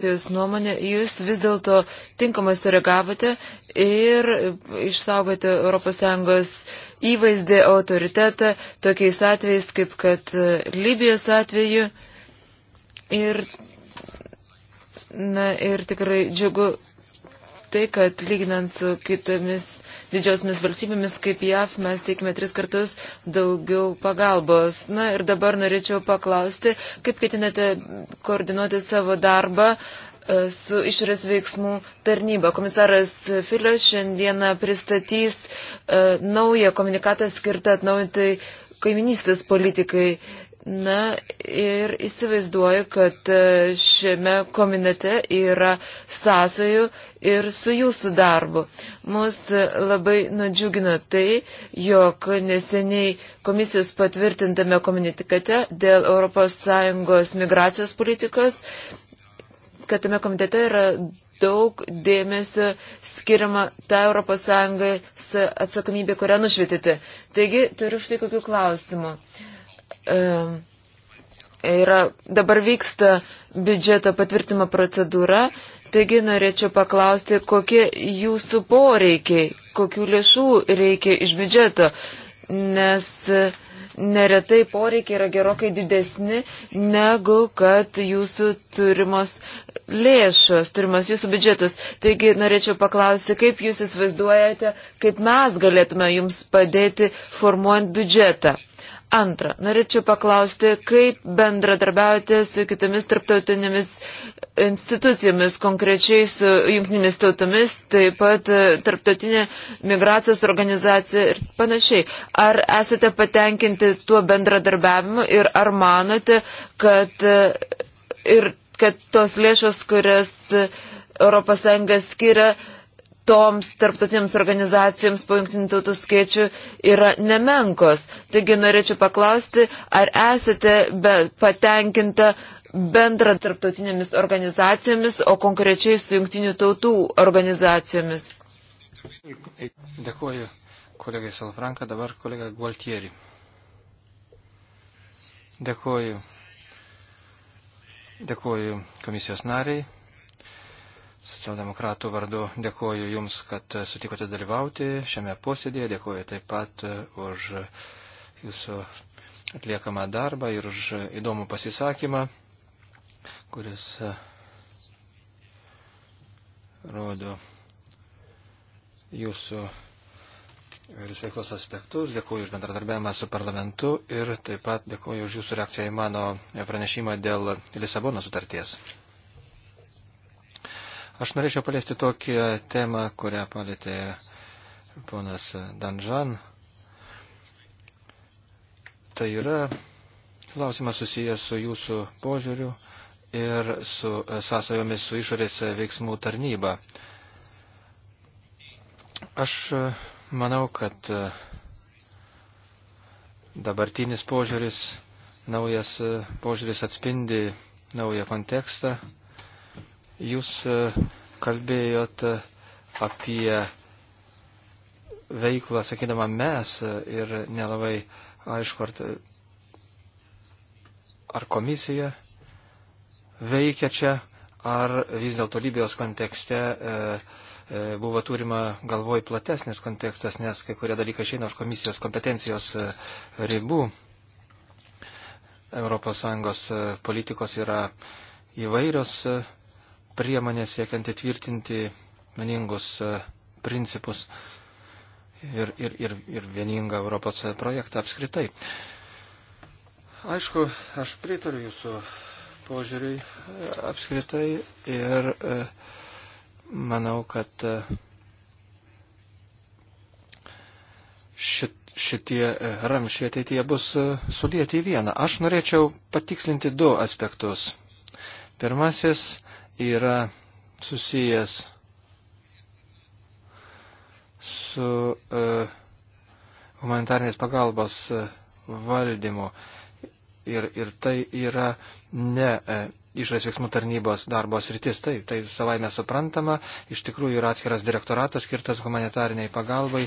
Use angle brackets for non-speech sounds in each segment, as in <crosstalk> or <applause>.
partijos nuomonė, jūs vis dėlto tinkamai sureagavote ir išsaugote ES įvaizdį, autoritetą tokiais atvejais, kaip kad e, Libijos atveju. Ir, na, ir tikrai džiugu tai, kad lyginant su kitomis didžiosiamis valstybėmis kaip JAV mes teikime tris kartus daugiau pagalbos. Na ir dabar norėčiau paklausti, kaip ketinate koordinuoti savo darbą e, su išorės veiksmų tarnyba. Komisaras Filio šiandieną pristatys e, naują komunikatą skirtą atnaujinti kaiminystės politikai. Uh, Na ir įsivaizduoju, kad e, šiame kominete yra sąsojų ir su jūsų darbu. Mus e, labai nudžiugino tai, jog neseniai komisijos patvirtintame komunikate dėl ES migracijos politikos, kad tame komitete yra daug dėmesio skiriama tą ES atsakomybę, kurią nušvietėte. Taigi turiu štai kokių klausimų. E, yra, dabar vyksta biudžeto patvirtimo procedūra, taigi norėčiau paklausti, kokie jūsų poreikiai, kokių lėšų reikia iš biudžeto, nes neretai poreikiai yra gerokai didesni negu kad jūsų turimos lėšos, turimas jūsų biudžetas. Taigi norėčiau paklausti, kaip jūs įsivaizduojate, kaip mes galėtume jums padėti formuojant biudžetą. Antra, norėčiau paklausti, kaip bendradarbiaujate su kitomis tarptautinėmis institucijomis, konkrečiai su jungtinėmis tautomis, taip pat e, tarptautinė migracijos organizacija ir panašiai. Ar esate patenkinti tuo bendradarbiavimu ir ar manote, kad, e, ir, kad tos lėšos, kurias ES skiria, toms tarptautinėms organizacijoms po jungtinių tautų skaičių yra nemenkos. Taigi norėčiau paklausti, ar esate be, patenkinta bendra tarptautinėmis organizacijomis, o konkrečiai su jungtinių tautų organizacijomis? Dėkuoju kolegai Salfranka, dabar kolega Gualtieri. Dėkuoju. Dėkuoju komisijos nariai Socialdemokratų vardu dėkoju Jums, kad sutikote dalyvauti šiame posėdėje, dėkoju taip pat e, už Jūsų atliekamą darbą ir už įdomų pasisakymą, kuris e, rodo Jūsų įvairius veiklos aspektus, dėkuoju už bendradarbiavimą su parlamentu ir taip pat dėkuoju už jūsų reakciją į mano pranešimą dėl Lisabono sutarties. Aš norėčiau paliesti tokią temą, kurią palėtė ponas Danžan. Tai yra klausimas susijęs su jūsų požiūriu ir su sąsajomis su išorės veiksmų tarnyba. Aš manau, kad dabartinis požiūris, naujas požiūris atspindi naują kontekstą Jūs e, kalbėjot e, apie veiklą, sakydama mes e, ir nelabai aišku, ar, ar komisija veikia čia, ar vis dėlto Libijos kontekste e, e, buvo turima galvoj platesnis kontekstas, nes kai kurie dalykai išeina už komisijos kompetencijos ribų. ES politikos yra įvairios. E, priemonė siekiant įtvirtinti vieningus e, principus ir, ir, ir, ir vieningą Europos projektą apskritai. Aišku, aš pritariu jūsų požiūriui e, apskritai ir e, manau, kad šit, šitie ramšiai ateityje bus sudėti į vieną. Aš norėčiau patikslinti du aspektus. Pirmasis yra susijęs su uh, humanitarnės pagalbos uh, valdymu. Ir, ir tai yra ne uh, išorės veiksmų tarnybos darbo sritis. Taip, tai savai mes suprantama. Iš tikrųjų yra atskiras direktoratas skirtas humanitariniai pagalbai.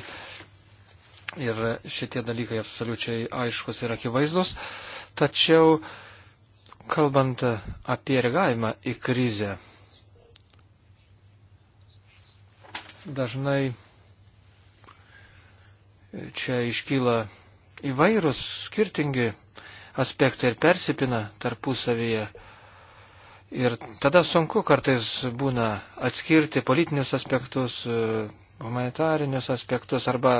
Ir šitie dalykai absoliučiai aiškus ir akivaizdus. Tačiau uh, Kalbant apie reagavimą į krizę, dažnai čia iškyla įvairūs skirtingi aspektai ir persipina tarpusavyje. Ir tada sunku kartais būna atskirti politinius aspektus, humanitarinius aspektus arba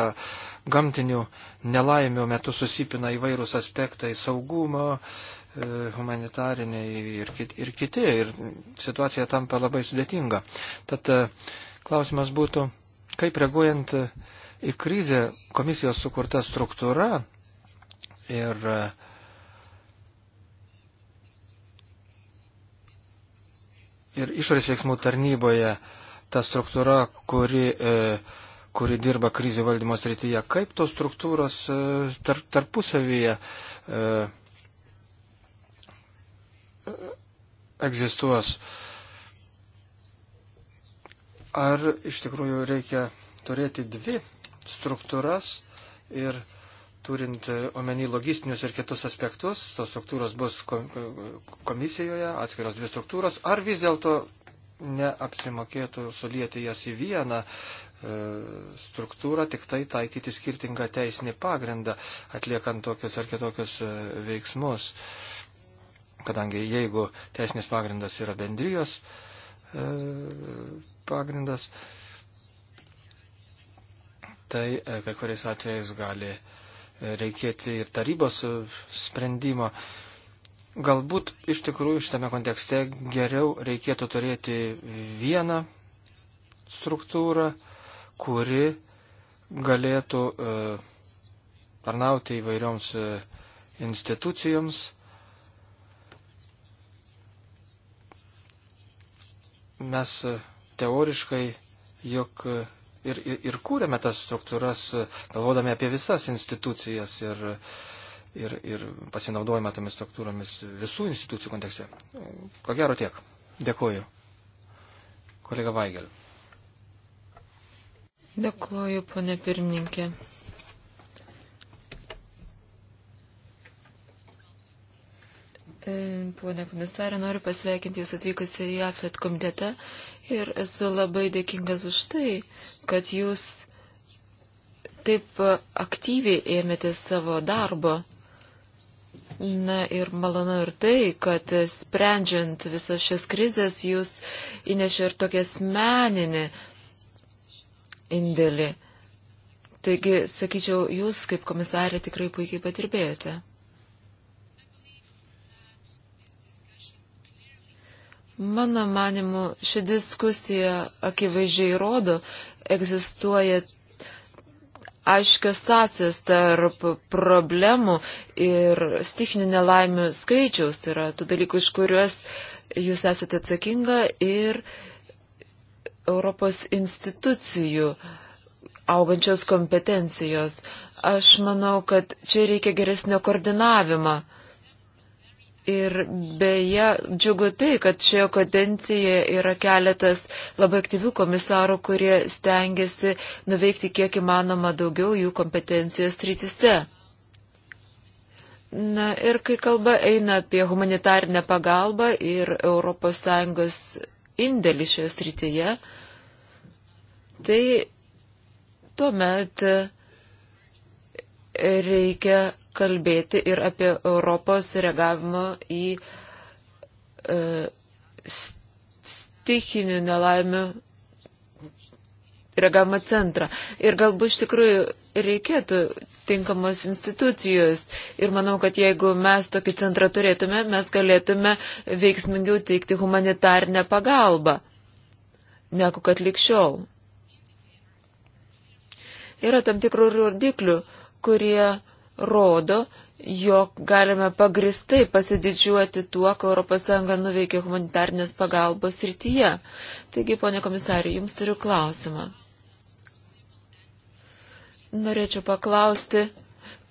gamtinių nelaimių metu susipina įvairūs aspektai saugumo, E, humanitariniai ir, ir kiti. Ir situacija tampa labai sudėtinga. Tad e, klausimas būtų, kaip reaguojant į krizę komisijos sukurta struktūra ir e, ir išorės veiksmų tarnyboje ta struktūra, kuri, e, kuri dirba krizių valdymo srityje, kaip tos struktūros e, tar, tarpusavyje e, egzistuos. Ar iš tikrųjų reikia turėti dvi struktūras ir turint omeny logistinius ir kitus aspektus, tos struktūros bus komisijoje, atskiros dvi struktūros, ar vis dėlto neapsimokėtų sulėti jas į vieną e, struktūrą, tik tai taikyti skirtingą teisinį pagrindą, atliekant tokius ar kitokius e, veiksmus. Uh, kadangi jeigu teisinis pagrindas yra bendrijos e, pagrindas, tai e, kai kuriais atvejais gali e, reikėti ir tarybos e, sprendimo. Galbūt iš tikrųjų šitame kontekste geriau reikėtų turėti vieną struktūrą, kuri galėtų e, tarnauti įvairioms institucijoms mes e, teoriškai jog e, ir, ir, ir kūrėme tas struktūras, e, galvodami apie visas institucijas ir, ir, ir pasinaudojame tomis struktūromis visų institucijų kontekste. Ko gero tiek. Dėkuoju. Kolega Vaigel. Dėkuoju, ponė pirmininkė. E, pone komisarė, noriu pasveikinti Jūs atvykusią į AFET komitetą ir esu labai dėkingas už tai, kad Jūs taip aktyviai ėmėte savo darbo. Na ir malonu ir tai, kad sprendžiant visas šias krizės Jūs įnešė ir tokia asmeninį indėlį. Taigi, sakyčiau, Jūs kaip komisarė tikrai puikiai patirbėjote. Mano manimu, ši diskusija akivaizdžiai rodo, egzistuoja aiškios sąsijos tarp problemų ir stichinių nelaimių skaičiaus, tai yra tų dalykų, iš kuriuos jūs esate atsakinga ir Europos institucijų augančios kompetencijos. Aš manau, kad čia reikia geresnio koordinavimo. Ir beje, džiugu tai, kad šioje kadencijoje yra keletas labai aktyvių komisarų, kurie stengiasi nuveikti kiek įmanoma daugiau jų kompetencijos rytise. Na ir kai kalba eina apie humanitarinę pagalbą ir ES indėlį šioje srityje, tai tuomet reikia kalbėti ir apie Europos reagavimo į e, stichinių nelaimių reagavimo centrą. Ir galbūt iš tikrųjų reikėtų tinkamos institucijos. Ir manau, kad jeigu mes tokį centrą turėtume, mes galėtume veiksmingiau teikti humanitarnę pagalbą, negu kad likščiau. Yra tam tikrų rodiklių, kurie rodo, jog galime pagristai pasididžiuoti tuo, ką ES nuveikė humanitarnės pagalbos rytyje. Taigi, ponė komisarė, jums turiu klausimą. Norėčiau paklausti,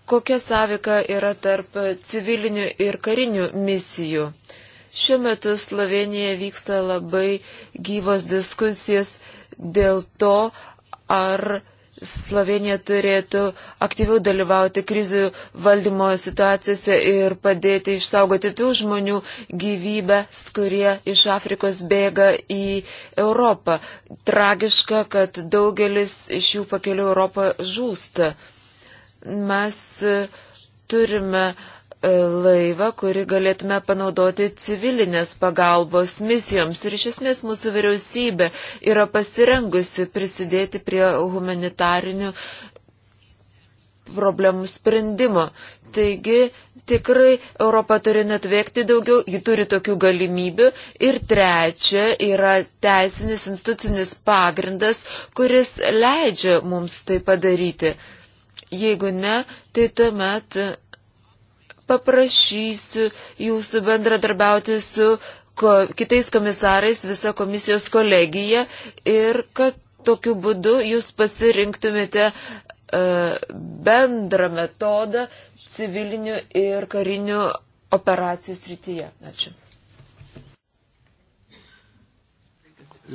kokia sąveika yra tarp civilinių ir karinių misijų. Šiuo metu Slovenijoje vyksta labai gyvos diskusijas dėl to, ar Slovenija turėtų aktyviau dalyvauti krizių valdymo situacijose ir padėti išsaugoti tų žmonių gyvybės, kurie iš Afrikos bėga į Europą. Tragiška, kad daugelis iš jų pakeliu Europą žūsta. Mes turime uh, E, laivą, kurį galėtume panaudoti civilinės pagalbos misijoms. Ir iš esmės mūsų vyriausybė yra pasirengusi prisidėti prie humanitarinių problemų sprendimo. Taigi tikrai Europa turi net veikti daugiau, ji turi tokių galimybių. Ir trečia yra teisinis institucinis pagrindas, kuris leidžia mums tai padaryti. Jeigu ne, tai tuomet paprašysiu jūsų bendradarbiauti su ko, kitais komisarais, visa komisijos kolegija ir kad tokiu būdu jūs pasirinktumėte uh, bendrą metodą civilinių ir karinių operacijų srityje. Ačiū.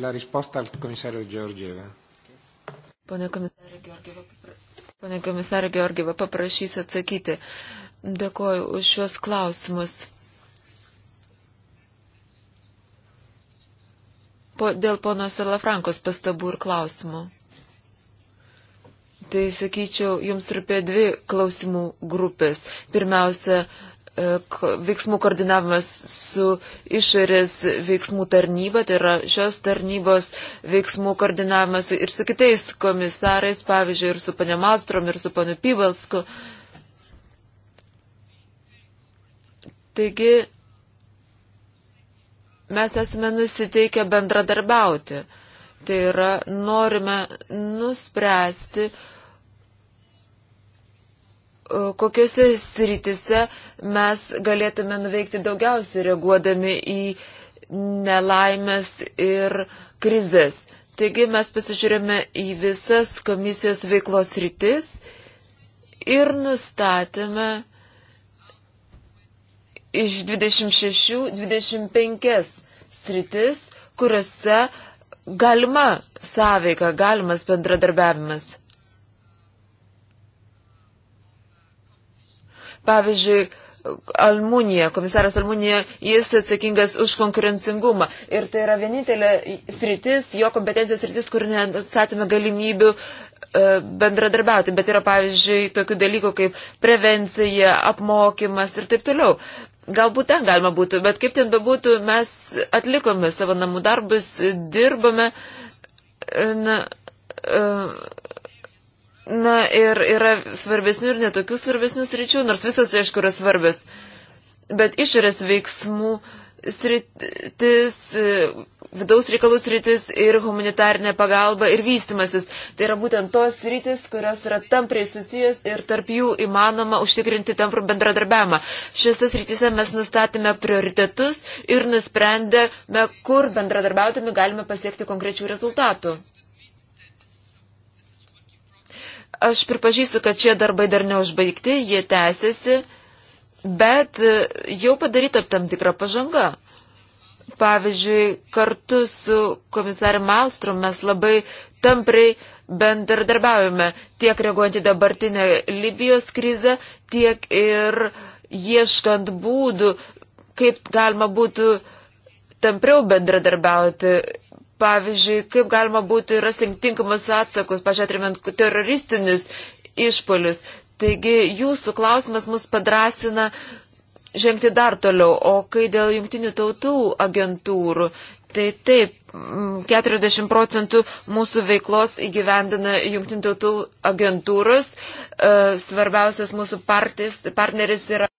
La risposta al komisario Georgieva. Pone komisarė Georgieva, papra... Pone komisarė Georgieva, paprašysiu atsakyti. Uh, Dėkoju už šios klausimus. Po, dėl pono Salafrankos pastabų ir klausimų. Tai sakyčiau, jums rūpė dvi klausimų grupės. Pirmiausia, e, veiksmų koordinavimas su išorės veiksmų tarnyba, tai yra šios tarnybos veiksmų koordinavimas ir su kitais komisarais, pavyzdžiui, ir su pane Malstrom, ir su pane Pivalsku. Uh, Taigi mes esame nusiteikę bendradarbiauti. Tai yra, norime nuspręsti, e, kokiuose sritise mes galėtume nuveikti daugiausiai reaguodami į nelaimės ir krizės. Taigi mes pasižiūrėjome į visas komisijos veiklos rytis ir nustatėme, iš 26-25 sritis, kuriuose galima sąveika, galimas bendradarbiavimas. Pavyzdžiui, Almunija, komisaras Almunija, jis atsakingas už konkurencingumą. Ir tai yra vienintelė sritis, jo kompetencijos sritis, kur nesatėme galimybių e, bendradarbiauti, bet yra pavyzdžiui tokių dalykų kaip prevencija, apmokymas ir taip toliau. Galbūt ten galima būtų, bet kaip ten bebūtų, mes atlikome savo namų darbus, dirbame. Na, e, na ir yra svarbesnių ir netokių svarbesnių sričių, nors visos, aišku, yra svarbios. Bet išorės veiksmų sritis vidaus reikalus rytis ir humanitarinė pagalba ir vystimasis. Tai yra būtent tos rytis, kurios yra tampriai susijęs ir tarp jų įmanoma užtikrinti tamprų bendradarbiavimą. Šiose rytise mes nustatėme prioritetus ir nusprendėme, kur bendradarbiautami galime pasiekti konkrečių rezultatų. Aš pripažįstu, kad šie darbai dar neužbaigti, jie tęsiasi, bet jau padaryta tam tikra pažanga. Pavyzdžiui, kartu su komisarė Malstrom mes labai tamprai bendradarbiaujame tiek reaguojant į dabartinę Libijos krizę, tiek ir ieškant būdų, kaip galima būtų tampriau bendradarbiauti. Pavyzdžiui, kaip galima būtų rasti tinkamus atsakus, pažiūrėtumėm, teroristinius išpolius. Taigi jūsų klausimas mus padrasina uh, žengti dar toliau. O kai dėl jungtinių tautų agentūrų, tai taip, 40 mm, procentų mūsų veiklos įgyvendina jungtinių tautų agentūros. E, svarbiausias mūsų partys, partneris yra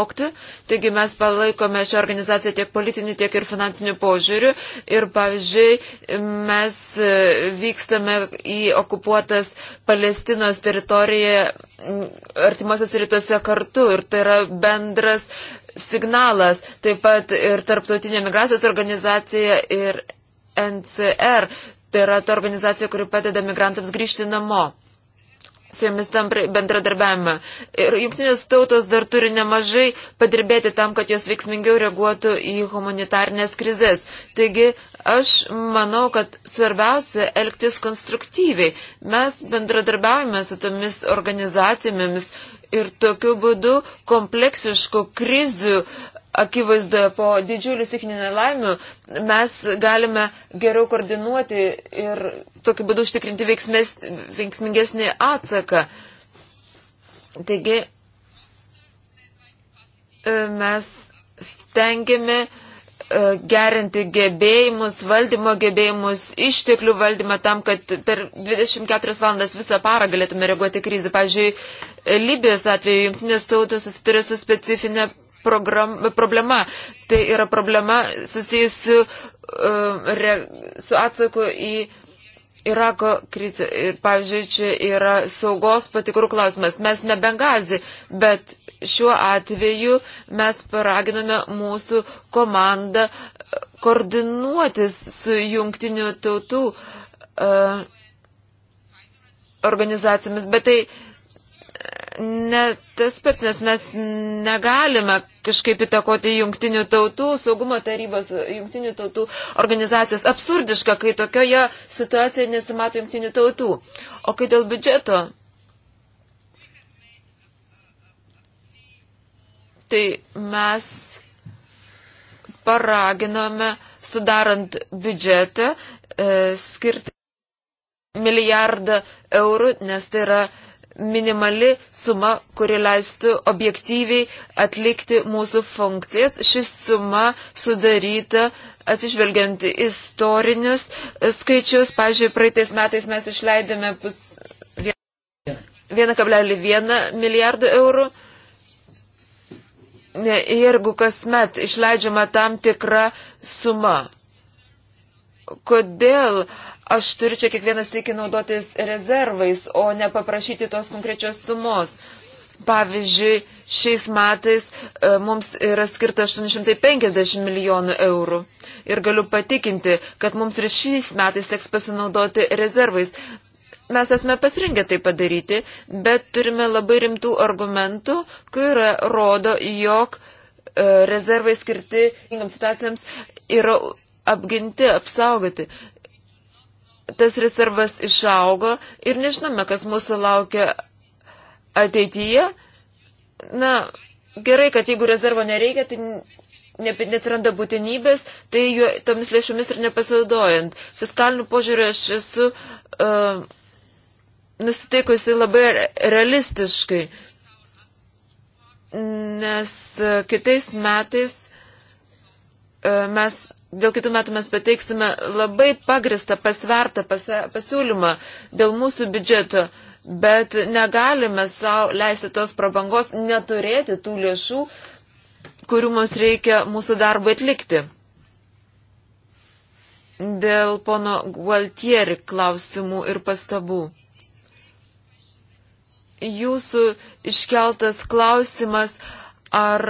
Okti, taigi mes palaikome šią organizaciją tiek politiniu, tiek ir finansiniu požiūriu. Ir pavyzdžiui, mes e, vykstame į okupuotas Palestinos teritoriją artimuosios rytuose kartu. Ir tai yra bendras signalas. Taip pat ir tarptautinė migracijos organizacija ir NCR. Tai yra ta organizacija, kuri padeda migrantams grįžti namo su jomis tam bendradarbiavimą. Ir jungtinės tautos dar turi nemažai padirbėti tam, kad jos veiksmingiau reaguotų į humanitarnės krizės. Taigi aš manau, kad svarbiausia elgtis konstruktyviai. Mes bendradarbiavime su tomis organizacijomis ir tokiu būdu kompleksiškų krizių akivaizdoje po didžiulių stichinių nelaimių mes galime geriau koordinuoti ir tokiu būdu užtikrinti veiksmės, veiksmingesnį atsaką. Taigi e, mes stengiame e, gerinti gebėjimus, valdymo gebėjimus, išteklių valdymą tam, kad per 24 valandas visą parą galėtume reaguoti krizį. Pavyzdžiui, Libijos atveju jungtinės tautos susiturė su specifinė program, problema. Tai yra problema susijusi uh, re, su atsaku į Irako krizę. Ir pavyzdžiui, čia yra saugos patikrų klausimas. Mes ne Bengazi, bet šiuo atveju mes paraginome mūsų komandą e, koordinuotis su jungtiniu tautų uh, organizacijomis. Bet tai ne tas pats, nes mes negalime kažkaip įtakoti jungtinių tautų, saugumo tarybos, jungtinių tautų organizacijos. Absurdiška, kai tokioje situacijoje nesimato jungtinių tautų. O kai dėl biudžeto, tai mes paraginome, sudarant biudžetą, e, skirti milijardą eurų, nes tai yra minimali suma, kuri leistų objektyviai atlikti mūsų funkcijas. Ši suma sudaryta atsižvelgiant istorinius skaičius. Pavyzdžiui, praeitais metais mes išleidėme pus 1,1 milijardų eurų. Jeigu kasmet išleidžiama tam tikra suma, kodėl uh, aš turiu čia kiekvienas iki naudotis rezervais, o ne paprašyti tos konkrečios sumos. Pavyzdžiui, šiais metais e, mums yra skirta 850 milijonų eurų. Ir galiu patikinti, kad mums ir šiais metais teks pasinaudoti rezervais. Mes esame pasirengę tai padaryti, bet turime labai rimtų argumentų, kurie rodo, jog e, rezervai skirti situacijams yra apginti, apsaugoti tas rezervas išaugo ir nežinome, kas mūsų laukia ateityje. Na, gerai, kad jeigu rezervo nereikia, tai neatsiranda būtinybės, tai juo, tomis lėšomis ir nepasidaudojant. Fiskalinių požiūrį aš esu uh, nusiteikusi labai realistiškai, nes e, kitais metais uh, mes dėl kitų metų mes pateiksime labai pagristą, pasvertą pasiūlymą dėl mūsų biudžeto, bet negalime savo leisti tos prabangos neturėti tų lėšų, kurių mums reikia mūsų darbą atlikti. Dėl pono Gualtieri klausimų ir pastabų. Jūsų iškeltas klausimas, ar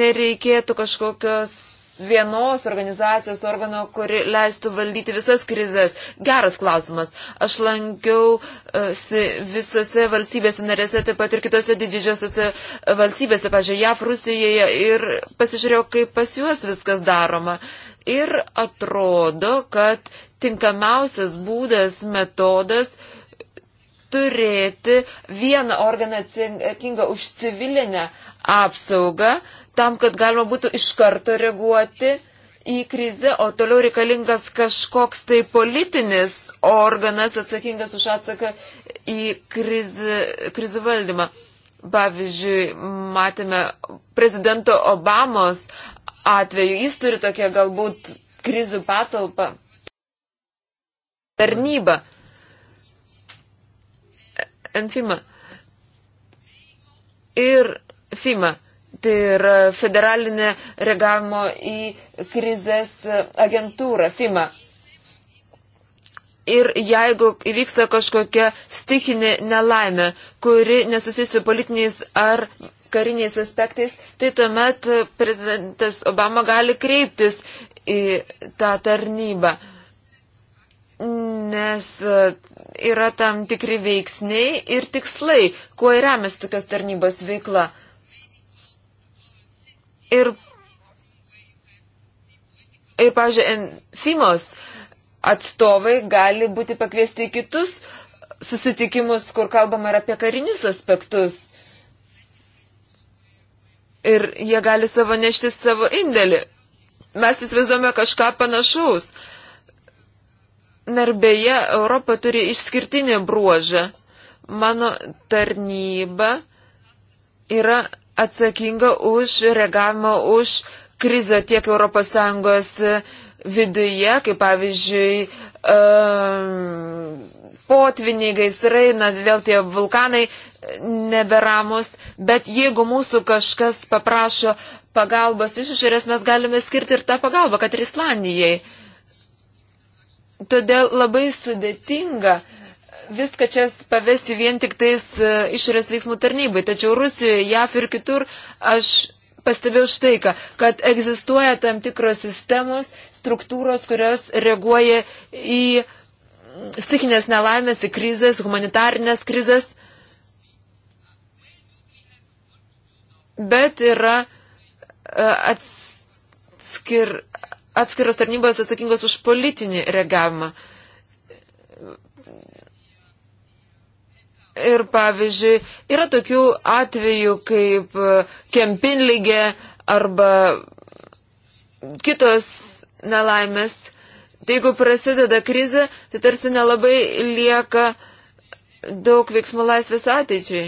nereikėtų kažkokios vienos organizacijos organo, kuri leistų valdyti visas krizės? Geras klausimas. Aš lankiau e, visose valstybėse narėse, taip pat ir kitose didžiosiose valstybėse, pažiūrėjau, JAF, Rusijoje ir pasižiūrėjau, kaip pas juos viskas daroma. Ir atrodo, kad tinkamiausias būdas, metodas turėti vieną organą atsakingą už civilinę apsaugą, tam, kad galima būtų iš karto reaguoti į krizę, o toliau reikalingas kažkoks tai politinis organas atsakingas už atsaką į krizį, krizų valdymą. Pavyzdžiui, matėme prezidento Obamos atveju, jis turi tokią galbūt krizių patalpą tarnybą. Enfima. Ir FIMA. Tai yra federalinė reagavimo į krizės agentūra FIMA. Ir jeigu įvyksta kažkokia stikinė nelaimė, kuri nesusijusi politiniais ar kariniais aspektais, tai tuomet prezidentas Obama gali kreiptis į tą tarnybą. Nes e, yra tam tikri veiksniai ir tikslai, kuo remiasi tokios tarnybos veikla. Ir, ir pažiūrėjau, FIMOS atstovai gali būti pakviesti į kitus susitikimus, kur kalbama ir apie karinius aspektus. Ir jie gali savo nešti savo indėlį. Mes įsivaizduojame kažką panašaus. Narbėje Europa turi išskirtinį bruožą. Mano tarnyba yra atsakinga už reagavimą už krizę tiek ES e, viduje, kaip pavyzdžiui, e, potviniai, gaisrai, na, vėl tie vulkanai e, neberamus, bet jeigu mūsų kažkas paprašo pagalbos iš išorės, mes galime skirti ir tą pagalbą, kad ir Islandijai. Todėl labai sudėtinga uh, viską čia pavesti vien tik tais e, išorės veiksmų tarnybai. Tačiau Rusijoje, JAF ir kitur aš pastebėjau štai ką, kad egzistuoja tam tikros sistemos, struktūros, kurios reaguoja į stichinės nelaimės, į krizės, humanitarinės krizės. Bet yra e, atskir, atskiros tarnybos atsakingos už politinį reagavimą. Ir pavyzdžiui, yra tokių atvejų kaip e, kempinlygė arba kitos nelaimės. Tai jeigu prasideda krizė, tai tarsi nelabai lieka daug veiksmų laisvės ateičiai.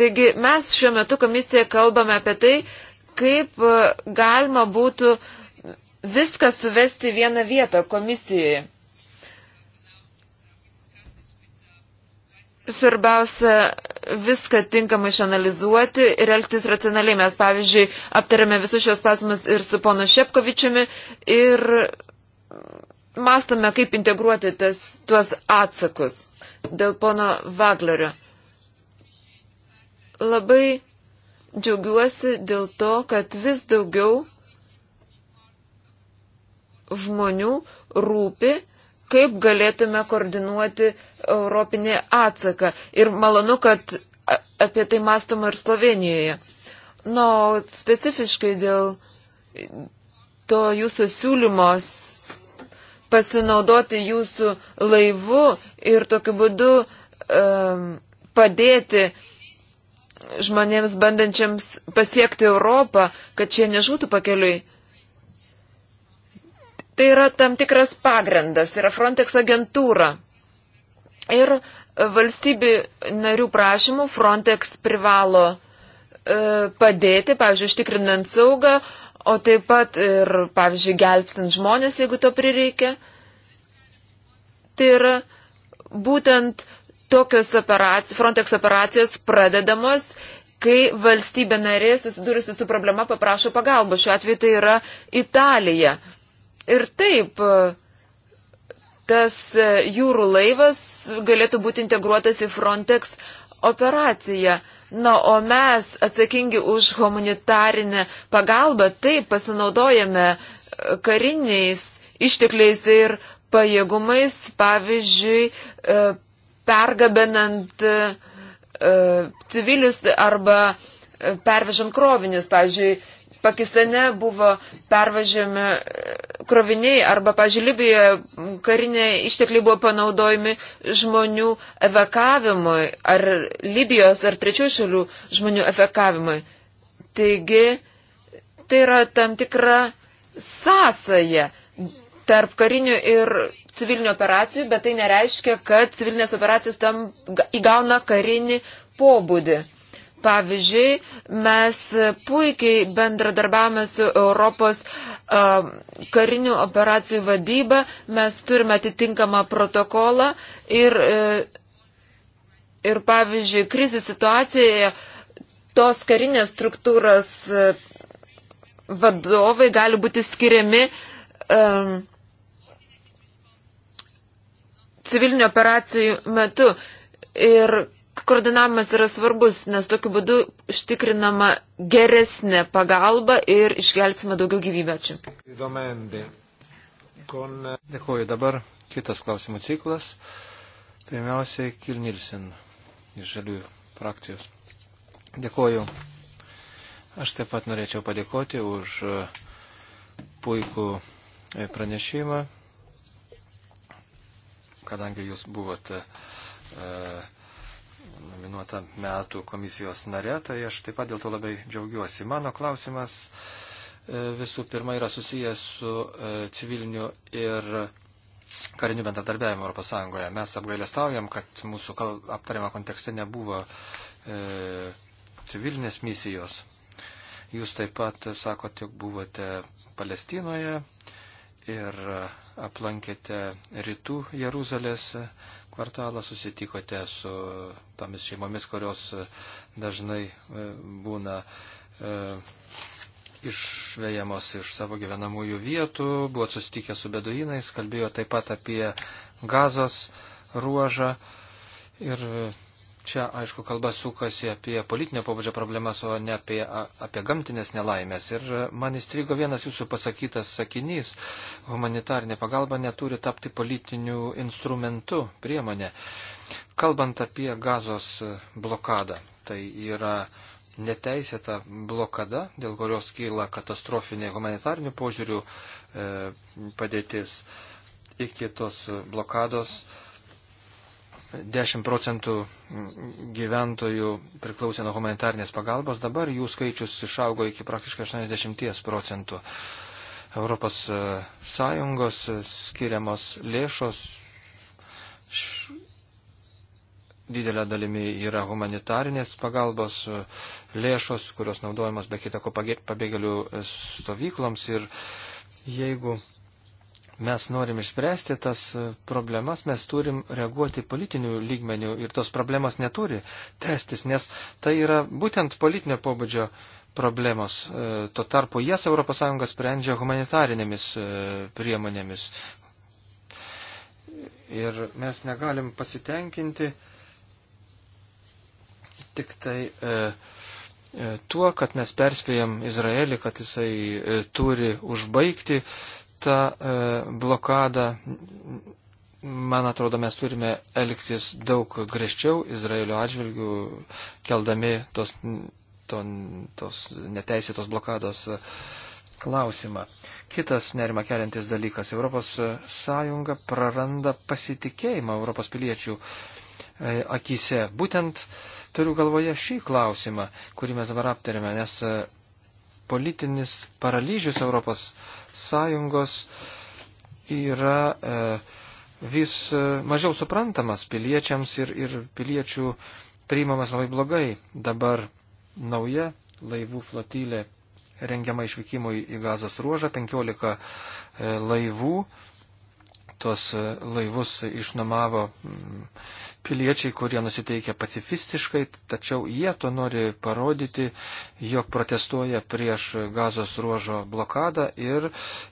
Taigi mes šiuo metu komisijoje kalbame apie tai, kaip e, galima būtų viską suvesti vieną vietą komisijoje. Svarbiausia viską tinkamai išanalizuoti ir elgtis racionaliai. Mes, pavyzdžiui, aptarėme visus šios klausimus ir su ponu Šepkovičiumi ir mastome, kaip integruoti tas, tuos atsakus dėl pono Vaglerio. Labai džiaugiuosi dėl to, kad vis daugiau žmonių rūpi, kaip galėtume koordinuoti europinį atsaką. Ir malonu, kad apie tai mąstoma ir Slovenijoje. Na, nu, specifiškai dėl to jūsų siūlymos pasinaudoti jūsų laivu ir tokiu būdu um, padėti žmonėms bandančiams pasiekti Europą, kad šie nežūtų pakeliui. Tai yra tam tikras pagrindas, tai yra Frontex agentūra. Ir valstybių narių prašymų Frontex privalo e, padėti, pavyzdžiui, užtikrinant saugą, o taip pat ir, pavyzdžiui, gelbstint žmonės, jeigu to prireikia. Tai yra būtent tokios operacijos, Frontex operacijos pradedamos, kai valstybė narė susidūrusi su problema paprašo pagalbos. Šiuo atveju tai yra Italija. Ir taip, e, tas e, jūrų laivas galėtų būti integruotas į Frontex operaciją. Na, o mes atsakingi už humanitarinę pagalbą, taip pasinaudojame e, kariniais ištekliais ir pajėgumais, pavyzdžiui, e, pergabenant civilius arba pervežant krovinius, pavyzdžiui, Pakistane buvo pervažiami e, kroviniai arba, pažiūrėjau, kariniai ištekliai buvo panaudojami žmonių evakavimui ar Libijos ar trečių šalių žmonių evakavimui. Taigi, tai yra tam tikra sąsaja tarp karinių ir civilinių operacijų, bet tai nereiškia, kad civilinės operacijos tam įgauna karinį pobūdį. Pavyzdžiui, mes puikiai bendradarbiavame su Europos uh, karinių operacijų vadyba, mes turime atitinkamą protokolą ir, uh, ir pavyzdžiui, krizių situacijoje tos karinės struktūros uh, vadovai gali būti skiriami um, e, civilinio operacijų metu. Ir koordinavimas yra svarbus, nes tokiu būdu užtikrinama geresnė pagalba ir išgelbsime daugiau gyvybečių. Dėkuoju. Dabar kitas klausimų ciklas. Pirmiausiai Kilnilsin iš Žaliųjų frakcijos. Dėkuoju. Aš taip pat norėčiau padėkoti už e, puikų e, pranešimą, kadangi jūs buvote. Uh, nominuota metų komisijos narė, tai aš taip pat dėl to labai džiaugiuosi. Mano klausimas e, visų pirma yra susijęs su e, civiliniu ir kariniu bendradarbiavimu ES. Mes apgailestaujam, kad mūsų aptariamo kontekste nebuvo e, civilinės misijos. Jūs taip pat sakote, jog buvote Palestinoje ir aplankėte rytų Jeruzalės. E, kvartalą susitikote su tomis šeimomis, kurios e, dažnai e, būna e, išvejamos iš savo gyvenamųjų vietų, buvot susitikę su beduinais, kalbėjo taip pat apie gazos ruožą ir Čia, aišku, kalba sukasi apie politinio pobūdžio problemas, o ne apie, apie gamtinės nelaimės. Ir man įstrigo vienas jūsų pasakytas sakinys - humanitarinė pagalba neturi tapti politiniu instrumentu, priemonė. Kalbant apie gazos blokadą, tai yra neteisėta blokada, dėl kurios kyla katastrofinė humanitarnių požiūrių e, padėtis. Iki tos blokados e, 10 procentų gyventojų priklausė nuo humanitarnės pagalbos, dabar jų skaičius išaugo iki praktiškai 80 procentų. Europos e, Sąjungos e, skiriamos lėšos didelė dalimi yra humanitarinės pagalbos e, lėšos, kurios naudojamos be kitako pabėgėlių stovykloms. Ir jeigu mes norim išspręsti tas e, problemas, mes turim reaguoti politinių lygmenių ir tos problemas neturi tęstis, nes tai yra būtent politinio pobūdžio problemos. E, tuo tarpu jas ES sprendžia humanitarinėmis e, priemonėmis. Ir mes negalim pasitenkinti tik tai e, tuo, kad mes perspėjam Izraelį, kad jisai turi užbaigti tą e, blokadą, man atrodo, mes turime elgtis daug greščiau Izraelio atžvilgių, keldami tos, to, tos neteisėtos blokados klausimą. Kitas nerima keliantis dalykas - Europos Sąjunga praranda pasitikėjimą Europos piliečių e, akise. Būtent turiu galvoje šį klausimą, kurį mes dabar aptarėme, nes politinis paralyžius Europos Sąjungos yra e, vis e, mažiau suprantamas piliečiams ir, ir piliečių priimamas labai blogai. Dabar nauja laivų flotilė rengiama išvykimui į gazos ruožą, 15 e, laivų, tuos e, laivus išnumavo piliečiai, kurie nusiteikia pacifistiškai, tačiau jie to nori parodyti, jog protestuoja prieš gazos ruožo blokadą ir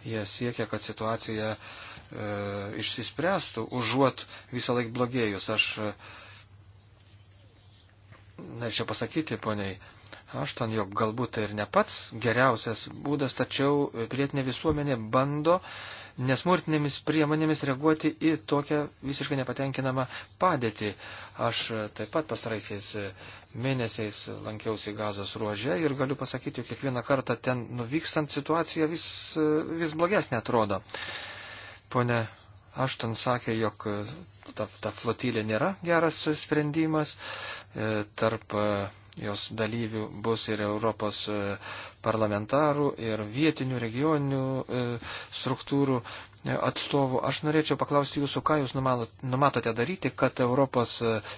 jie siekia, kad situacija e, išsispręstų, užuot visą laik blogėjus. Aš e, norėčiau pasakyti, poniai, aš ten, jog galbūt tai ir ne pats geriausias būdas, tačiau pilietinė visuomenė bando e, nesmurtinėmis priemonėmis reaguoti į tokią visiškai nepatenkinamą padėtį. Aš taip pat pastaraisiais mėnesiais lankiausi gazos ruože ir galiu pasakyti, jog kiekvieną kartą ten nuvykstant situacija vis, vis blogesnė atrodo. Pone Ašton sakė, jog ta, ta flotilė nėra geras sprendimas. E, tarp e, jos dalyvių bus ir Europos e, parlamentarų, ir vietinių, regioninių e, struktūrų e, atstovų. Aš norėčiau paklausti jūsų, ką jūs numatote daryti, kad Europos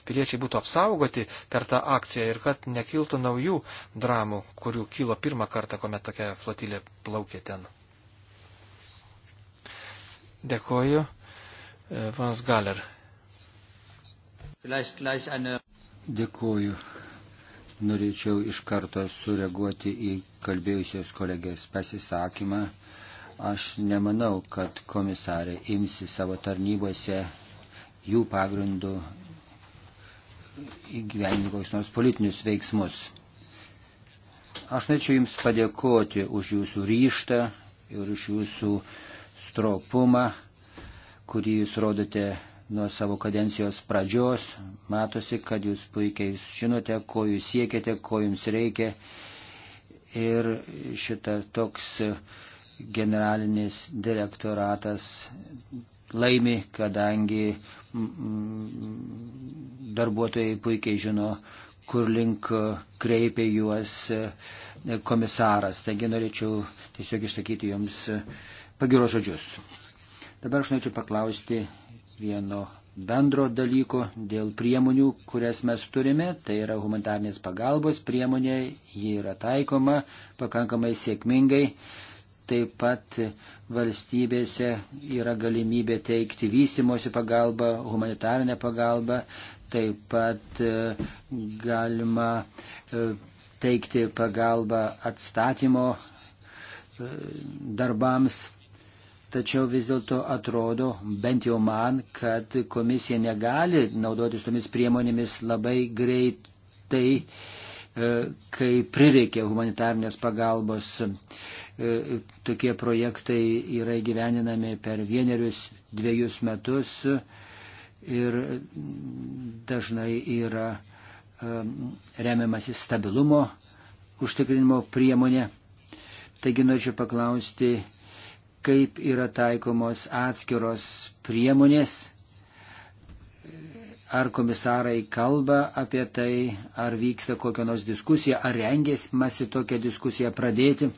piliečiai būtų apsaugoti per tą akciją ir kad nekiltų naujų dramų, kurių kilo pirmą kartą, kuomet tokia flotilė plaukė ten. Dėkoju. Panas Galer. Dėkoju. Norėčiau iš karto sureaguoti į kalbėjusios kolegės pasisakymą. Aš nemanau, kad komisarė imsi savo tarnybose jų pagrindų įgyveninti kokius nors politinius veiksmus. Aš norėčiau Jums padėkoti už Jūsų ryštą ir už Jūsų stropumą, kurį Jūs rodote nuo savo kadencijos pradžios. Matosi, kad jūs puikiai žinote, ko jūs siekiate, ko jums reikia. Ir šita toks generalinis direktoratas laimi, kadangi darbuotojai puikiai žino, kur link kreipia juos komisaras. Taigi norėčiau tiesiog išsakyti jums pagiro žodžius. Dabar aš norėčiau paklausti vieno bendro dalyko dėl priemonių, kurias mes turime. Tai yra humanitarnės pagalbos priemonė, ji yra taikoma pakankamai sėkmingai. Taip pat valstybėse yra galimybė teikti vystimosi pagalbą, humanitarinę pagalbą, taip pat e, galima e, teikti pagalbą atstatymo e, darbams Tačiau vis dėlto atrodo, bent jau man, kad komisija negali naudotis tomis priemonėmis labai greitai, e, kai prireikia humanitarnės pagalbos. E, tokie projektai yra gyveninami per vienerius, dviejus metus ir dažnai yra e, remiamasi stabilumo užtikrinimo priemonė. Taigi norėčiau paklausti, kaip yra taikomos atskiros priemonės, ar komisarai kalba apie tai, ar vyksta kokia nors diskusija, ar rengėsi masi tokią diskusiją pradėti.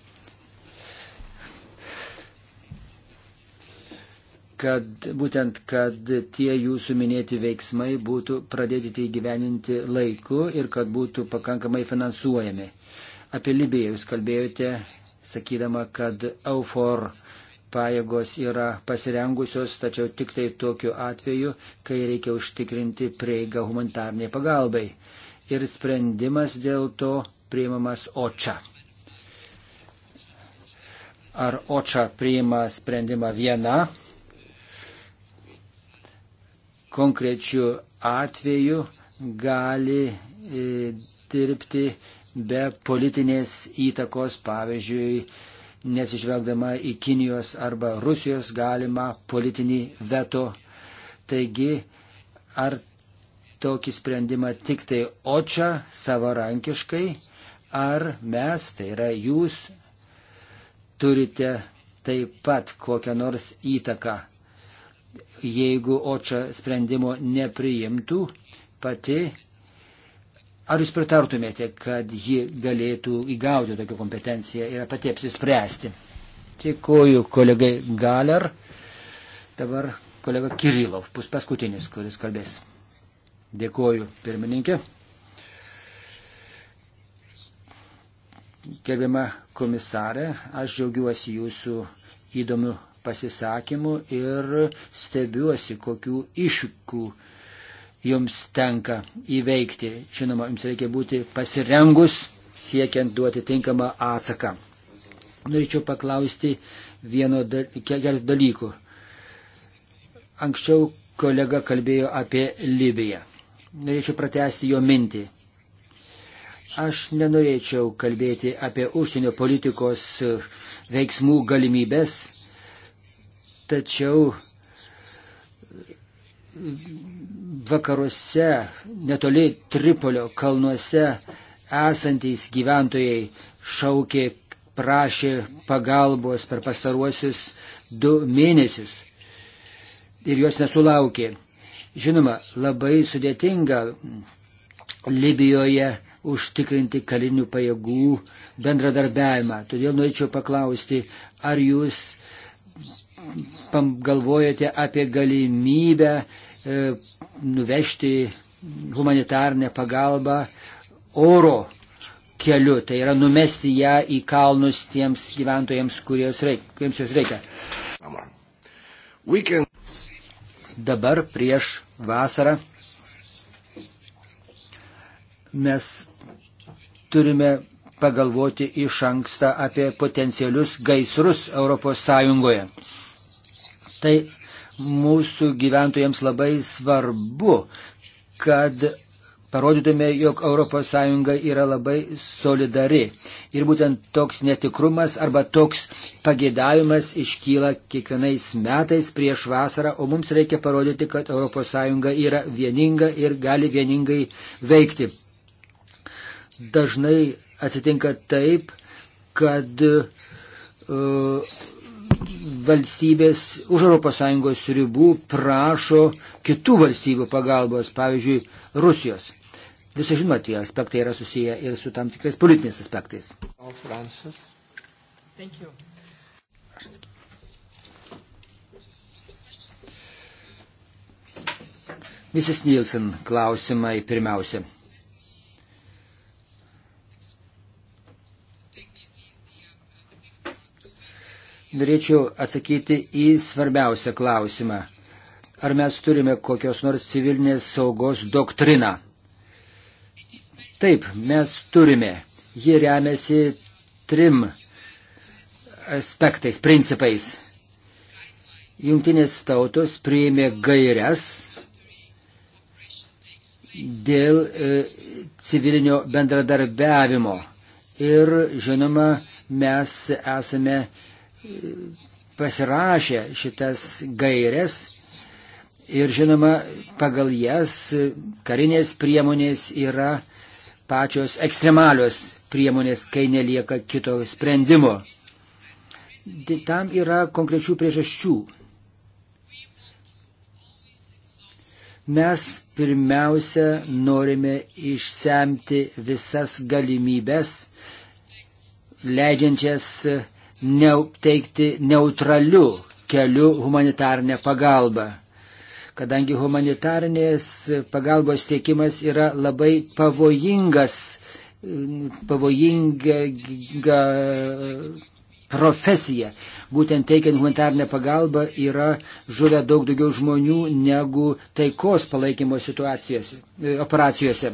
kad būtent, kad tie jūsų minėti veiksmai būtų pradėti įgyveninti tai laiku ir kad būtų pakankamai finansuojami. Apie Libiją jūs kalbėjote, sakydama, kad EUFOR pajėgos yra pasirengusios, tačiau tik tai tokiu atveju, kai reikia užtikrinti prieigą humanitarniai pagalbai. Ir sprendimas dėl to priimamas OČA. Ar OČA priima sprendimą viena konkrečiu atveju gali e, dirbti be politinės įtakos, pavyzdžiui, nesižvelgdama į Kinijos arba Rusijos galimą politinį veto. Taigi, ar tokį sprendimą tik tai očia savarankiškai, ar mes, tai yra jūs, turite taip pat kokią nors įtaką. Jeigu očia sprendimo nepriimtų, pati Ar jūs pritartumėte, kad ji galėtų įgauti tokią kompetenciją ir pati apsispręsti? Dėkuoju kolegai Galer. Dabar kolega Kirilov, bus paskutinis, kuris kalbės. Dėkuoju, pirmininkė. Gerbiama komisarė, aš džiaugiuosi jūsų įdomių pasisakymų ir stebiuosi, kokių iššūkių jums tenka įveikti. Žinoma, jums reikia būti pasirengus siekiant duoti tinkamą atsaką. Norėčiau paklausti vieno kelių dalykų. Anksčiau kolega kalbėjo apie Libiją. Norėčiau pratesti jo mintį. Aš nenorėčiau kalbėti apie užsienio politikos veiksmų galimybės, tačiau vakaruose, netoli Tripolio kalnuose esantys gyventojai šaukė, prašė pagalbos per pastaruosius du mėnesius ir jos nesulaukė. Žinoma, labai sudėtinga Libijoje užtikrinti kalinių pajėgų bendradarbiavimą. Todėl norėčiau paklausti, ar jūs galvojate apie galimybę E, nuvežti humanitarnę pagalbą oro keliu, tai yra numesti ją į kalnus tiems gyventojams, reik, kuriems jos reikia. Dabar prieš vasarą mes turime pagalvoti iš anksto apie potencialius gaisrus Europos Sąjungoje. Tai mūsų gyventojams labai svarbu, kad parodytume, jog ES yra labai solidari. Ir būtent toks netikrumas arba toks pagėdavimas iškyla kiekvienais metais prieš vasarą, o mums reikia parodyti, kad ES yra vieninga ir gali vieningai veikti. Dažnai atsitinka taip, kad uh, valstybės už ES ribų prašo kitų valstybių pagalbos, pavyzdžiui, Rusijos. Visi žinoma, tie aspektai yra susiję ir su tam tikrais politiniais aspektais. Mrs. Nielsen klausimai pirmiausia. norėčiau atsakyti į svarbiausią klausimą. Ar mes turime kokios nors civilinės saugos doktriną? Taip, mes turime. Ji remiasi trim aspektais, principais. Jungtinės tautos priėmė gairias dėl e, civilinio bendradarbiavimo. Ir, žinoma, mes esame e, pasirašė šitas gairias ir žinoma, pagal jas karinės priemonės yra pačios ekstremalios priemonės, kai nelieka kito sprendimo. Tam yra konkrečių priežasčių. Mes pirmiausia norime išsemti visas galimybės, leidžiančias uh, teikti neutraliu keliu humanitarnę pagalbą. Kadangi humanitarnės pagalbos teikimas yra labai pavojingas, pavojinga profesija. Būtent teikiant humanitarnę pagalbą yra žuvę daug daugiau žmonių negu taikos palaikymo situacijose, e, operacijose.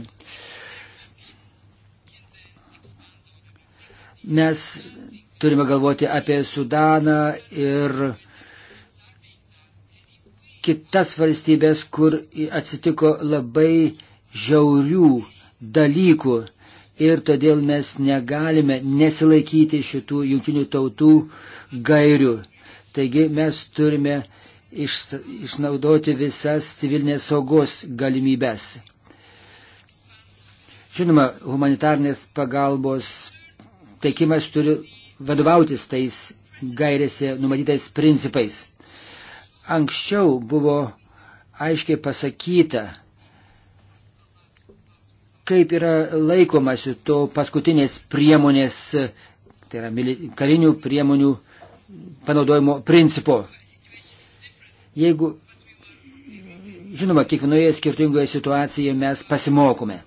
Mes Turime galvoti apie Sudaną ir kitas valstybės, kur atsitiko labai žiaurių dalykų. Ir todėl mes negalime nesilaikyti šitų jungtinių tautų gairių. Taigi mes turime iš, išnaudoti visas civilinės saugos galimybės. Žinoma, humanitarnės pagalbos teikimas turi vadovautis tais gairėse numatytais principais. Anksčiau buvo aiškiai pasakyta, kaip yra laikomasi to paskutinės priemonės, tai yra karinių priemonių panaudojimo principo. Jeigu, žinoma, kiekvienoje skirtingoje situacijoje mes pasimokome.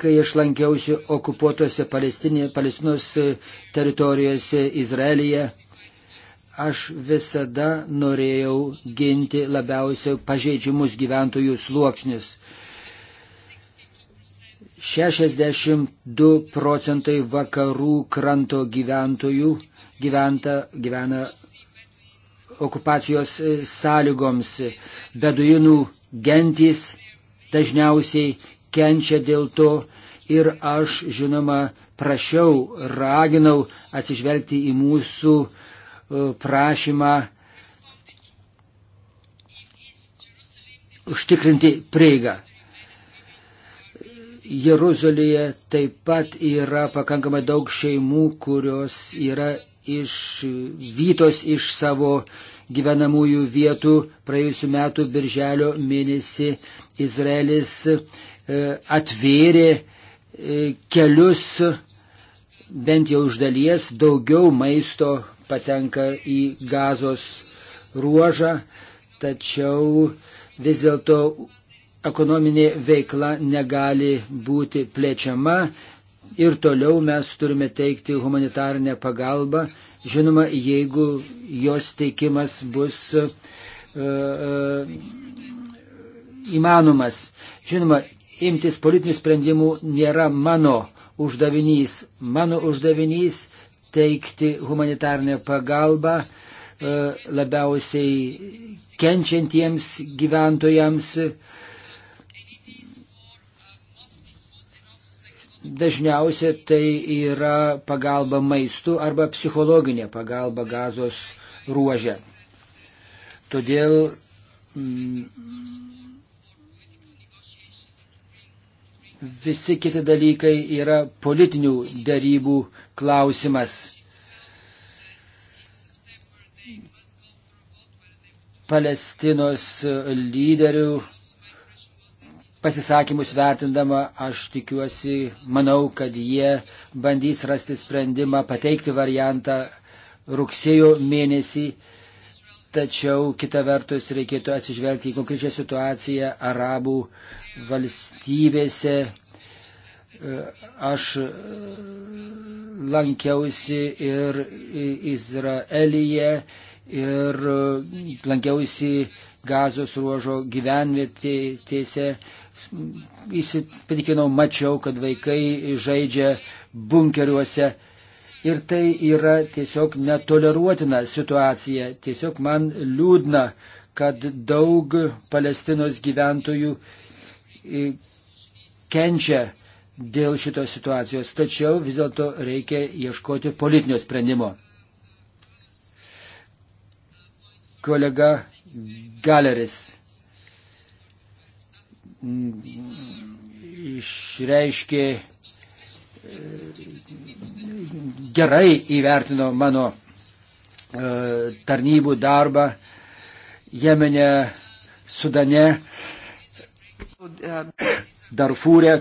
kai aš lankiausi okupuotose Palestinos e, teritorijose Izraelyje, aš visada norėjau ginti labiausiai pažeidžiamus gyventojų sluoksnius. 62 procentai vakarų kranto gyventojų gyventa, gyvena okupacijos e, sąlygoms. Beduinų gentys dažniausiai kenčia dėl to ir aš, žinoma, prašiau, raginau atsižvelgti į mūsų e, prašymą užtikrinti prieigą. Jeruzalėje taip pat yra pakankamai daug šeimų, kurios yra išvytos iš savo gyvenamųjų vietų. Praėjusiu metu birželio mėnesį Izraelis E, atvėrė e, kelius bent jau iš dalies daugiau maisto patenka į gazos ruožą, tačiau vis dėlto ekonominė veikla negali būti plečiama ir toliau mes turime teikti humanitarinę pagalbą, žinoma, jeigu jos teikimas bus uh, uh, įmanomas. Žinoma, imtis politinių sprendimų nėra mano uždavinys. Mano uždavinys teikti humanitarnę pagalbą e, labiausiai kenčiantiems gyventojams. Dažniausia tai yra pagalba maistu arba psichologinė pagalba gazos ruožė. Todėl mm, Visi kiti dalykai yra politinių darybų klausimas. Palestinos lyderių pasisakymus vertindama, aš tikiuosi, manau, kad jie bandys rasti sprendimą, pateikti variantą rugsėjo mėnesį Tačiau kita vertus reikėtų atsižvelgti į konkrečią situaciją arabų valstybėse. E, aš e, lankiausi ir Izraelyje, ir e, lankiausi gazos ruožo gyvenvietėse. Įsitikinau, mačiau, kad vaikai žaidžia bunkeriuose ir tai yra tiesiog netoleruotina situacija. Tiesiog man liūdna, kad daug Palestinos gyventojų e, kenčia dėl šitos situacijos, tačiau vis dėlto reikia ieškoti politinio sprendimo. Kolega Galeris išreiškė e, gerai įvertino mano e, tarnybų darbą Jemene, Sudane, Darfūrė.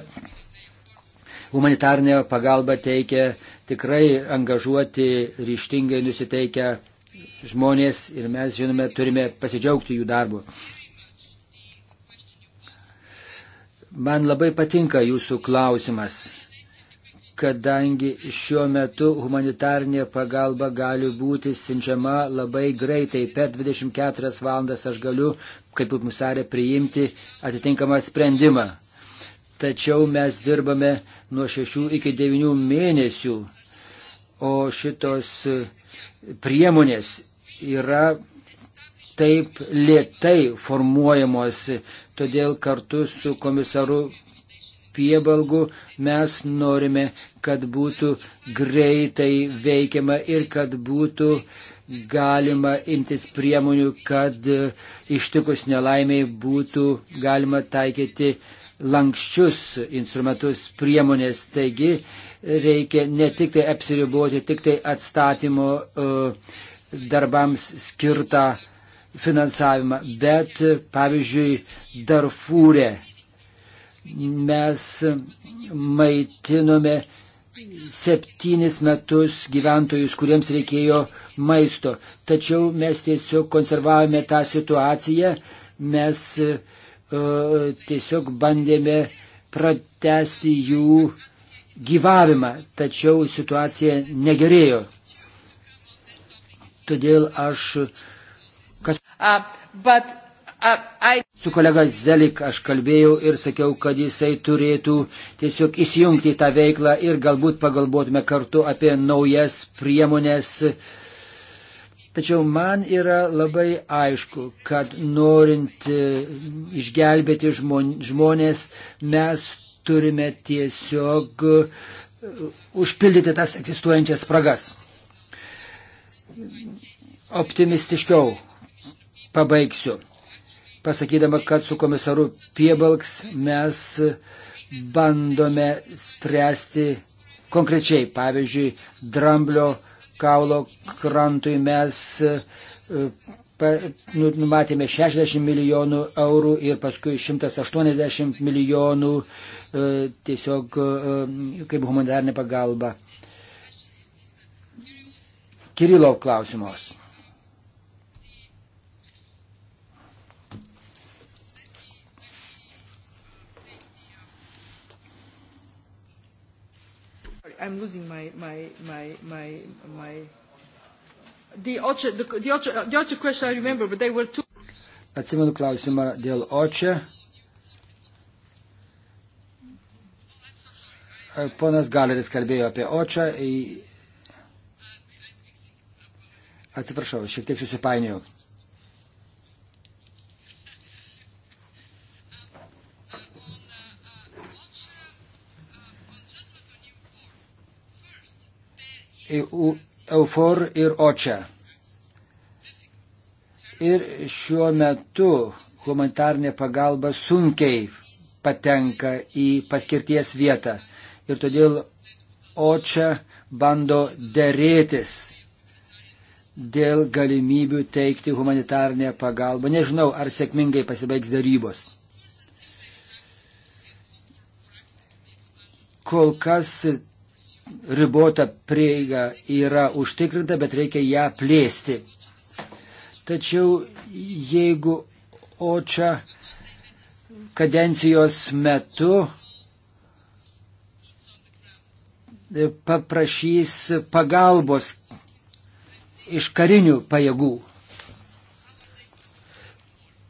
Humanitarnė pagalba teikia tikrai angažuoti, ryštingai nusiteikę žmonės ir mes, žinome, turime pasidžiaugti jų darbu. Man labai patinka jūsų klausimas kadangi šiuo metu humanitarnė pagalba gali būti siunčiama labai greitai. Per 24 valandas aš galiu, kaip musarė, priimti atitinkamą sprendimą. Tačiau mes dirbame nuo 6 iki 9 mėnesių, o šitos e, priemonės yra taip lietai formuojamos, todėl kartu su komisaru priebalgų, mes norime, kad būtų greitai veikiama ir kad būtų galima imtis priemonių, kad ištikus nelaimiai būtų galima taikyti lankščius instrumentus priemonės. Taigi reikia ne tik tai apsiriboti, tik tai atstatymo e, darbams skirtą finansavimą, bet pavyzdžiui Darfūrė mes maitinome septynis metus gyventojus, kuriems reikėjo maisto. Tačiau mes tiesiog konservavome tą situaciją, mes uh, tiesiog bandėme pratesti jų gyvavimą, tačiau situacija negerėjo. Todėl aš. Kas... Uh, but Uh, Su kolega Zelik aš kalbėjau ir sakiau, kad jisai turėtų tiesiog įsijungti į tą veiklą ir galbūt pagalbotume kartu apie naujas priemonės. Tačiau man yra labai aišku, kad norint e, išgelbėti žmonės, mes turime tiesiog e, užpildyti tas egzistuojančias spragas. Optimistiškiau pabaigsiu pasakydama, kad su komisaru Piebalks mes bandome spręsti konkrečiai. Pavyzdžiui, dramblio kaulo krantui mes e, nu, numatėme 60 milijonų eurų ir paskui 180 milijonų e, tiesiog e, kaip humanitarinė pagalba. Kirilov klausimos. I'm losing my, my, my, my, my the Ocha, the, the, Ocha, the Ocha question I remember, but they were two. Atsimenu klausimą dėl Očia. Ponas Galeris kalbėjo apie Očią. Atsiprašau, šiek tiek susipainiojau. E EUFOR ir OČA. E. Ir šiuo metu humanitarnė pagalba sunkiai patenka į paskirties vietą. Ir todėl OČA e bando dėrėtis dėl galimybių teikti humanitarnę pagalbą. Nežinau, ar sėkmingai pasibaigs darybos. Kol kas ribota prieiga yra užtikrinta, bet reikia ją plėsti. Tačiau jeigu Očia kadencijos metu paprašys pagalbos iš karinių pajėgų,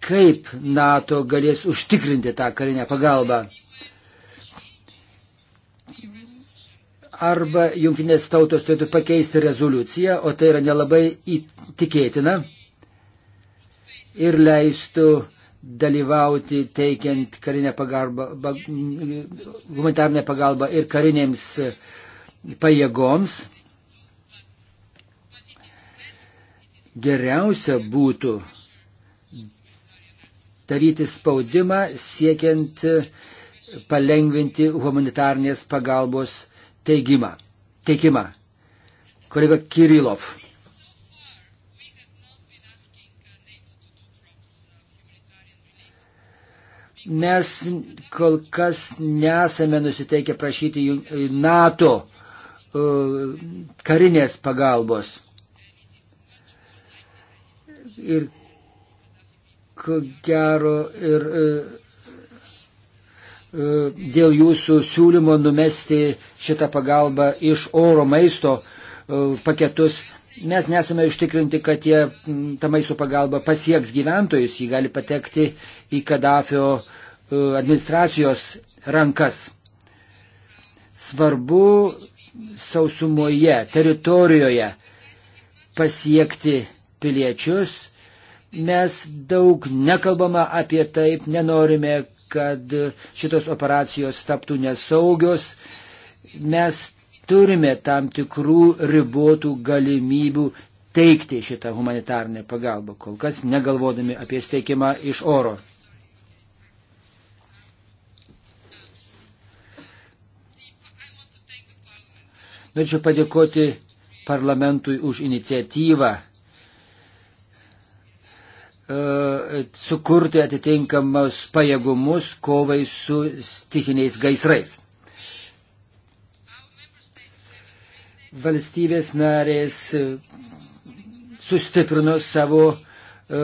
kaip NATO galės užtikrinti tą karinę pagalbą. arba jungtinės tautos turėtų pakeisti rezoliuciją, o tai yra nelabai įtikėtina, ir leistų dalyvauti teikiant karinę pagalbą, humanitarnę pagalbą ir karinėms pajėgoms. Geriausia būtų daryti spaudimą siekiant palengvinti humanitarnės pagalbos teigimą, teikimą. Kolega Kirilov. Mes kol kas nesame nusiteikę prašyti NATO e, karinės pagalbos. Ir ko gero ir e, E, dėl jūsų siūlymo numesti šitą pagalbą iš oro maisto e, paketus. Mes nesame ištikrinti, kad jie, ta maisto pagalba pasieks gyventojus, jį gali patekti į Kadafio e, administracijos rankas. Svarbu sausumoje, teritorijoje pasiekti piliečius. Mes daug nekalbama apie taip, nenorime, kad šitos operacijos taptų nesaugios. Mes turime tam tikrų ribotų galimybių teikti šitą humanitarnę pagalbą, kol kas negalvodami apie steikimą iš oro. Norėčiau padėkoti parlamentui už iniciatyvą E, sukurti atitinkamus pajėgumus kovai su stichiniais gaisrais. Valstybės narės sustiprino savo e,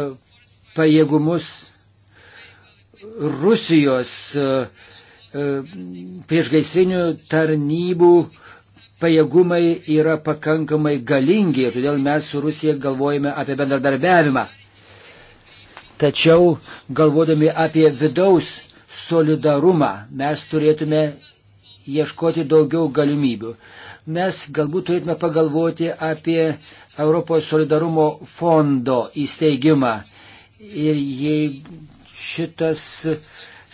pajėgumus Rusijos e, priešgaisrinių tarnybų pajėgumai yra pakankamai galingi, todėl mes su Rusija galvojame apie bendradarbiavimą. Tačiau galvodami apie vidaus solidarumą mes turėtume ieškoti daugiau galimybių. Mes galbūt turėtume pagalvoti apie Europos solidarumo fondo įsteigimą. Ir jei šitas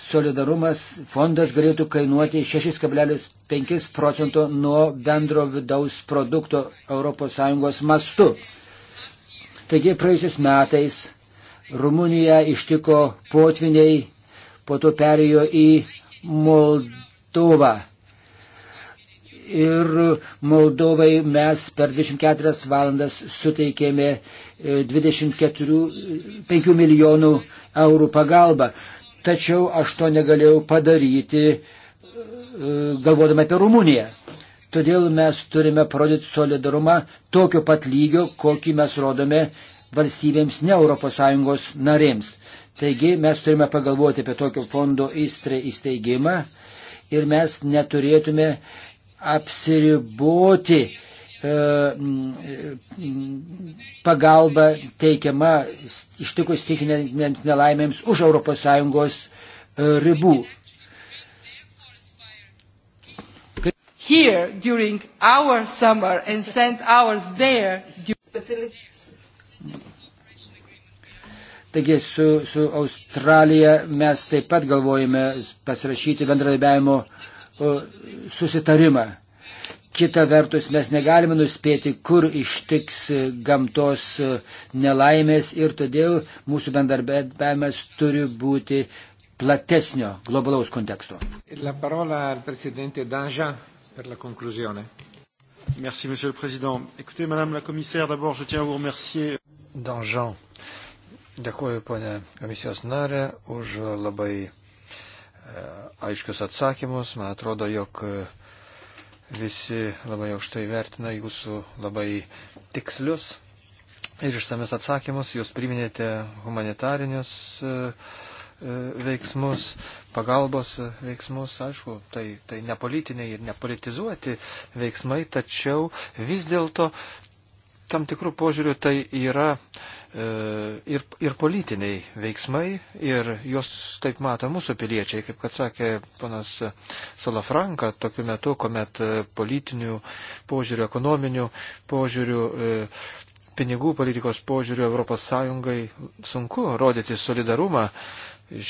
solidarumas fondas galėtų kainuoti 6,5 procento nuo bendro vidaus produkto ES mastu. Taigi praėjusiais metais Rumuniją ištiko potviniai, po to perėjo į Moldovą. Ir Moldovai mes per 24 valandas suteikėme 24, e, 5 milijonų eurų pagalbą. Tačiau aš to negalėjau padaryti e, galvodama apie Rumuniją. Todėl mes turime parodyti solidarumą tokio pat lygio, kokį mes rodome valstybėms, ne ES narėms. Taigi mes turime pagalvoti apie tokio fondo įsteigimą ir mes neturėtume apsiriboti e, mm, pagalba teikiama ištikus tikinėms nelaimėms už ES e, ribų. Here during our summer and send ours there. Specialiai Taigi su, su Australija mes taip pat galvojame pasirašyti bendradarbiavimo susitarimą. Kita vertus, mes negalime nuspėti, kur ištiks gamtos nelaimės ir todėl mūsų bendarbiavimas turi būti platesnio globalaus konteksto. La parola al presidente Daja per la conclusione. Merci, monsieur le président. Écoutez, madame la commissaire, d'abord, je tiens à vous remercier. Dangean, Dėkuoju, ponė komisijos narė, už labai e, aiškius atsakymus. Man atrodo, jog e, visi labai aukštai vertina jūsų labai tikslius ir išsamius atsakymus. Jūs priminėte humanitarinius e, veiksmus, pagalbos veiksmus, aišku, tai, tai nepolitiniai ir nepolitizuoti veiksmai, tačiau vis dėlto tam tikrų požiūrių tai yra E, ir, ir politiniai veiksmai, ir juos taip mato mūsų piliečiai, kaip kad sakė panas Salafranka, tokiu metu, kuomet e, politinių požiūrių, ekonominių požiūrių, e, pinigų politikos požiūrių ES sunku rodyti solidarumą.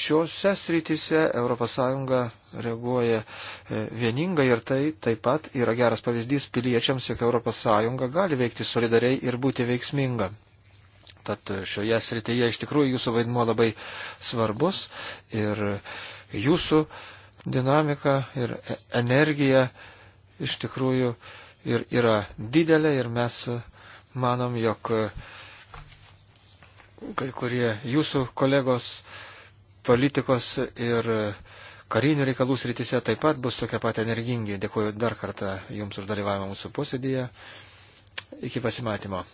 Šiuose srityse ES reaguoja vieningai ir tai taip pat yra geras pavyzdys piliečiams, jog ES gali veikti solidariai ir būti veiksminga. Tad šioje srityje iš tikrųjų jūsų vaidmuo labai svarbus ir jūsų dinamika ir e- energija iš tikrųjų ir yra didelė ir mes manom, jog kai kurie jūsų kolegos politikos ir karinių reikalų srityse taip pat bus tokie pat energingi. Dėkuoju dar kartą Jums už dalyvavimą mūsų posėdėje. Iki pasimatymo.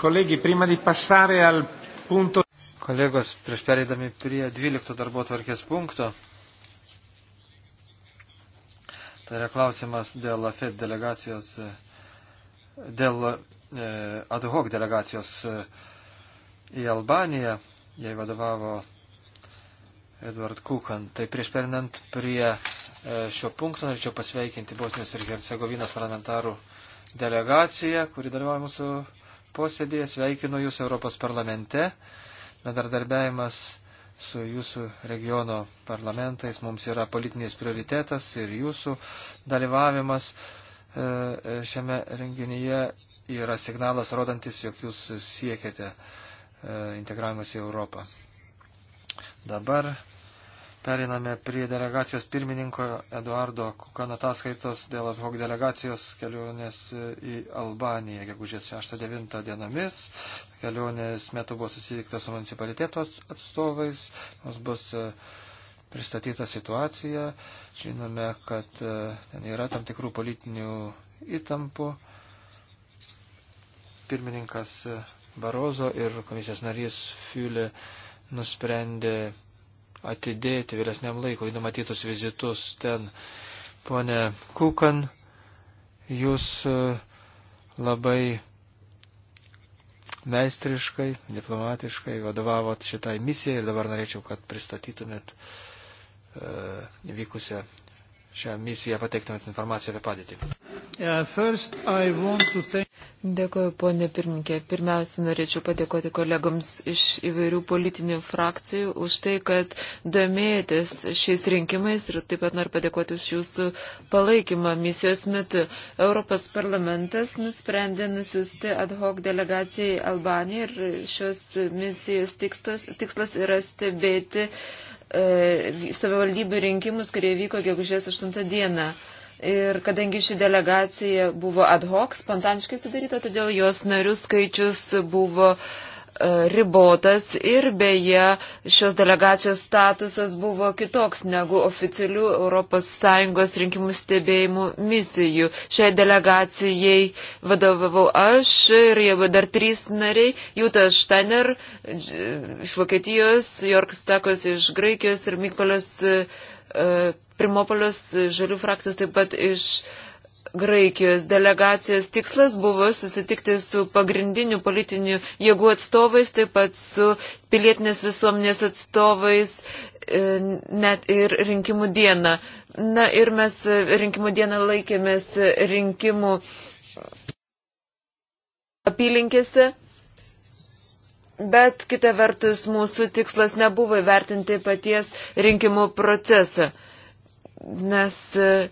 Kolegi, prima di passare al punto. Kolegos, prieš pereidami prie 12 darbo tvarkės punkto, tai yra klausimas dėl FED delegacijos, dėl e, ad hoc delegacijos e, į Albaniją, jai vadovavo Edward Kukan. Tai prieš perinant prie e, šio punkto norėčiau pasveikinti Bosnijos ir Hercegovinos parlamentarų delegaciją, kuri dalyvauja mūsų posėdėje, sveikinu Jūs Europos parlamente. Bendradarbiavimas su Jūsų regiono parlamentais mums yra politinis prioritetas ir Jūsų dalyvavimas e, e, šiame renginyje yra signalas rodantis, jog Jūs siekiate e, integravimas į Europą. Dabar Periname prie delegacijos pirmininko Eduardo Kukano ataskaitos dėl ad hoc delegacijos kelionės į Albaniją, gegužės 6-9 dienomis. Kelionės metu buvo susitikta su municipalitetos atstovais, mums bus e, pristatyta situacija. Žinome, kad e, ten yra tam tikrų politinių įtampų. Pirmininkas e, Barozo ir komisijos narys Fiulė nusprendė atidėti vėlesniam laikui numatytus vizitus ten. Pone Kukan, jūs e, labai meistriškai, diplomatiškai vadovavot šitai misijai ir dabar norėčiau, kad pristatytumėt įvykusią e, šią misiją, pateiktumėt informaciją apie padėtį. Uh, Dėkuoju, ponė pirmininkė. Pirmiausia, norėčiau padėkoti kolegams iš įvairių politinių frakcijų už tai, kad domėjotės šiais rinkimais ir taip pat noriu padėkoti už jūsų palaikymą misijos metu. Europos parlamentas nusprendė nusiųsti ad hoc delegaciją į Albaniją ir šios misijos tikslas, tikslas yra stebėti e, savivaldybių rinkimus, kurie vyko gegužės 8 dieną. E, Ir kadangi ši delegacija buvo ad hoc, spontaniškai sudaryta, todėl jos narių skaičius buvo e, ribotas ir beje šios delegacijos statusas buvo kitoks negu oficialių ES rinkimų stebėjimų misijų. Šiai delegacijai vadovavau aš ir jie buvo dar trys nariai - Jūta Štainer e, iš Vokietijos, Jorkas Takos iš Graikijos ir Mikolas. Uh, e, Primopolios žalių frakcijos taip pat iš Graikijos delegacijos tikslas buvo susitikti su pagrindiniu politiniu jėgų atstovais, taip pat su pilietinės visuomenės atstovais e, net ir rinkimų dieną. Na ir mes e, rinkimų dieną laikėmės rinkimų apylinkėse. Bet kita vertus, mūsų tikslas nebuvo įvertinti paties rinkimų procesą nes e,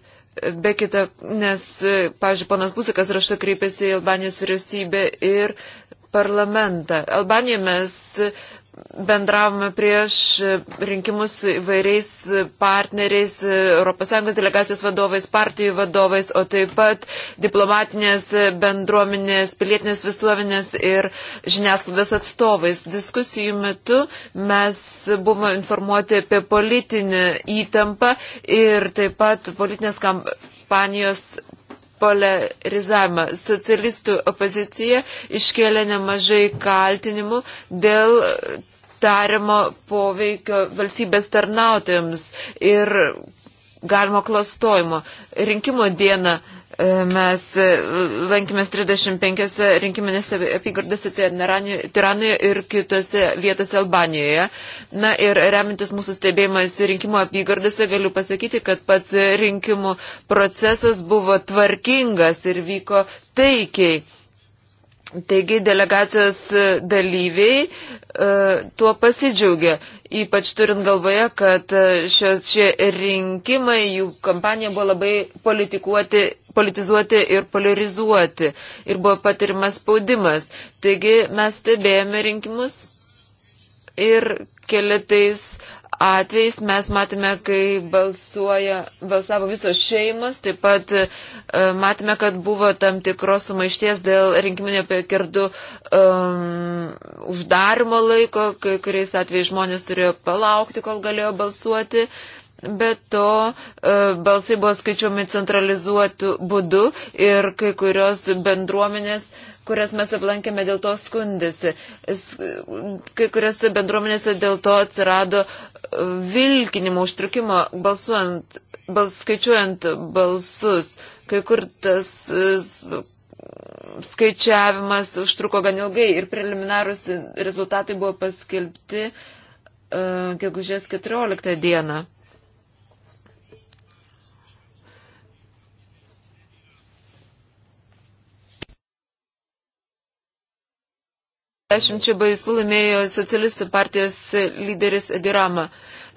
be kita, nes, e, pažiūrėjau, ponas Busikas raštu kreipėsi į Albanijos vyriausybę ir parlamentą. Albaniją mes bendravome prieš e, rinkimus su įvairiais e, partneriais, ES delegacijos vadovais, partijų vadovais, o taip pat diplomatinės e, bendruomenės, pilietinės visuomenės ir žiniasklaidos atstovais. Diskusijų metu mes buvome informuoti apie politinę įtampą ir taip pat politinės kampanijos polarizavimą. Socialistų opozicija iškėlė nemažai kaltinimų dėl tariamo poveikio valstybės tarnautojams ir galimo klastojimo. Rinkimo dieną e, mes e, lankėmės 35 rinkiminėse apygardose Tiranoje ir kitose vietose Albanijoje. Na ir remintis mūsų stebėjimais rinkimo apygardose galiu pasakyti, kad pats rinkimų procesas buvo tvarkingas ir vyko taikiai. Taigi delegacijos e, dalyviai e, tuo pasidžiaugia, ypač turint galvoje, kad e, šios šie rinkimai, jų kampanija buvo labai politikuoti politizuoti ir polarizuoti. Ir buvo patirimas spaudimas. Taigi mes stebėjome rinkimus ir keletais atvejais mes matėme, kai balsuoja, balsavo visos šeimos, taip pat e, matėme, kad buvo tam tikros sumaišties dėl rinkiminio pekirdų um, uždarimo laiko, kai kuriais atvejais žmonės turėjo palaukti, kol galėjo balsuoti. E, Be to, e, balsai buvo skaičiuomi centralizuotų būdų ir kai kurios bendruomenės, kurias mes aplankėme, dėl to skundėsi. Kai kuriuose bendruomenėse dėl to atsirado e, vilkinimo, užtrukimo balsuojant, bals, skaičiuojant balsus. Kai kur tas e, skaičiavimas užtruko gan ilgai ir preliminarūs rezultatai buvo paskelbti uh, gegužės 14 dieną. Dešimčia baisų laimėjo socialistų partijos lyderis Edirama.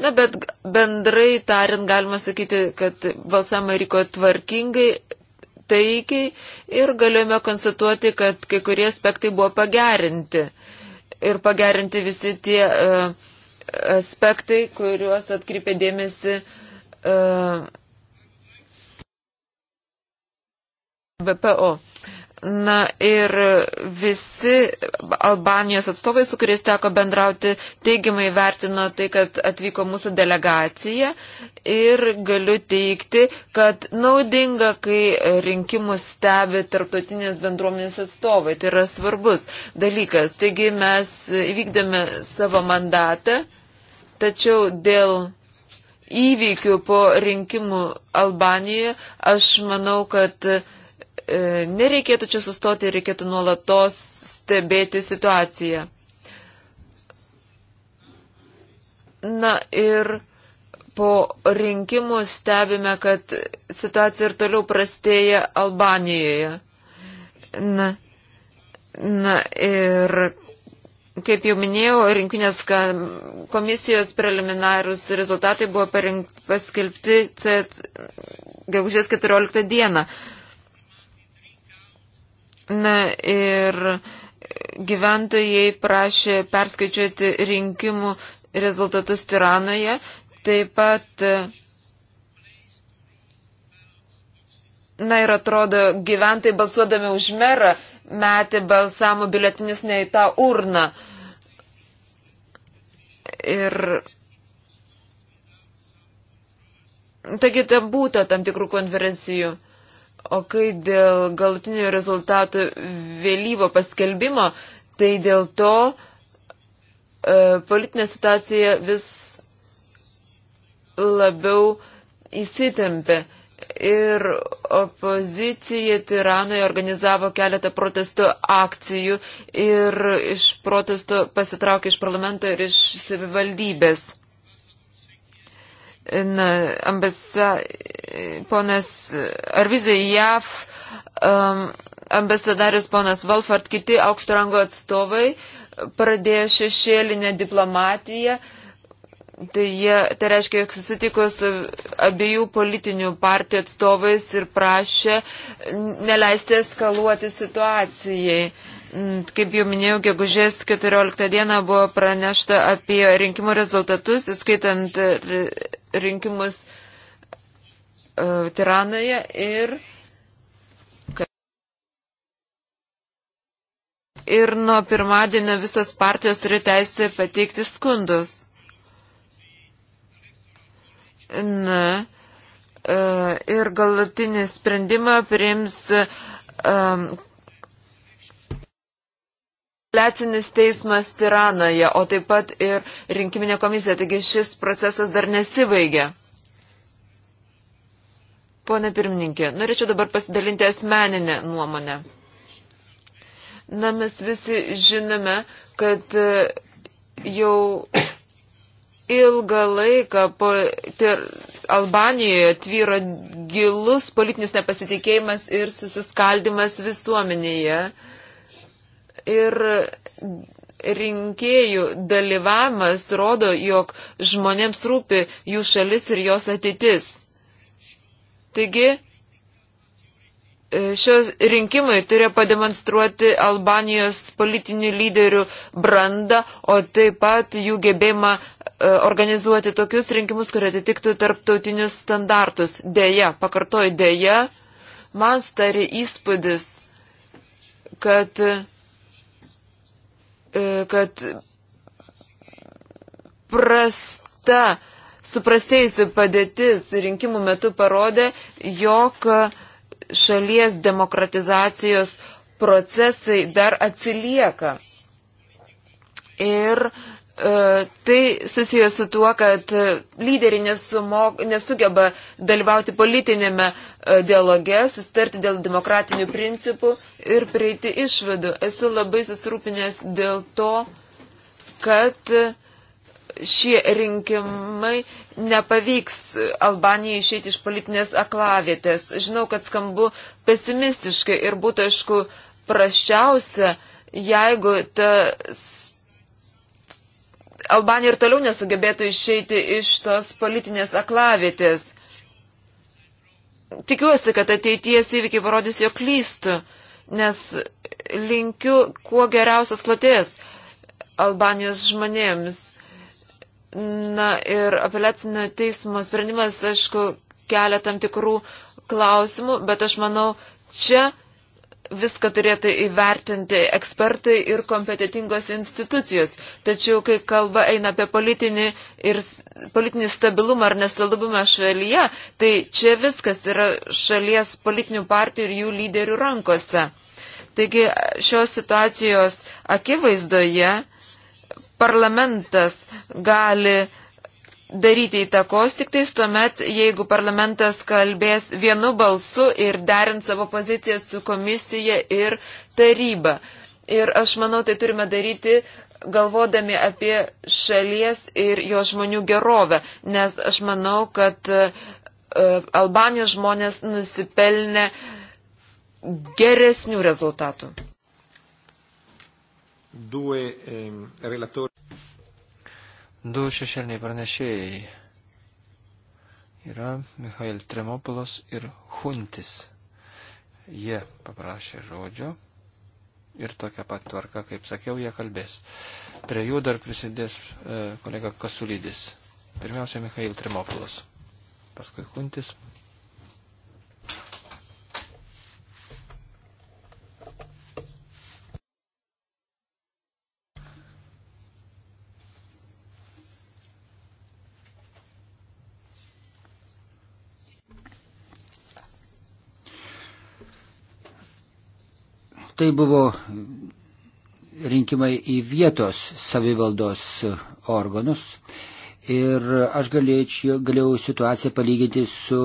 Na, bet bendrai tariant, galima sakyti, kad balsavimą ryko tvarkingai, taikiai ir galėjome konstatuoti, kad kai kurie aspektai buvo pagerinti. Ir pagerinti visi tie uh, aspektai, kuriuos atkreipė dėmesį uh, e, VPO. Uh, Na ir visi Albanijos atstovai, su kuriais teko bendrauti, teigiamai vertino tai, kad atvyko mūsų delegacija ir galiu teikti, kad naudinga, kai rinkimus stebi tarptautinės bendruomenės atstovai. Tai yra svarbus dalykas. Taigi mes įvykdėme savo mandatą, tačiau dėl įvykių po rinkimų Albanijoje aš manau, kad E, nereikėtų čia sustoti, reikėtų nuolatos stebėti situaciją. Na ir po rinkimų stebime, kad situacija ir toliau prastėja Albanijoje. Na, na ir, kaip jau minėjau, rinkinės komisijos preliminarius rezultatai buvo paskelbti gegužės 14 dieną. Na ir gyventojai prašė perskaičiuoti rinkimų rezultatus Tiranoje, taip pat Na ir atrodo, gyventojai balsuodami už merą metė balsamo biletinius ne į tą urną. Ir. Taigi, ten būta tam tikrų konferencijų. O kai dėl galutinio rezultato vėlyvo paskelbimo, tai dėl to e, politinė situacija vis labiau įsitempė. Ir opozicija Tiranoje organizavo keletą protestų akcijų ir iš protestų pasitraukė iš parlamento ir iš savivaldybės na, ambasa, ponas Arvizai JAV, um, ambasadarius ponas Valfart, kiti aukšto rango atstovai pradėjo šešėlinę diplomatiją. Tai, jie, tai reiškia, jog susitiko su abiejų politinių partijų atstovais ir prašė neleisti eskaluoti situacijai. Uh, Mm, kaip jau minėjau, gegužės 14 dieną buvo pranešta apie rinkimų rezultatus, įskaitant rinkimus uh, Tiranoje ir, ir nuo pirmadienio visas partijos turi teisę pateikti skundus. Na, uh, ir galutinį sprendimą priims um, uh, apeliacinis teismas Tiranoje, o taip pat ir rinkiminė komisija, taigi šis procesas dar nesibaigė. Pone pirmininkė, norėčiau dabar pasidalinti asmeninę nuomonę. Na, mes visi žinome, kad e, jau ilgą laiką po tir, Albanijoje tvyro gilus politinis nepasitikėjimas ir susiskaldimas visuomenėje. Ir rinkėjų dalyvavimas rodo, jog žmonėms rūpi jų šalis ir jos ateitis. Taigi, e, šios rinkimai turėjo pademonstruoti Albanijos politinių lyderių brandą, o taip pat jų gebėjimą e, organizuoti tokius rinkimus, kurie atitiktų tarptautinius standartus. Deja, pakartoju, deja, man stari įspūdis, kad E, kad prasta, suprastėjusi padėtis rinkimų metu parodė, jog šalies demokratizacijos procesai dar atsilieka. Ir e, tai susijęs su tuo, kad lyderiai nesugeba dalyvauti politinėme E, dialoge, sustarti dėl demokratinių principų ir prieiti išvadų. Esu labai susirūpinęs dėl to, kad šie rinkimai nepavyks Albanijai išėti iš politinės aklavietės. Žinau, kad skambu pesimistiškai ir būtų, aišku, praščiausia, jeigu tas Albanija ir toliau nesugebėtų išeiti iš tos politinės aklavietės tikiuosi, kad ateities įvykiai parodys, jog klystu, nes linkiu kuo geriausios klotės Albanijos žmonėms. Na ir apeliacinio teismo sprendimas, aišku, kelia tam tikrų klausimų, bet aš manau, čia viską turėtų įvertinti ekspertai ir kompetitingos institucijos. Tačiau, kai kalba eina apie politinį, ir, politinį stabilumą ar nestabilumą šalyje, tai čia viskas yra šalies politinių partijų ir jų lyderių rankose. Taigi šios situacijos akivaizdoje parlamentas gali daryti įtakos tik tais tuomet, jeigu parlamentas kalbės vienu balsu ir derint savo poziciją su komisija ir taryba. Ir aš manau, tai turime daryti galvodami apie šalies ir jo žmonių gerovę, nes aš manau, kad uh, Albanijos žmonės nusipelnė geresnių rezultatų. Due, eh, relatori... Du šešėliniai pranešėjai yra Mikhail Tremopolos ir Huntis. Jie paprašė žodžio ir tokia pat tvarka, kaip sakiau, jie kalbės. Prie jų dar prisidės e, kolega Kasulydis. Pirmiausia, Mikhail Tremopolos, paskui Huntis, Tai buvo rinkimai į vietos savivaldos organus ir aš galėčiau, galėjau situaciją palyginti su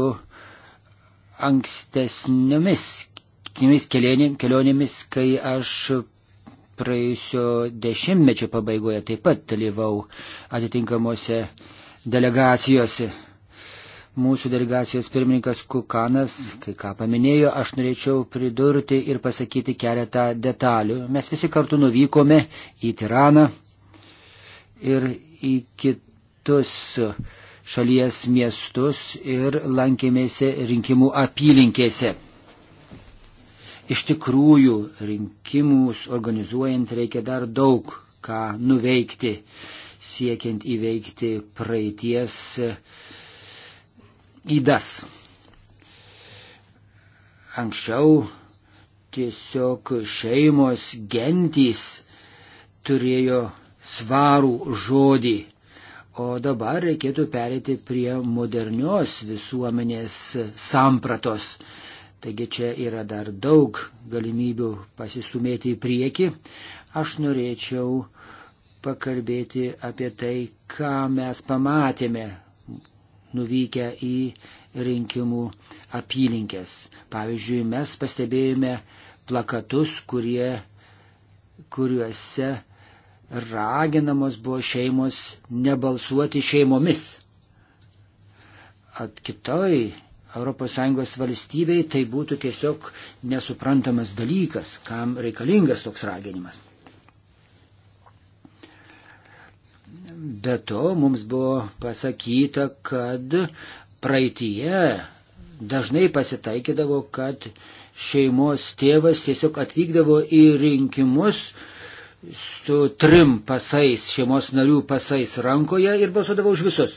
ankstesnėmis kelionėmis, kai aš praėjusio dešimtmečio pabaigoje taip pat dalyvau atitinkamuose delegacijose Mūsų delegacijos pirmininkas Kukanas kai ką paminėjo, aš norėčiau pridurti ir pasakyti keletą detalių. Mes visi kartu nuvykome į Tiraną ir į kitus šalies miestus ir lankėmėsi rinkimų apylinkėse. Iš tikrųjų, rinkimus organizuojant reikia dar daug ką nuveikti, siekiant įveikti praeities uh, įdas. Anksčiau tiesiog šeimos gentys turėjo svarų žodį, o dabar reikėtų perėti prie modernios visuomenės sampratos. Taigi čia yra dar daug galimybių pasistumėti į priekį. Aš norėčiau pakalbėti apie tai, ką mes pamatėme nuvykę į rinkimų apylinkės. Pavyzdžiui, mes pastebėjome plakatus, kurie, kuriuose raginamos buvo šeimos nebalsuoti šeimomis. At kitoj ES valstybei tai būtų tiesiog nesuprantamas dalykas, kam reikalingas toks raginimas. Be to, mums buvo pasakyta, kad praeitie dažnai pasitaikydavo, kad šeimos tėvas tiesiog atvykdavo į rinkimus su trim pasais, šeimos narių pasais rankoje ir balsuodavo už visus.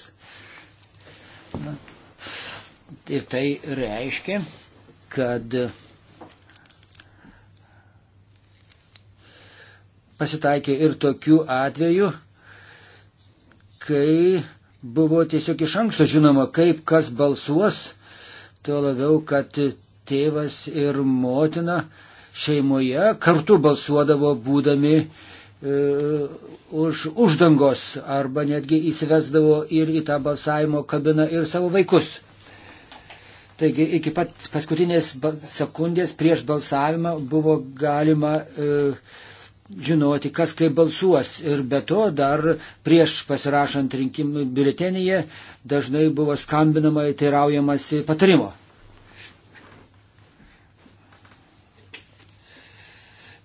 Na. Ir tai reiškia, kad pasitaikė ir tokių atvejų, kai buvo tiesiog iš anksto žinoma, kaip kas balsuos, tuo labiau, kad tėvas ir motina šeimoje kartu balsuodavo būdami e, už uždangos arba netgi įsivesdavo ir į tą balsavimo kabiną ir savo vaikus. Taigi iki pat paskutinės sekundės prieš balsavimą buvo galima e, žinoti, kas kaip balsuos. Ir be to dar prieš pasirašant rinkimų biuletenyje dažnai buvo skambinama ir teiraujamasi patarimo.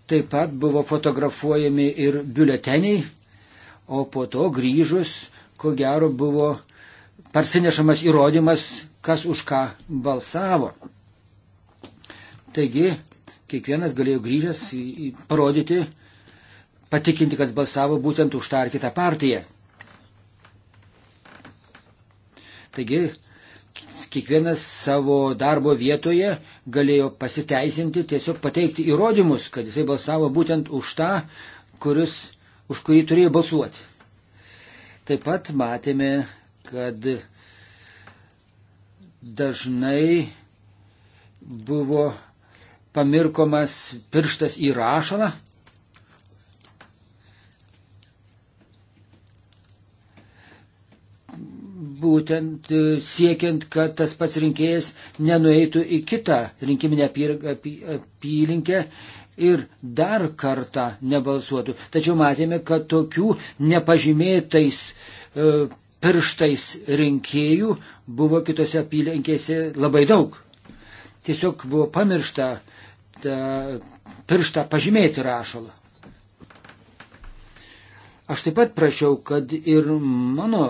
Taip pat buvo fotografuojami ir biuleteniai, o po to grįžus, ko gero, buvo parsinešamas įrodymas, kas už ką balsavo. Taigi, kiekvienas galėjo grįžęs į, į, parodyti, patikinti, kad balsavo būtent už tą ar kitą partiją. Taigi, kiekvienas savo darbo vietoje galėjo pasiteisinti, tiesiog pateikti įrodymus, kad jisai balsavo būtent už tą, kuris, už kurį turėjo balsuoti. Taip pat matėme, kad dažnai buvo pamirkomas pirštas į rašalą būtent e, siekiant, kad tas pats rinkėjas nenueitų į kitą rinkiminę apylinkę ir dar kartą nebalsuotų. Tačiau matėme, kad tokių nepažymėtais e, pirštais rinkėjų buvo kitose apylinkėse labai daug. Tiesiog buvo pamiršta pirštą pažymėti rašalą. Aš taip pat prašiau, kad ir mano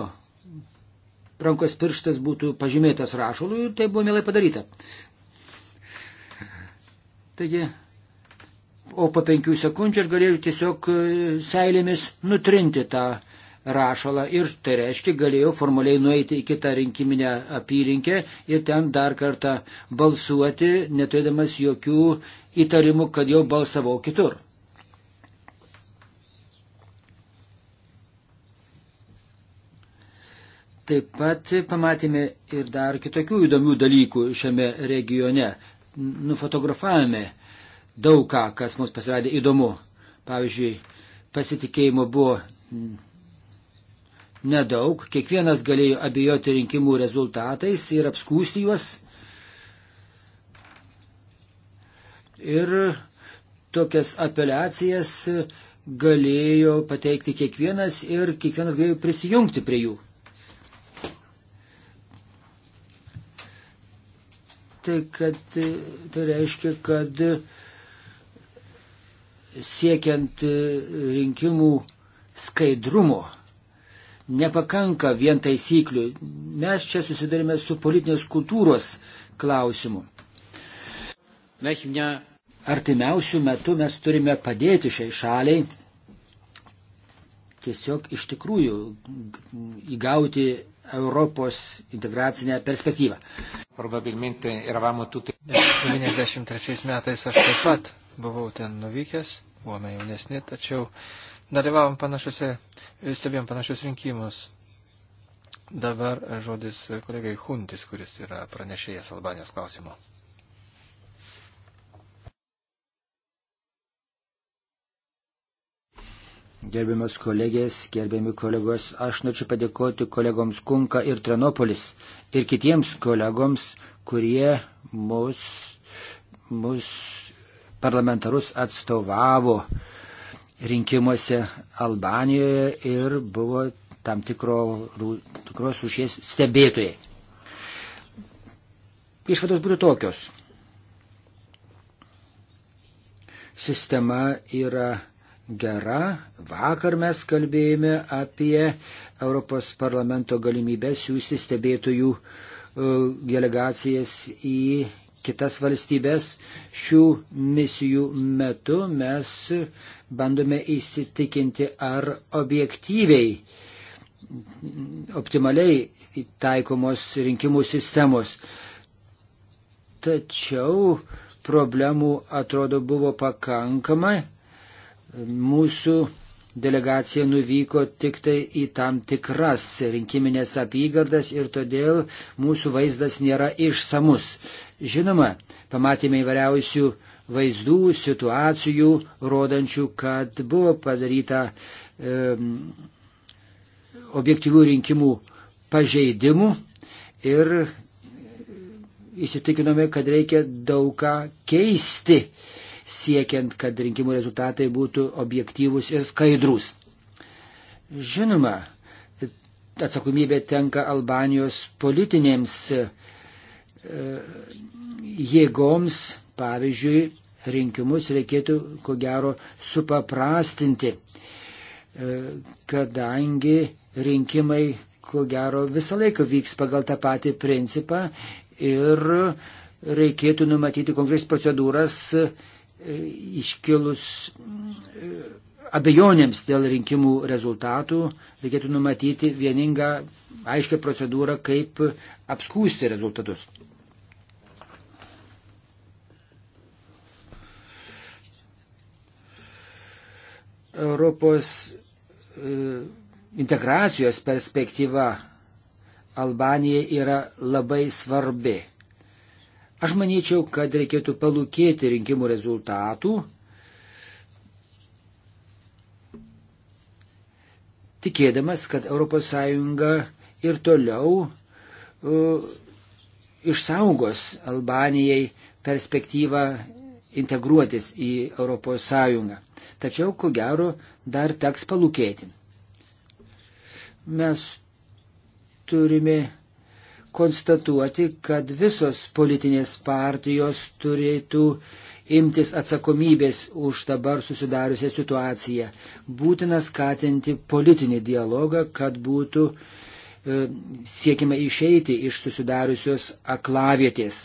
rankos pirštas būtų pažymėtas rašalu ir tai buvo mielai padaryta. Taigi, o po penkių sekundžių aš galėjau tiesiog e, seilėmis nutrinti tą rašalą ir tai reiškia galėjau formaliai nueiti į kitą rinkiminę apyrinkę ir ten dar kartą balsuoti, neturėdamas jokių įtarimų, kad jau balsavau kitur. Taip pat pamatėme ir dar kitokių įdomių dalykų šiame regione. Nufotografavome daug ką, kas mums pasirodė įdomu. Pavyzdžiui, pasitikėjimo buvo nedaug, kiekvienas galėjo abejoti rinkimų rezultatais ir apskūsti juos. Ir tokias apeliacijas galėjo pateikti kiekvienas ir kiekvienas galėjo prisijungti prie jų. tai, kad, tai reiškia, kad siekiant rinkimų skaidrumo nepakanka vien taisyklių. Mes čia susidarime su politinės kultūros klausimu. Artimiausių metų mes turime padėti šiai šaliai tiesiog iš tikrųjų įgauti Europos integracinę perspektyvą. Probabilmente eravamo tutti. 93 metais aš taip pat buvau ten nuvykęs, buvome jaunesni, tačiau dalyvavom panašiuose, stebėjom panašius rinkimus. Dabar žodis kolegai Huntis, kuris yra pranešėjas Albanijos klausimo. Gerbiamas kolegės, gerbiami kolegos, aš norėčiau padėkoti kolegoms Kunka ir Trenopolis ir kitiems kolegoms, kurie mus, mus parlamentarus atstovavo rinkimuose Albanijoje ir buvo tam tikro, tikros užės stebėtojai. Išvados būtų tokios. Sistema yra gera. Vakar mes kalbėjome apie Europos parlamento galimybę siūsti stebėtojų e, delegacijas į kitas valstybės. Šių misijų metu mes bandome įsitikinti, ar objektyviai, optimaliai taikomos rinkimų sistemos. Tačiau problemų atrodo buvo pakankamai mūsų delegacija nuvyko tik tai į tam tikras rinkiminės apygardas ir todėl mūsų vaizdas nėra išsamus. Žinoma, pamatėme įvairiausių vaizdų, situacijų, rodančių, kad buvo padaryta e, objektyvių rinkimų pažeidimų ir įsitikinome, kad reikia daugą keisti. E, siekiant, kad rinkimų rezultatai būtų objektyvūs ir skaidrus. Žinoma, atsakomybė tenka Albanijos politinėms e, jėgoms, pavyzdžiui, rinkimus reikėtų ko gero supaprastinti, e, kadangi rinkimai ko gero visą laiką vyks pagal tą patį principą ir reikėtų numatyti konkrės procedūras, E, iškilus e, abejonėms dėl rinkimų rezultatų reikėtų numatyti vieningą, aiškę procedūrą, kaip apskūsti rezultatus. Europos e, integracijos perspektyva Albanija yra labai svarbi Aš manyčiau, kad reikėtų palūkėti rinkimų rezultatų. Tikėdamas, kad ES ir toliau uh, išsaugos Albanijai perspektyvą integruotis į ES. Tačiau, ko gero, dar teks palūkėti. Mes turime konstatuoti, kad visos politinės partijos turėtų imtis atsakomybės už dabar susidariusią situaciją. Būtina skatinti politinį dialogą, kad būtų e, siekime išeiti iš susidariusios aklavietės.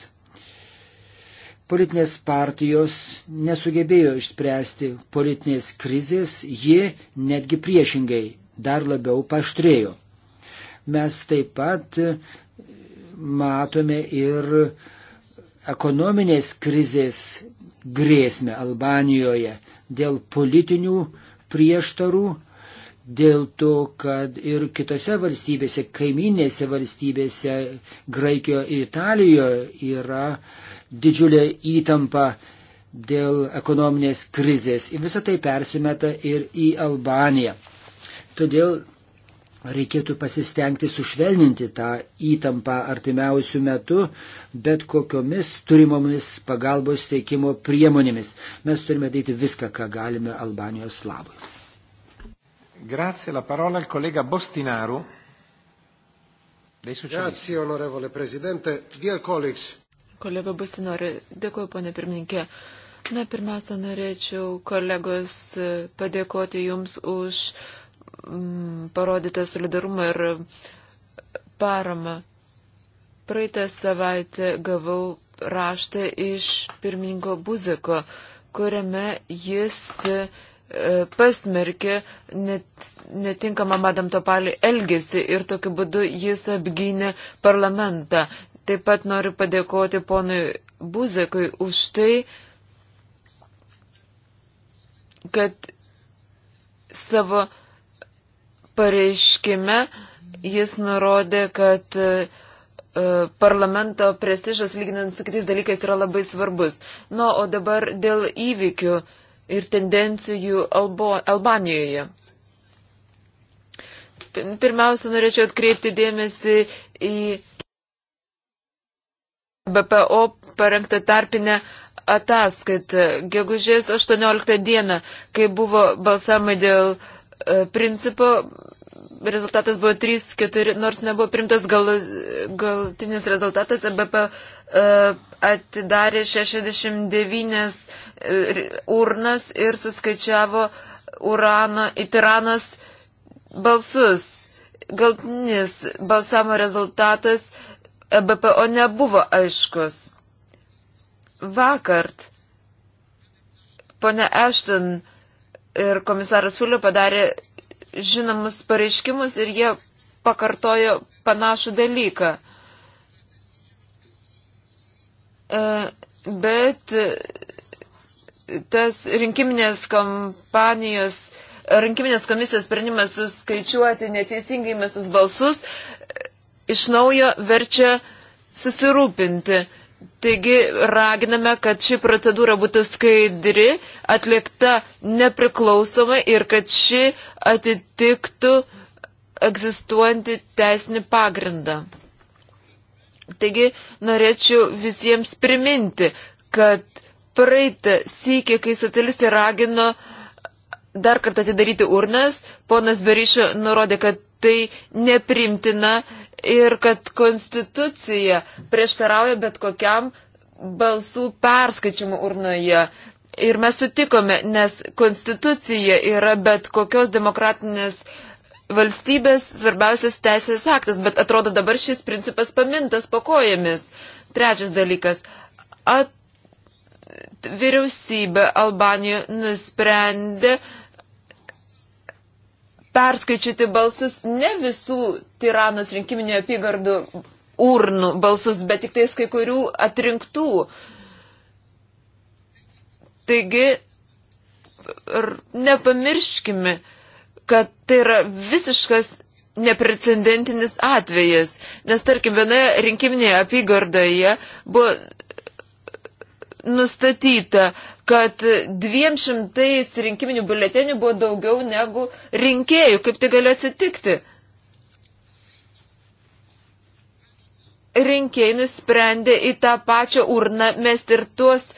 Politinės partijos nesugebėjo išspręsti politinės krizės, ji netgi priešingai dar labiau paštrėjo. Mes taip pat matome ir ekonominės krizės grėsmę Albanijoje dėl politinių prieštarų, dėl to, kad ir kitose valstybėse, kaiminėse valstybėse, Graikijoje ir Italijoje yra didžiulė įtampa dėl ekonominės krizės. Ir visą tai persimeta ir į Albaniją. Todėl reikėtų pasistengti sušvelninti tą įtampą artimiausių metų, bet kokiomis turimomis pagalbos teikimo priemonėmis. Mes turime daryti viską, ką galime Albanijos labui. Grazie, la parola al collega Bostinaru. Grazie, onorevole prezidente. Dear colleagues. Kolega Bostinaru, dėkuoju, ponė pirmininkė. Na, pirmiausia, norėčiau kolegos padėkoti Jums už uh, Mm, parodytą solidarumą ir paramą. Praeitą savaitę gavau raštą iš pirmininko Buzeko, kuriame jis e, pasmerkė net, netinkamą Madam Topalį elgesį ir tokiu būdu jis apgynė parlamentą. Taip pat noriu padėkoti ponui Buzekui už tai, kad savo pareiškime jis nurodė, kad e, e, parlamento prestižas, lyginant su kitais dalykais, yra labai svarbus. Nu, o dabar dėl įvykių ir tendencijų Albo, Albanijoje. Pirmiausia, norėčiau atkreipti dėmesį į BPO parengtą tarpinę ataskaitą gegužės 18 dieną, kai buvo balsama dėl uh, E, principu rezultatas buvo 3-4, nors nebuvo primtas gal, galtinis rezultatas, ABP e e, atidarė 69 urnas ir suskaičiavo urano, itiranos balsus. Galtinis balsamo rezultatas BPO nebuvo aiškus. Vakart, ponia Ešton, uh, ir komisaras Fulio padarė žinomus pareiškimus ir jie pakartojo panašų dalyką. E, bet tas rinkiminės kompanijos, rinkiminės komisijos sprendimas suskaičiuoti neteisingai mestus balsus iš naujo verčia susirūpinti. Taigi raginame, kad ši procedūra būtų skaidri, atlikta nepriklausomai ir kad ši atitiktų egzistuojantį teisinį pagrindą. Taigi norėčiau visiems priminti, kad praeitą sykį, kai socialistai ragino dar kartą atidaryti urnas, ponas Beryšio nurodė, kad tai neprimtina ir kad konstitucija prieštarauja bet kokiam balsų perskaičimu urnoje. Ir mes sutikome, nes konstitucija yra bet kokios demokratinės valstybės svarbiausias teisės aktas, bet atrodo dabar šis principas pamintas po kojomis. Trečias dalykas. At, vyriausybė Albanijoje nusprendė uh, perskaičiuoti balsus ne visų tiranos rinkiminio apygardų urnų balsus, bet tik tais kai kurių atrinktų. Taigi, nepamirškime, kad tai yra visiškas neprecedentinis atvejas, nes tarkim vienoje rinkiminėje apygardoje buvo nustatyta, kad 200 rinkiminių biuletenių buvo daugiau negu rinkėjų. Kaip tai gali atsitikti? Rinkėjai nusprendė į tą pačią urną mesti ir tuos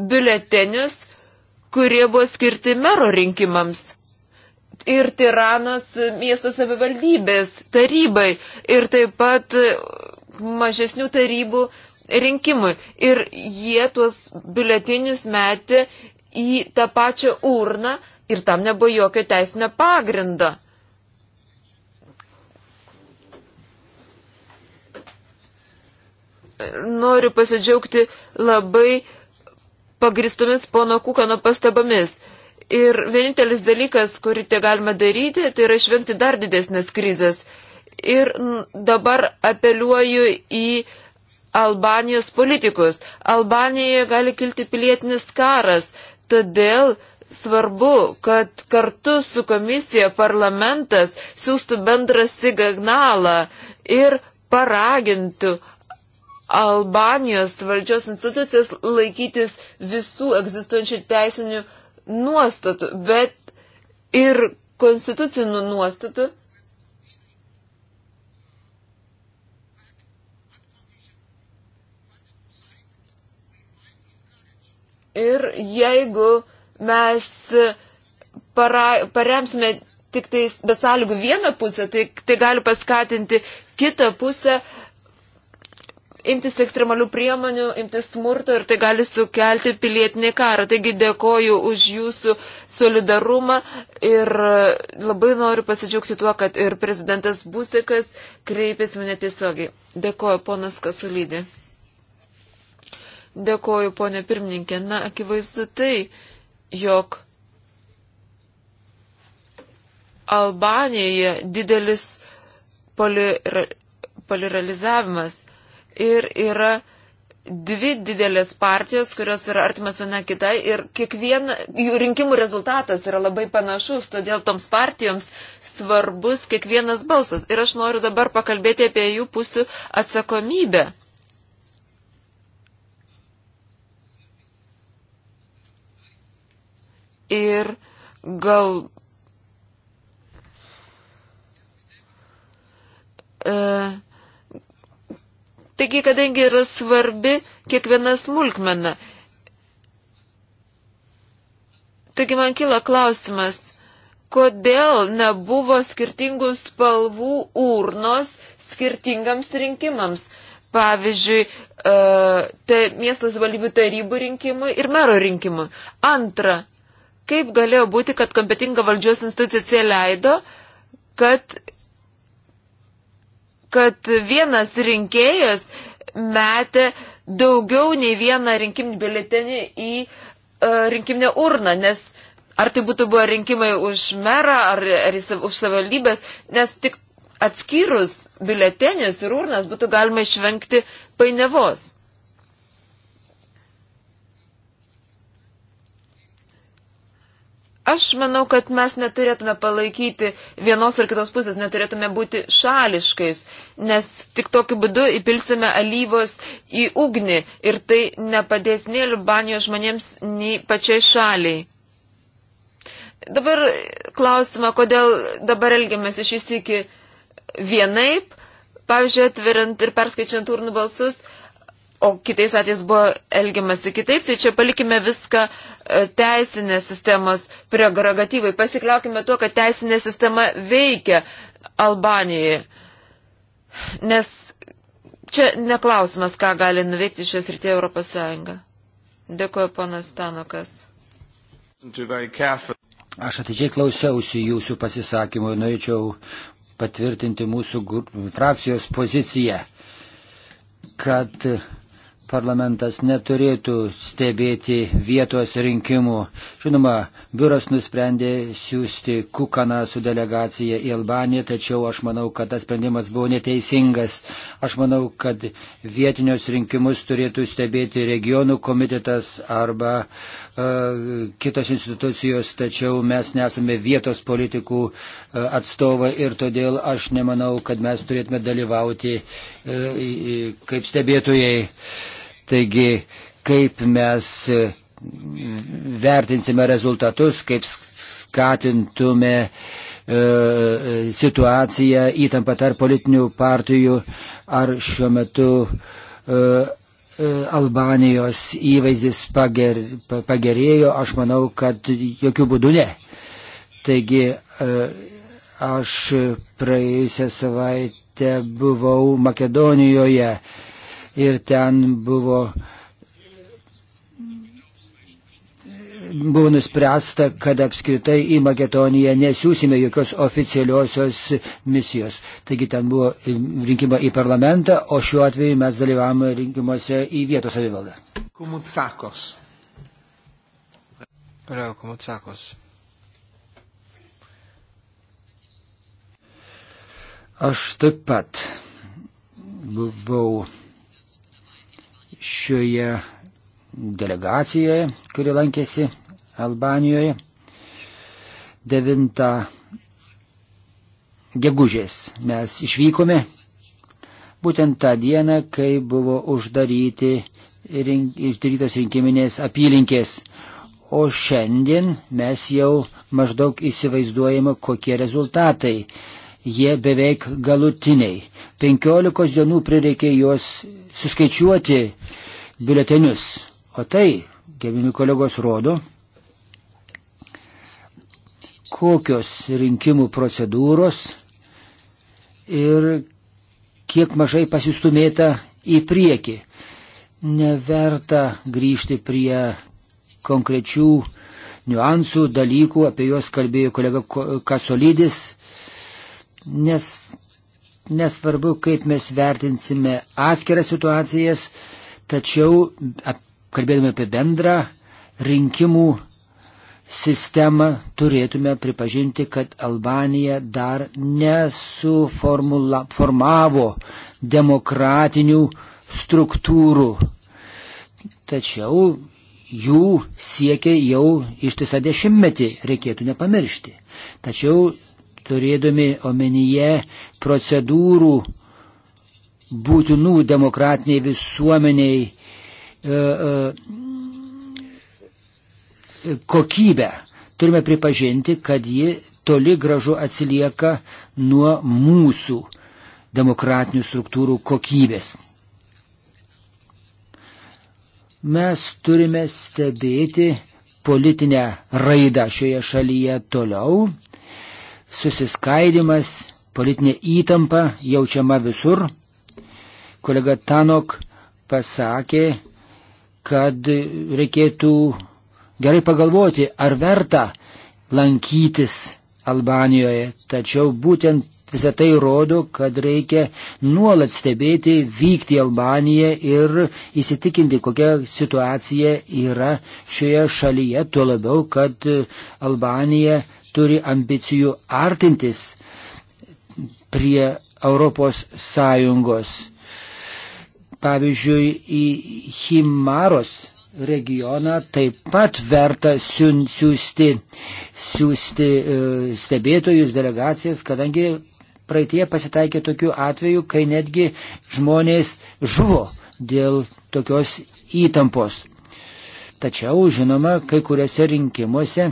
biuletenius, kurie buvo skirti mero rinkimams. Ir Tiranos miesto savivaldybės tarybai. Ir taip pat mažesnių tarybų rinkimui. Ir jie tuos biuletinius metė į tą pačią urną ir tam nebuvo jokio teisinio pagrindo. Noriu pasidžiaugti labai pagristomis pono Kukano pastabomis. Ir vienintelis dalykas, kurį tai galima daryti, tai yra išvengti dar didesnės krizės. Ir dabar apeliuoju į uh, Albanijos politikus. Albanijoje gali kilti pilietinis karas, todėl svarbu, kad kartu su komisija parlamentas siūstų bendrą signalą ir paragintų Albanijos valdžios institucijas laikytis visų egzistuojančių teisinių nuostatų, bet ir konstitucinių nuostatų Ir jeigu mes para, paremsime tik tais besąlygų vieną pusę, tai, tai gali paskatinti kitą pusę imtis ekstremalių priemonių, imtis smurto ir tai gali sukelti pilietinį karą. Taigi dėkoju už jūsų solidarumą ir labai noriu pasidžiaugti tuo, kad ir prezidentas Busikas kreipėsi mane tiesiogiai. Dėkoju, ponas Kasulydė. Dėkoju, ponė pirmininkė. Na, akivaizdu tai, jog Albanijoje didelis polira, poliralizavimas ir yra dvi didelės partijos, kurios yra artimas viena kitai ir kiekviena jų rinkimų rezultatas yra labai panašus, todėl toms partijoms svarbus kiekvienas balsas. Ir aš noriu dabar pakalbėti apie jų pusių atsakomybę. ir gal. E, taigi, kadangi yra svarbi kiekviena smulkmena. Taigi man kyla klausimas, kodėl nebuvo skirtingų spalvų urnos skirtingams rinkimams. Pavyzdžiui, e, te, miestos valybių tarybų rinkimui ir mero rinkimui. Antra, Kaip galėjo būti, kad kompetinga valdžios institucija leido, kad, kad vienas rinkėjas metė daugiau nei vieną rinkiminį biletenį į uh, rinkiminę urną, nes ar tai būtų buvo rinkimai už merą ar, ar už savivaldybės, nes tik atskyrus biletenius ir urnas būtų galima išvengti painiavos. Aš manau, kad mes neturėtume palaikyti vienos ar kitos pusės, neturėtume būti šališkais, nes tik tokiu būdu įpilsime alyvos į ugnį ir tai nepadės nei Albanijos žmonėms, nei pačiai šaliai. Dabar klausimą, kodėl dabar elgiamės iš įsikį vienaip, pavyzdžiui, atveriant ir perskaičiant urnų balsus, o kitais atvejais buvo elgiamasi kitaip, tai čia palikime viską uh, teisinės sistemos prerogatyvai. Pasikliaukime tuo, kad teisinė sistema veikia Albanijoje. Nes čia neklausimas, ką gali nuveikti šios rytėje Europos Sąjunga. Dėkuoju, ponas Stanokas. Aš atidžiai klausiausi jūsų pasisakymų ir norėčiau patvirtinti mūsų frakcijos poziciją, kad parlamentas neturėtų stebėti vietos rinkimų. Žinoma, biuras nusprendė siūsti Kukaną su delegacija į Albaniją, tačiau aš manau, kad tas sprendimas buvo neteisingas. Aš manau, kad vietinius rinkimus turėtų stebėti regionų komitetas arba uh, kitos institucijos, tačiau mes nesame vietos politikų uh, atstovai ir todėl aš nemanau, kad mes turėtume dalyvauti uh, kaip stebėtojai. Uh, Taigi, kaip mes e, vertinsime rezultatus, kaip skatintume e, e, situaciją, įtampą tarp politinių partijų, ar šiuo metu e, e Albanijos įvaizdis pager, pagerėjo, aš manau, kad jokių būdų ne. Taigi aš praėjusią savaitę buvau Makedonijoje ir ten buvo, buvo nuspręsta, kad apskritai į Makedoniją nesiūsime jokios oficialiosios misijos. Taigi ten buvo rinkimai į parlamentą, o šiuo atveju mes dalyvavome rinkimuose į vietos savivaldą. Kumutsakos. Reo Kumutsakos. Aš taip pat buvau šioje delegacijoje, kuri lankėsi Albanijoje 9 gegužės. Mes išvykome būtent tą dieną, kai buvo uždaryti, rink, uždarytos rinkiminės apylinkės. O šiandien mes jau maždaug įsivaizduojame, kokie rezultatai jie beveik galutiniai. 15 dienų prireikė juos suskaičiuoti biuletenius. O tai, gerbimi kolegos, rodo, kokios rinkimų procedūros ir kiek mažai pasistumėta į priekį. Neverta grįžti prie konkrečių niuansų, dalykų, apie juos kalbėjo kolega Kasolydis, nes nesvarbu, kaip mes vertinsime atskiras situacijas, tačiau kalbėdami apie bendrą rinkimų sistemą turėtume pripažinti, kad Albanija dar nesuformavo demokratinių struktūrų. Tačiau jų siekia jau ištisą dešimtmetį, reikėtų nepamiršti. Tačiau turėdami omenyje procedūrų būtinų demokratiniai visuomeniai e, e, kokybę. Turime pripažinti, kad ji toli gražu atsilieka nuo mūsų demokratinių struktūrų kokybės. Mes turime stebėti politinę raidą šioje šalyje toliau susiskaidimas, politinė įtampa jaučiama visur. Kolega Tanok pasakė, kad reikėtų gerai pagalvoti, ar verta lankytis Albanijoje. Tačiau būtent visą tai rodo, kad reikia nuolat stebėti, vykti į Albaniją ir įsitikinti, kokia situacija yra šioje šalyje, tuo labiau, kad Albanija turi ambicijų artintis prie Europos Sąjungos. Pavyzdžiui, į Himaros regioną taip pat verta siūsti, siūsti e, stebėtojus, delegacijas, kadangi praeitie pasitaikė tokių atvejų, kai netgi žmonės žuvo dėl tokios įtampos. Tačiau, žinoma, kai kuriuose rinkimuose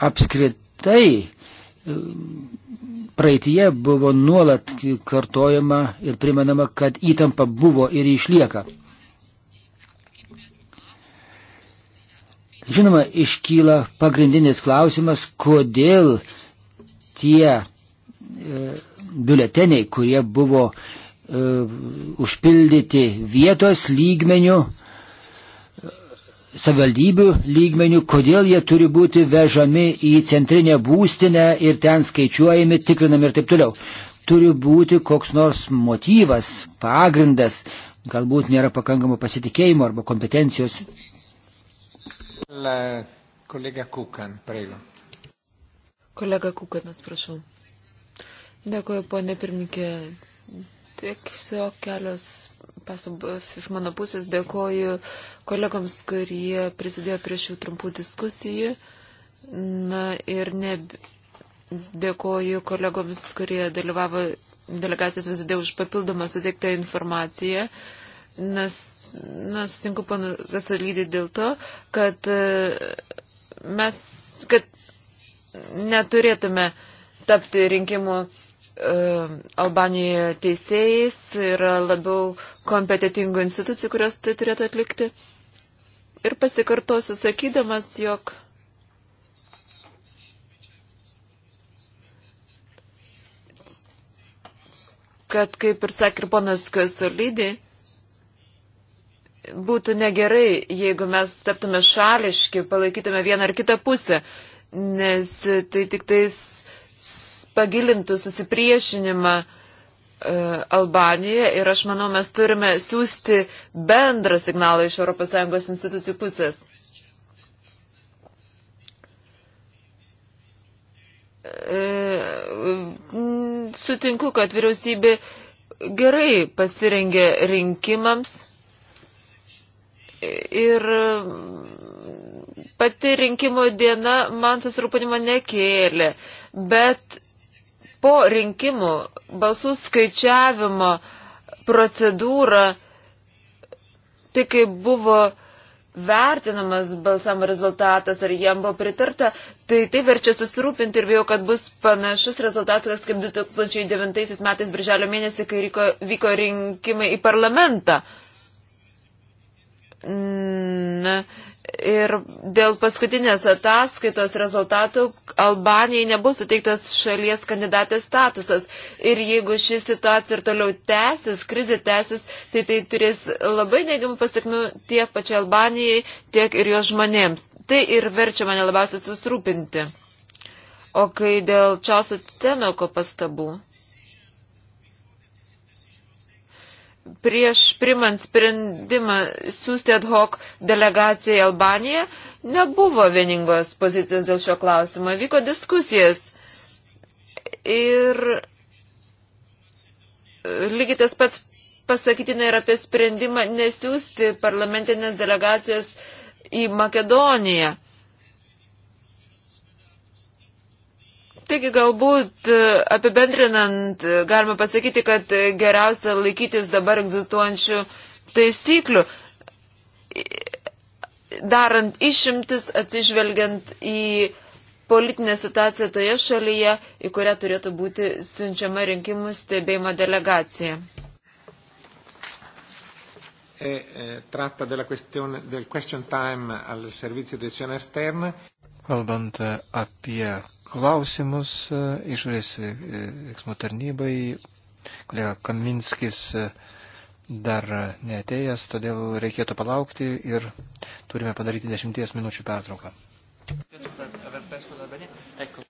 apskritai praeitie buvo nuolat kartojama ir primenama, kad įtampa buvo ir išlieka. Žinoma, iškyla pagrindinis klausimas, kodėl tie e, biuleteniai, kurie buvo e, užpildyti vietos lygmenių, savivaldybių lygmenių, kodėl jie turi būti vežami į centrinę būstinę ir ten skaičiuojami, tikrinami ir taip toliau. Turi būti koks nors motyvas, pagrindas, galbūt nėra pakankamo pasitikėjimo arba kompetencijos. La, kolega Kukan, prego. Kolega Kukanas, prašau. Dėkuoju, ponė pirmininkė. Tiek savo kelios pastabas iš mano pusės. Dėkoju kolegoms, kurie prisidėjo prie šių trumpų diskusijų. Na ir ne, dėkoju kolegoms, kurie dalyvavo delegacijos vizitė už papildomą suteiktą informaciją. Nes, nes sutinku panu Vasalydį dėl to, kad e, mes, kad neturėtume tapti rinkimų Albanijoje teisėjais, yra labiau kompetitingų institucijų, kurios tai turėtų atlikti. Ir pasikartosiu sakydamas, jog kad, kaip ir sakė ir ponas Kasolydį, būtų negerai, jeigu mes taptume šališki, palaikytume vieną ar kitą pusę, nes tai tik tais pagilintų susipriešinimą e, Albanijoje ir aš manau, mes turime siūsti bendrą signalą iš ES institucijų pusės. E, sutinku, kad vyriausybė gerai pasirengė rinkimams ir pati rinkimų diena man susirūpinimo nekėlė, bet po rinkimų balsų skaičiavimo procedūra, tai kaip buvo vertinamas balsam rezultatas, ar jam buvo pritarta, tai tai verčia susirūpinti ir bijau, kad bus panašus rezultatas kaip 2009 metais birželio mėnesį, kai ryko, vyko rinkimai į parlamentą. Uh, Na, ir dėl paskutinės ataskaitos rezultatų Albanijai nebus suteiktas šalies kandidatės statusas. Ir jeigu ši situacija ir toliau tęsis, krizė tęsis, tai tai turės labai neigiamų pasiekmių tiek pačiai Albanijai, tiek ir jos žmonėms. Tai ir verčia mane labiausiai susirūpinti. O kai dėl Časo Tenoko pastabų. prieš primant sprendimą siūsti ad hoc delegaciją į Albaniją, nebuvo vieningos pozicijos dėl šio klausimo. Vyko diskusijas. Ir lygiai tas pats pasakytina ir apie sprendimą nesiūsti parlamentinės delegacijos į Makedoniją. Taigi galbūt e, apibendrinant e, galima pasakyti, kad geriausia laikytis dabar egzistuojančių taisyklių, darant išimtis atsižvelgiant į politinę situaciją toje šalyje, į kurią turėtų būti siunčiama rinkimų stebėjimo delegacija. E, e, tratta della questione del question time al servizio di azione esterna. Kalbant e, apie klausimus e, išorės e, veiksmų tarnybai. Kolega Kaminskis e, dar neatėjęs, todėl reikėtų palaukti ir turime padaryti dešimties minučių pertrauką. Penso per aver perso l'Albania. Ecco.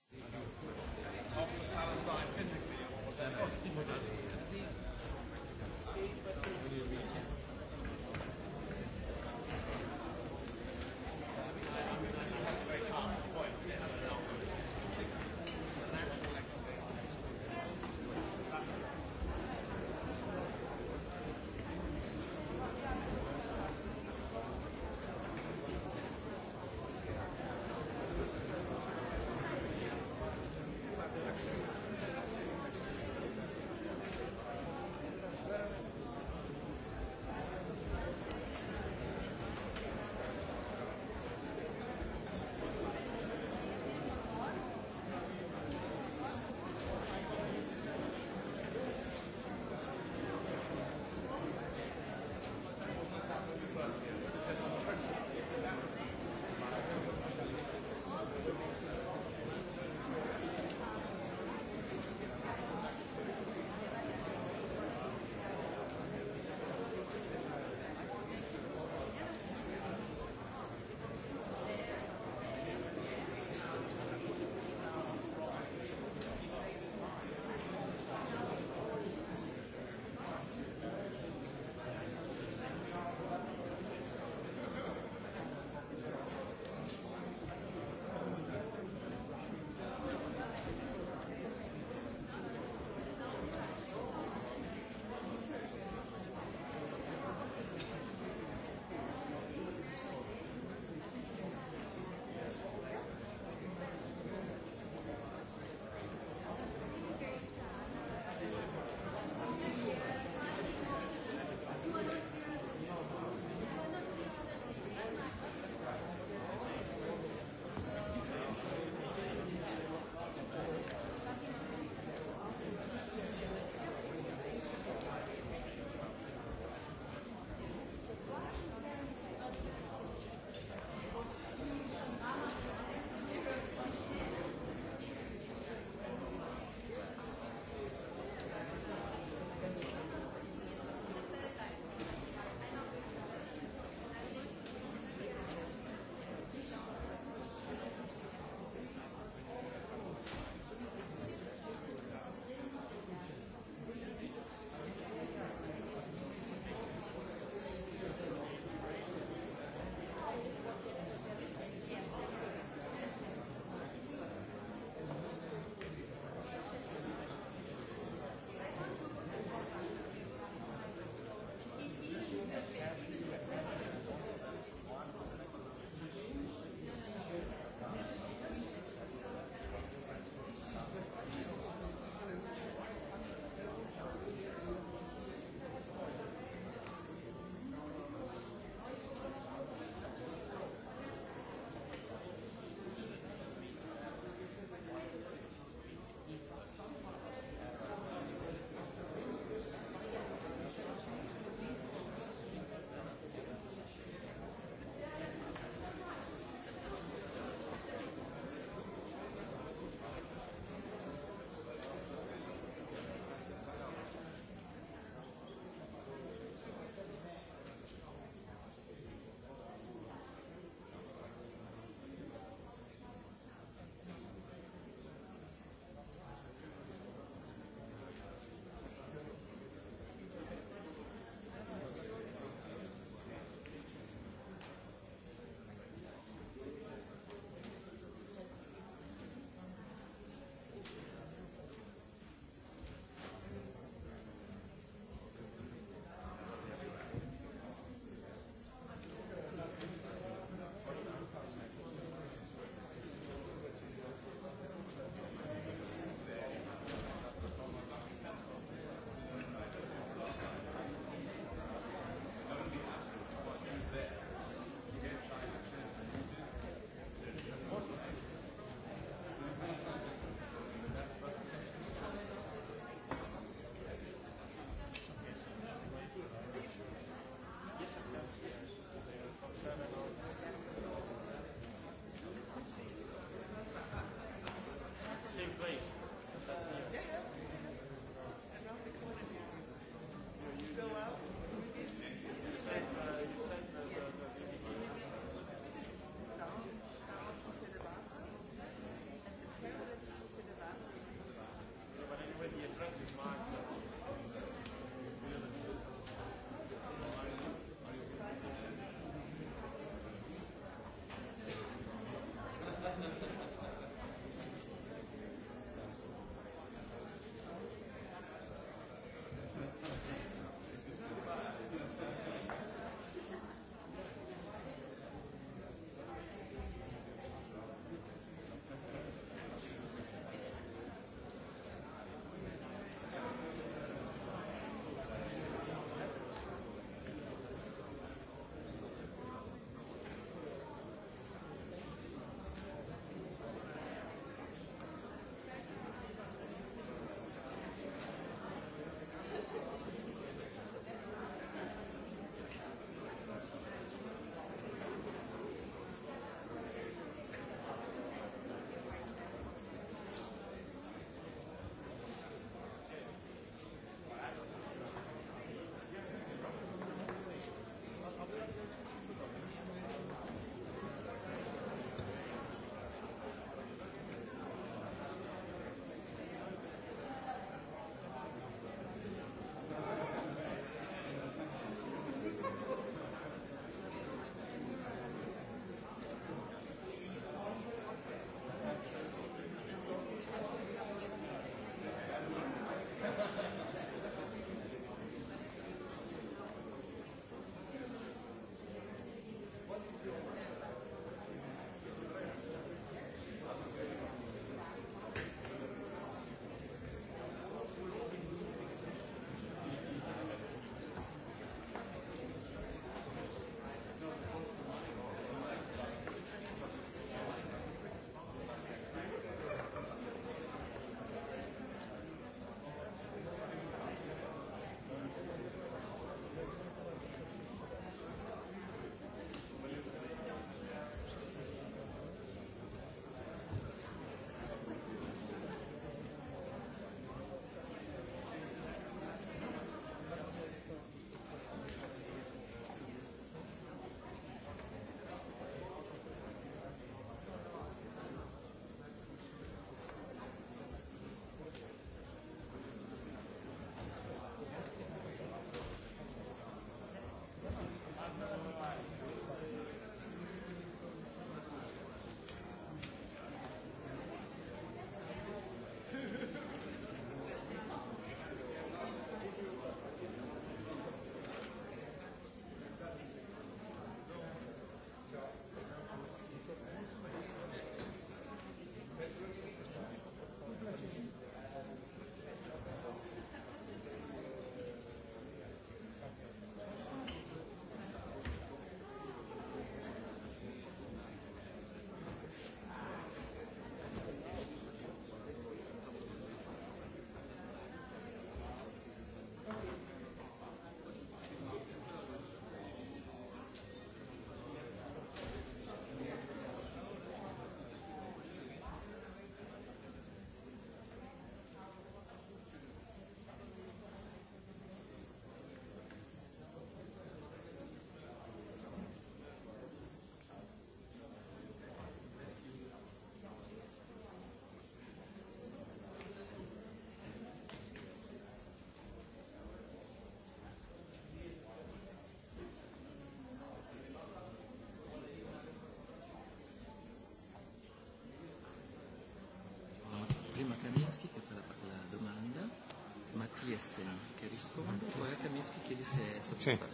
Andriessen che risponde, poi a Kaminsky chiedi se è soddisfatto.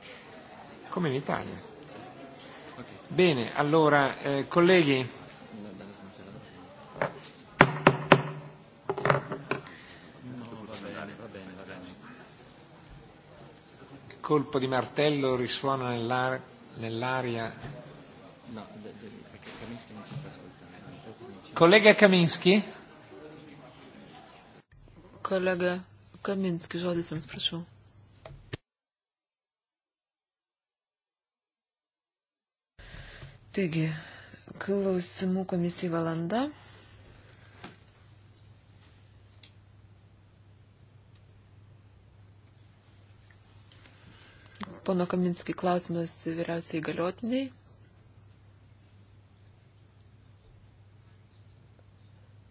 Sì. Come in Italia. Sì. Okay. Bene, allora, eh, colleghi. No, va bene, va bene, va bene. Il colpo di martello risuona nell'ar- nell'aria. No, de- de- perché Kaminsky non ci sta ascoltando. Collega Kaminsky? kolega Kaminski, žodis jums prašau. Taigi, klausimų komisijai valanda. Pono Kaminski klausimas vyriausiai galiotiniai.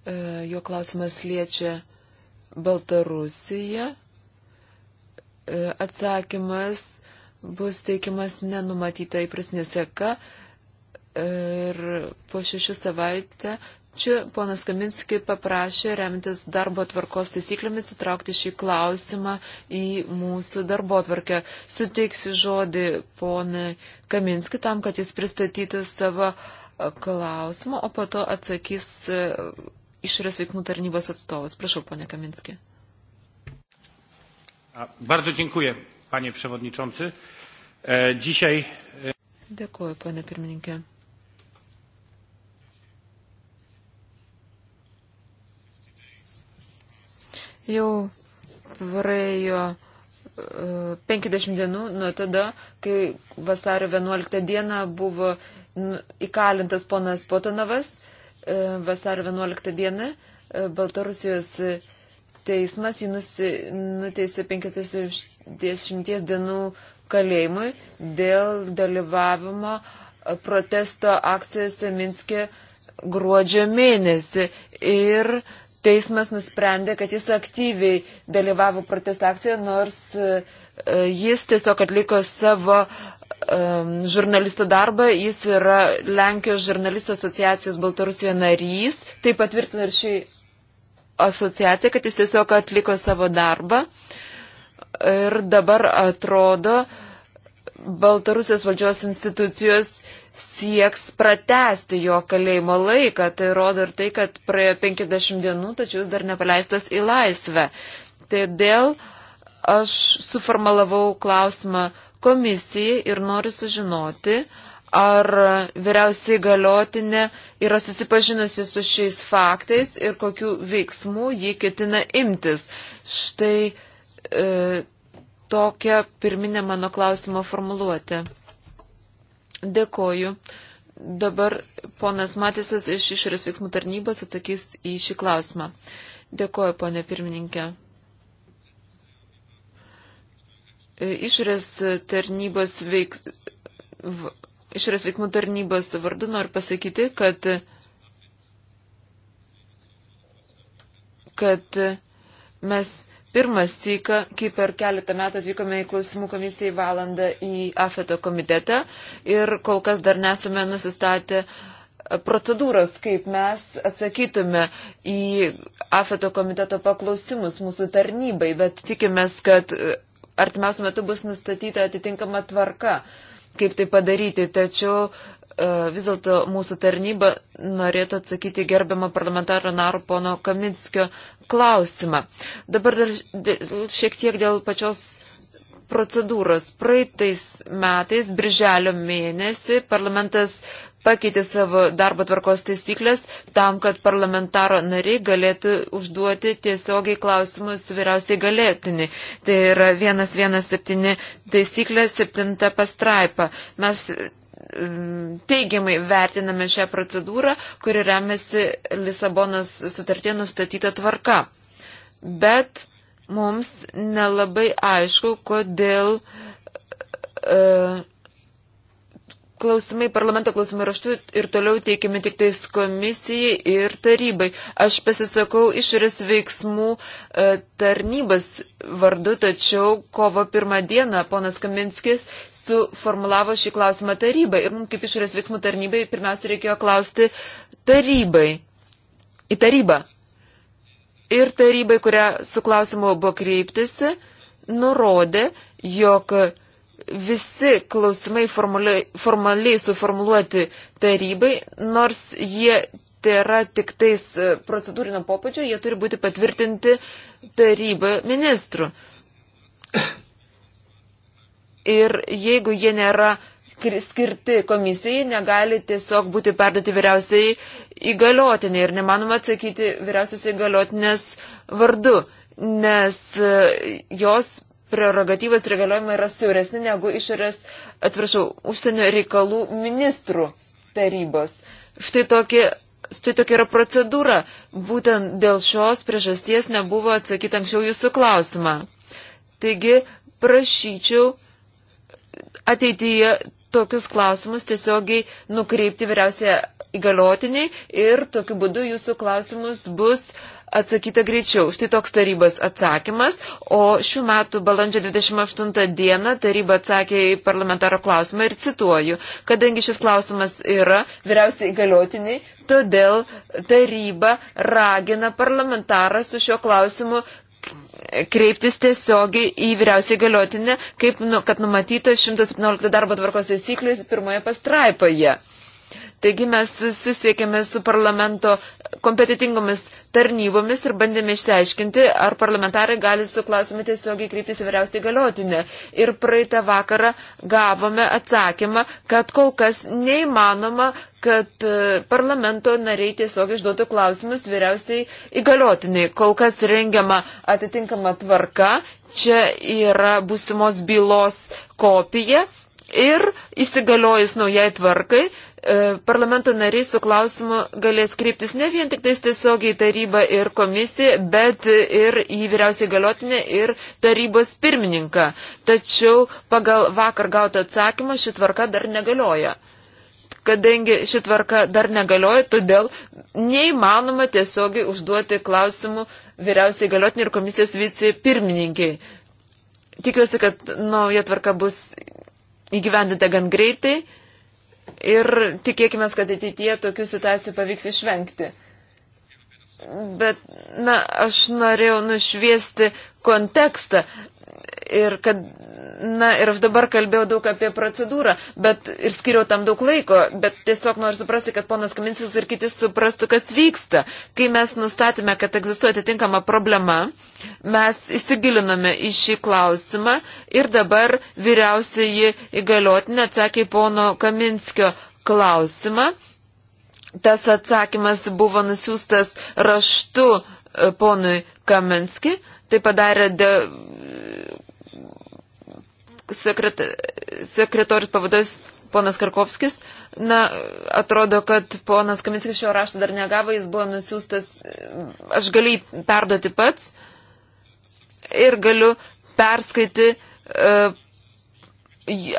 E, jo klausimas liečia Baltarusija, e, atsakymas bus teikiamas nenumatyta įprasnė seka e, ir po šešių savaitę Čia ponas Kaminski paprašė remtis darbo tvarkos taisyklėmis įtraukti šį klausimą į mūsų darbo tvarkę. Suteiksiu žodį ponai Kaminski tam, kad jis pristatytų savo klausimą, o po to atsakys e, išorės veikmų tarnybos atstovas. Prašau, ponė Kaminski. Bardzo dziękuję, panie przewodniczący. E, dzisiaj. E... Dėkuoju, ponė pirmininkė. Jau praėjo 50 e, dienų nuo tada, kai vasario 11 dieną buvo įkalintas ponas Potanovas E, vasario 11 dieną e, Baltarusijos teismas jį nusi, nuteisė 50 dienų kalėjimui dėl dalyvavimo protesto akcijose Minske gruodžio mėnesį. Ir teismas nusprendė, kad jis aktyviai dalyvavo protesto akcijoje, nors e, jis tiesiog atliko savo Um, žurnalistų darbą. Jis yra Lenkijos žurnalistų asociacijos Baltarusijoje narys. Tai patvirtina ir šį asociaciją, kad jis tiesiog atliko savo darbą. Ir dabar atrodo, Baltarusijos valdžios institucijos sieks pratesti jo kalėjimo laiką. Tai rodo ir tai, kad praėjo 50 dienų, tačiau jis dar nepaleistas į laisvę. Tai dėl aš suformalavau klausimą komisijai ir noriu sužinoti, ar vyriausiai galiotinė yra susipažinusi su šiais faktais ir kokiu veiksmu jį ketina imtis. Štai e, tokia pirminė mano klausimo formuluotė. Dėkoju. Dabar ponas Matisas iš išorės veiksmų tarnybos atsakys į šį klausimą. Dėkoju, ponė pirmininkė. E, išorės tarnybos veik... Išorės veikmų tarnybos vardu noriu pasakyti, kad, kad mes pirmas syka, kai per keletą metų atvykome į klausimų komisiją į valandą į AFETO komitetą ir kol kas dar nesame nusistatę uh, procedūros, kaip mes atsakytume į AFETO komiteto paklausimus mūsų tarnybai, bet tikimės, kad artimiausiu metu bus nustatyta atitinkama tvarka, kaip tai padaryti. Tačiau e, vis dėlto mūsų tarnyba norėtų atsakyti gerbiamą parlamentarą Naro pono Kaminskio klausimą. Dabar dar šiek tiek dėl pačios procedūros. Praeitais metais, birželio mėnesį, parlamentas pakeitė savo darbo tvarkos taisyklės tam, kad parlamentaro nariai galėtų užduoti tiesiogiai klausimus vyriausiai galėtini. Tai yra 117 taisyklė 7 pastraipa. Mes mm, teigiamai vertiname šią procedūrą, kuri remiasi Lisabonos sutartie nustatyta tvarka. Bet mums nelabai aišku, kodėl uh, klausimai, parlamento klausimai raštu ir toliau teikiami tik tais komisijai ir tarybai. Aš pasisakau išorės veiksmų e, tarnybas vardu, tačiau kovo pirmą dieną ponas Kaminskis suformulavo šį klausimą tarybai ir mums kaip išorės veiksmų tarnybai pirmiausia reikėjo klausti tarybai. Į tarybą. Ir tarybai, kurią su klausimu buvo kreiptasi, nurodė, jog visi klausimai formaliai, formaliai suformuluoti tarybai, nors jie tai yra tik tais e, procedūrinio popečio, jie turi būti patvirtinti taryba ministrų. Ir jeigu jie nėra skirti komisijai, negali tiesiog būti perduoti vyriausiai įgaliotinė ir nemanoma atsakyti vyriausios įgaliotinės vardu, nes e, jos prerogatyvas ir galiojimai yra siauresni negu išorės, atsiprašau, užsienio reikalų ministrų tarybos. Štai tokia, štai tokia yra procedūra. Būtent dėl šios priežasties nebuvo atsakyti anksčiau jūsų klausimą. Taigi, prašyčiau ateityje tokius klausimus tiesiogiai nukreipti vyriausiai įgaliotiniai ir tokiu būdu jūsų klausimus bus atsakyta greičiau. Štai toks tarybos atsakymas, o šių metų balandžio 28 dieną taryba atsakė į parlamentaro klausimą ir cituoju, kadangi šis klausimas yra vyriausiai įgaliotiniai, todėl taryba ragina parlamentarą su šiuo klausimu kreiptis tiesiogiai į vyriausiai galiotinę, kaip, nu, kad numatyta 117 darbo tvarkos teisyklės pirmoje pastraipoje. Taigi mes susisiekėme su parlamento kompetitingomis tarnybomis ir bandėme išsiaiškinti, ar parlamentarai gali su klausimu tiesiogiai kryptis į vyriausiai galiotinę. Ir praeitą vakarą gavome atsakymą, kad kol kas neįmanoma, kad e, parlamento nariai tiesiog išduotų klausimus vyriausiai įgaliotiniai. Kol kas rengiama atitinkama tvarka, čia yra būsimos bylos kopija ir įsigaliojus naujai tvarkai E, parlamento nariai su klausimu galės kryptis ne vien tik tais tiesiogiai į tarybą ir komisiją, bet ir į vyriausiai galiotinę ir tarybos pirmininką. Tačiau pagal vakar gautą atsakymą ši tvarka dar negalioja. Kadangi ši tvarka dar negalioja, todėl neįmanoma tiesiogiai užduoti klausimų vyriausiai galiotinį ir komisijos vicepirmininkiai. Tikiuosi, kad nauja tvarka bus įgyvendinta gan greitai ir tikėkime, kad ateityje tokių situacijų pavyks išvengti. Bet, na, aš norėjau nušviesti kontekstą. Ir kad, na, ir aš dabar kalbėjau daug apie procedūrą, bet ir skiriau tam daug laiko, bet tiesiog noriu suprasti, kad ponas Kaminsis ir kiti suprastų, kas vyksta. Kai mes nustatėme, kad egzistuoja atitinkama problema, mes įsigilinome į šį klausimą ir dabar vyriausiai įgaliotinė atsakė į pono Kaminskio klausimą. Tas atsakymas buvo nusiųstas raštu e, ponui Kaminski. Tai padarė de sekret, sekretorius pavaduojas ponas Karkovskis. Na, atrodo, kad ponas Kaminskis šio rašto dar negavo, jis buvo nusiųstas, aš galiu perduoti pats ir galiu perskaiti uh,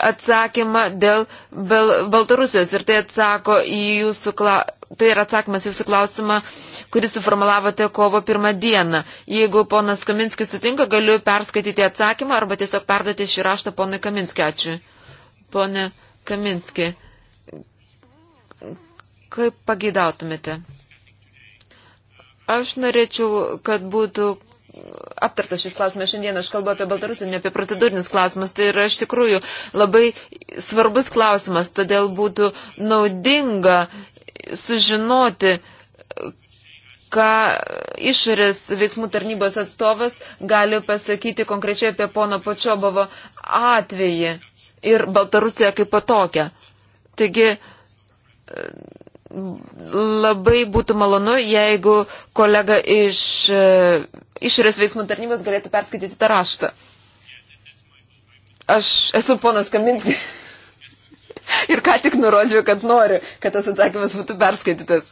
atsakymą dėl Bel Baltarusijos ir tai atsako į jūsų klausimą. Tai yra atsakymas jūsų klausimą, kurį suformulavote kovo pirmą dieną. Jeigu ponas Kaminskis sutinka, galiu perskaityti atsakymą arba tiesiog perduoti šį raštą ponui Kaminskiu. Ačiū. Pone Kaminski, kaip pagydautumėte? Aš norėčiau, kad būtų aptartas šis klausimas. Šiandien aš kalbu apie Baltarusiją, ne apie procedūrinis klausimas. Tai yra iš tikrųjų labai svarbus klausimas, todėl būtų naudinga sužinoti, ką išorės veiksmų tarnybos atstovas gali pasakyti konkrečiai apie pono Počiobovo atvejį ir Baltarusiją kaip patokią. Taigi, labai būtų malonu, jeigu kolega iš e, išorės veiksmų tarnybos galėtų perskaityti tą raštą. Aš esu ponas Kaminski <laughs> ir ką tik nurodžiau, kad noriu, kad tas atsakymas būtų perskaitytas.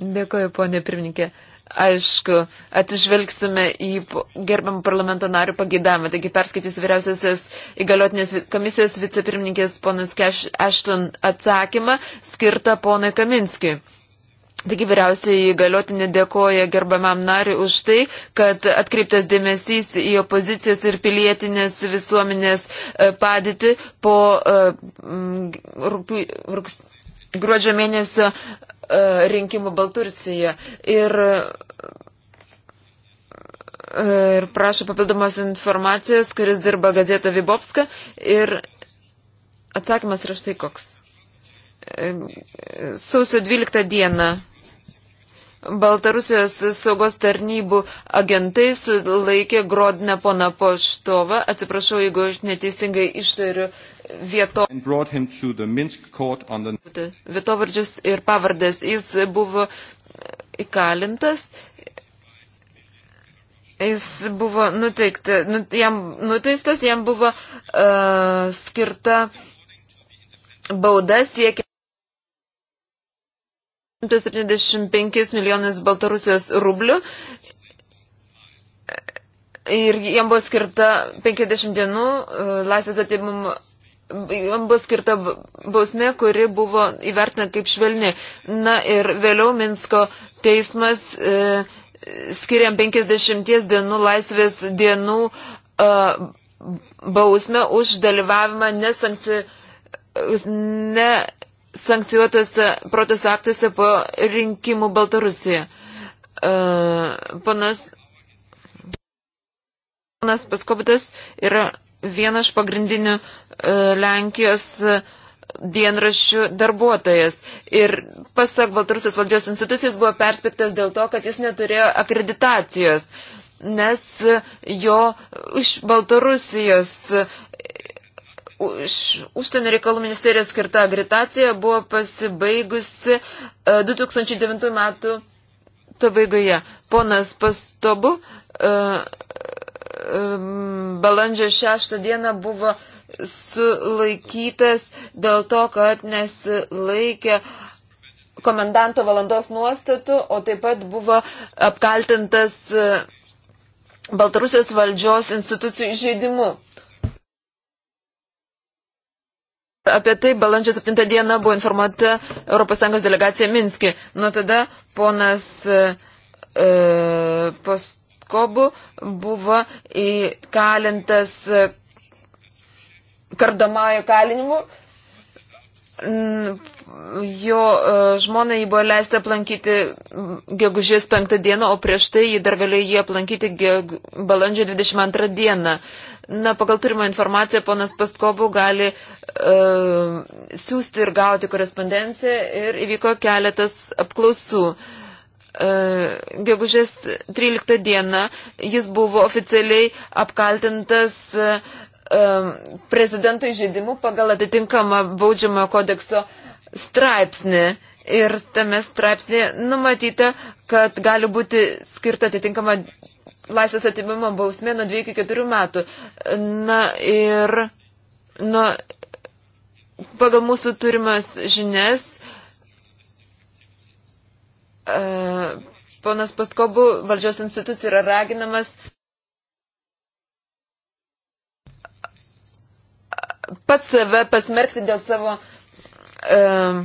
Dėkoju, ponė pirmininkė. Uh, Aišku, atsižvelgsime į gerbiamą parlamento narių pagėdavimą. Taigi perskaitysiu vyriausiasis įgaliotinės komisijos vicepirmininkės ponas Ashton atsakymą skirtą ponui Kaminskiui. Taigi vyriausiai įgaliotinė dėkoja gerbiamam nariui už tai, kad atkreiptas dėmesys į opozicijos ir pilietinės visuomenės e, padėtį po uh, e, rūp, rūp, gruodžio mėnesio E, rinkimų Baltarusija ir, e, ir prašo papildomos informacijos, kuris dirba gazeta Vibovska ir atsakymas yra štai koks. E, sausio 12 dieną Baltarusijos saugos tarnybų agentai sulaikė Grodne pona Poštovą. Atsiprašau, jeigu aš neteisingai ištariu vieto... The... vietovardžius ir pavardės. Jis buvo įkalintas. Jis buvo nuteikta, nu, jam, nuteistas, jam buvo uh, skirta bauda siekia 175 milijonus Baltarusijos rublių ir jam buvo skirta 50 dienų e, laisvės atimimo jam bus skirta bausmė, kuri buvo įvertina kaip švelni. Na ir vėliau Minsko teismas e, skiriam 50 dienų laisvės dienų e, bausmę už dalyvavimą nesankci, nesankcijuotose protesto aktuose po rinkimų Baltarusijoje. E, panas. Panas Paskobitas yra viena iš pagrindinių e, Lenkijos e, dienraščių darbuotojas. Ir pasak Baltarusijos valdžios institucijos buvo perspektas dėl to, kad jis neturėjo akreditacijos, nes e, jo iš Baltarusijos už, užsienio reikalų ministerijos skirta agitacija buvo pasibaigusi 2009 metų pabaigoje. Ponas Pastobu balandžio 6 dieną buvo sulaikytas dėl to, kad nesilaikė komendanto valandos nuostatų, o taip pat buvo apkaltintas e, Baltarusijos valdžios institucijų įžeidimu. Apie tai balandžio 7 dieną buvo informuota ES delegacija Minski. Nuo tada ponas e, e post, Jakobu buvo įkalintas e, kardomojo kalinimu. Mm, jo e, žmona jį buvo leista aplankyti gegužės 5 dieną, o prieš tai jį dar galėjo jį aplankyti geg... balandžio 22 dieną. Na, pagal turimą informaciją, ponas Pastkobų gali uh, e, siūsti ir gauti korespondenciją ir įvyko keletas apklausų. Uh, E, gegužės 13 dieną jis buvo oficialiai apkaltintas e, e, prezidento įžeidimu pagal atitinkamą baudžiamą kodekso straipsnį. Ir tame straipsnėje numatyta, kad gali būti skirta atitinkama laisvės atimimo bausmė nuo 2 iki 4 metų. Na ir nuo, pagal mūsų turimas žinias E, ponas Paskobu valdžios institucijų yra raginamas pats save pasmerkti dėl savo um,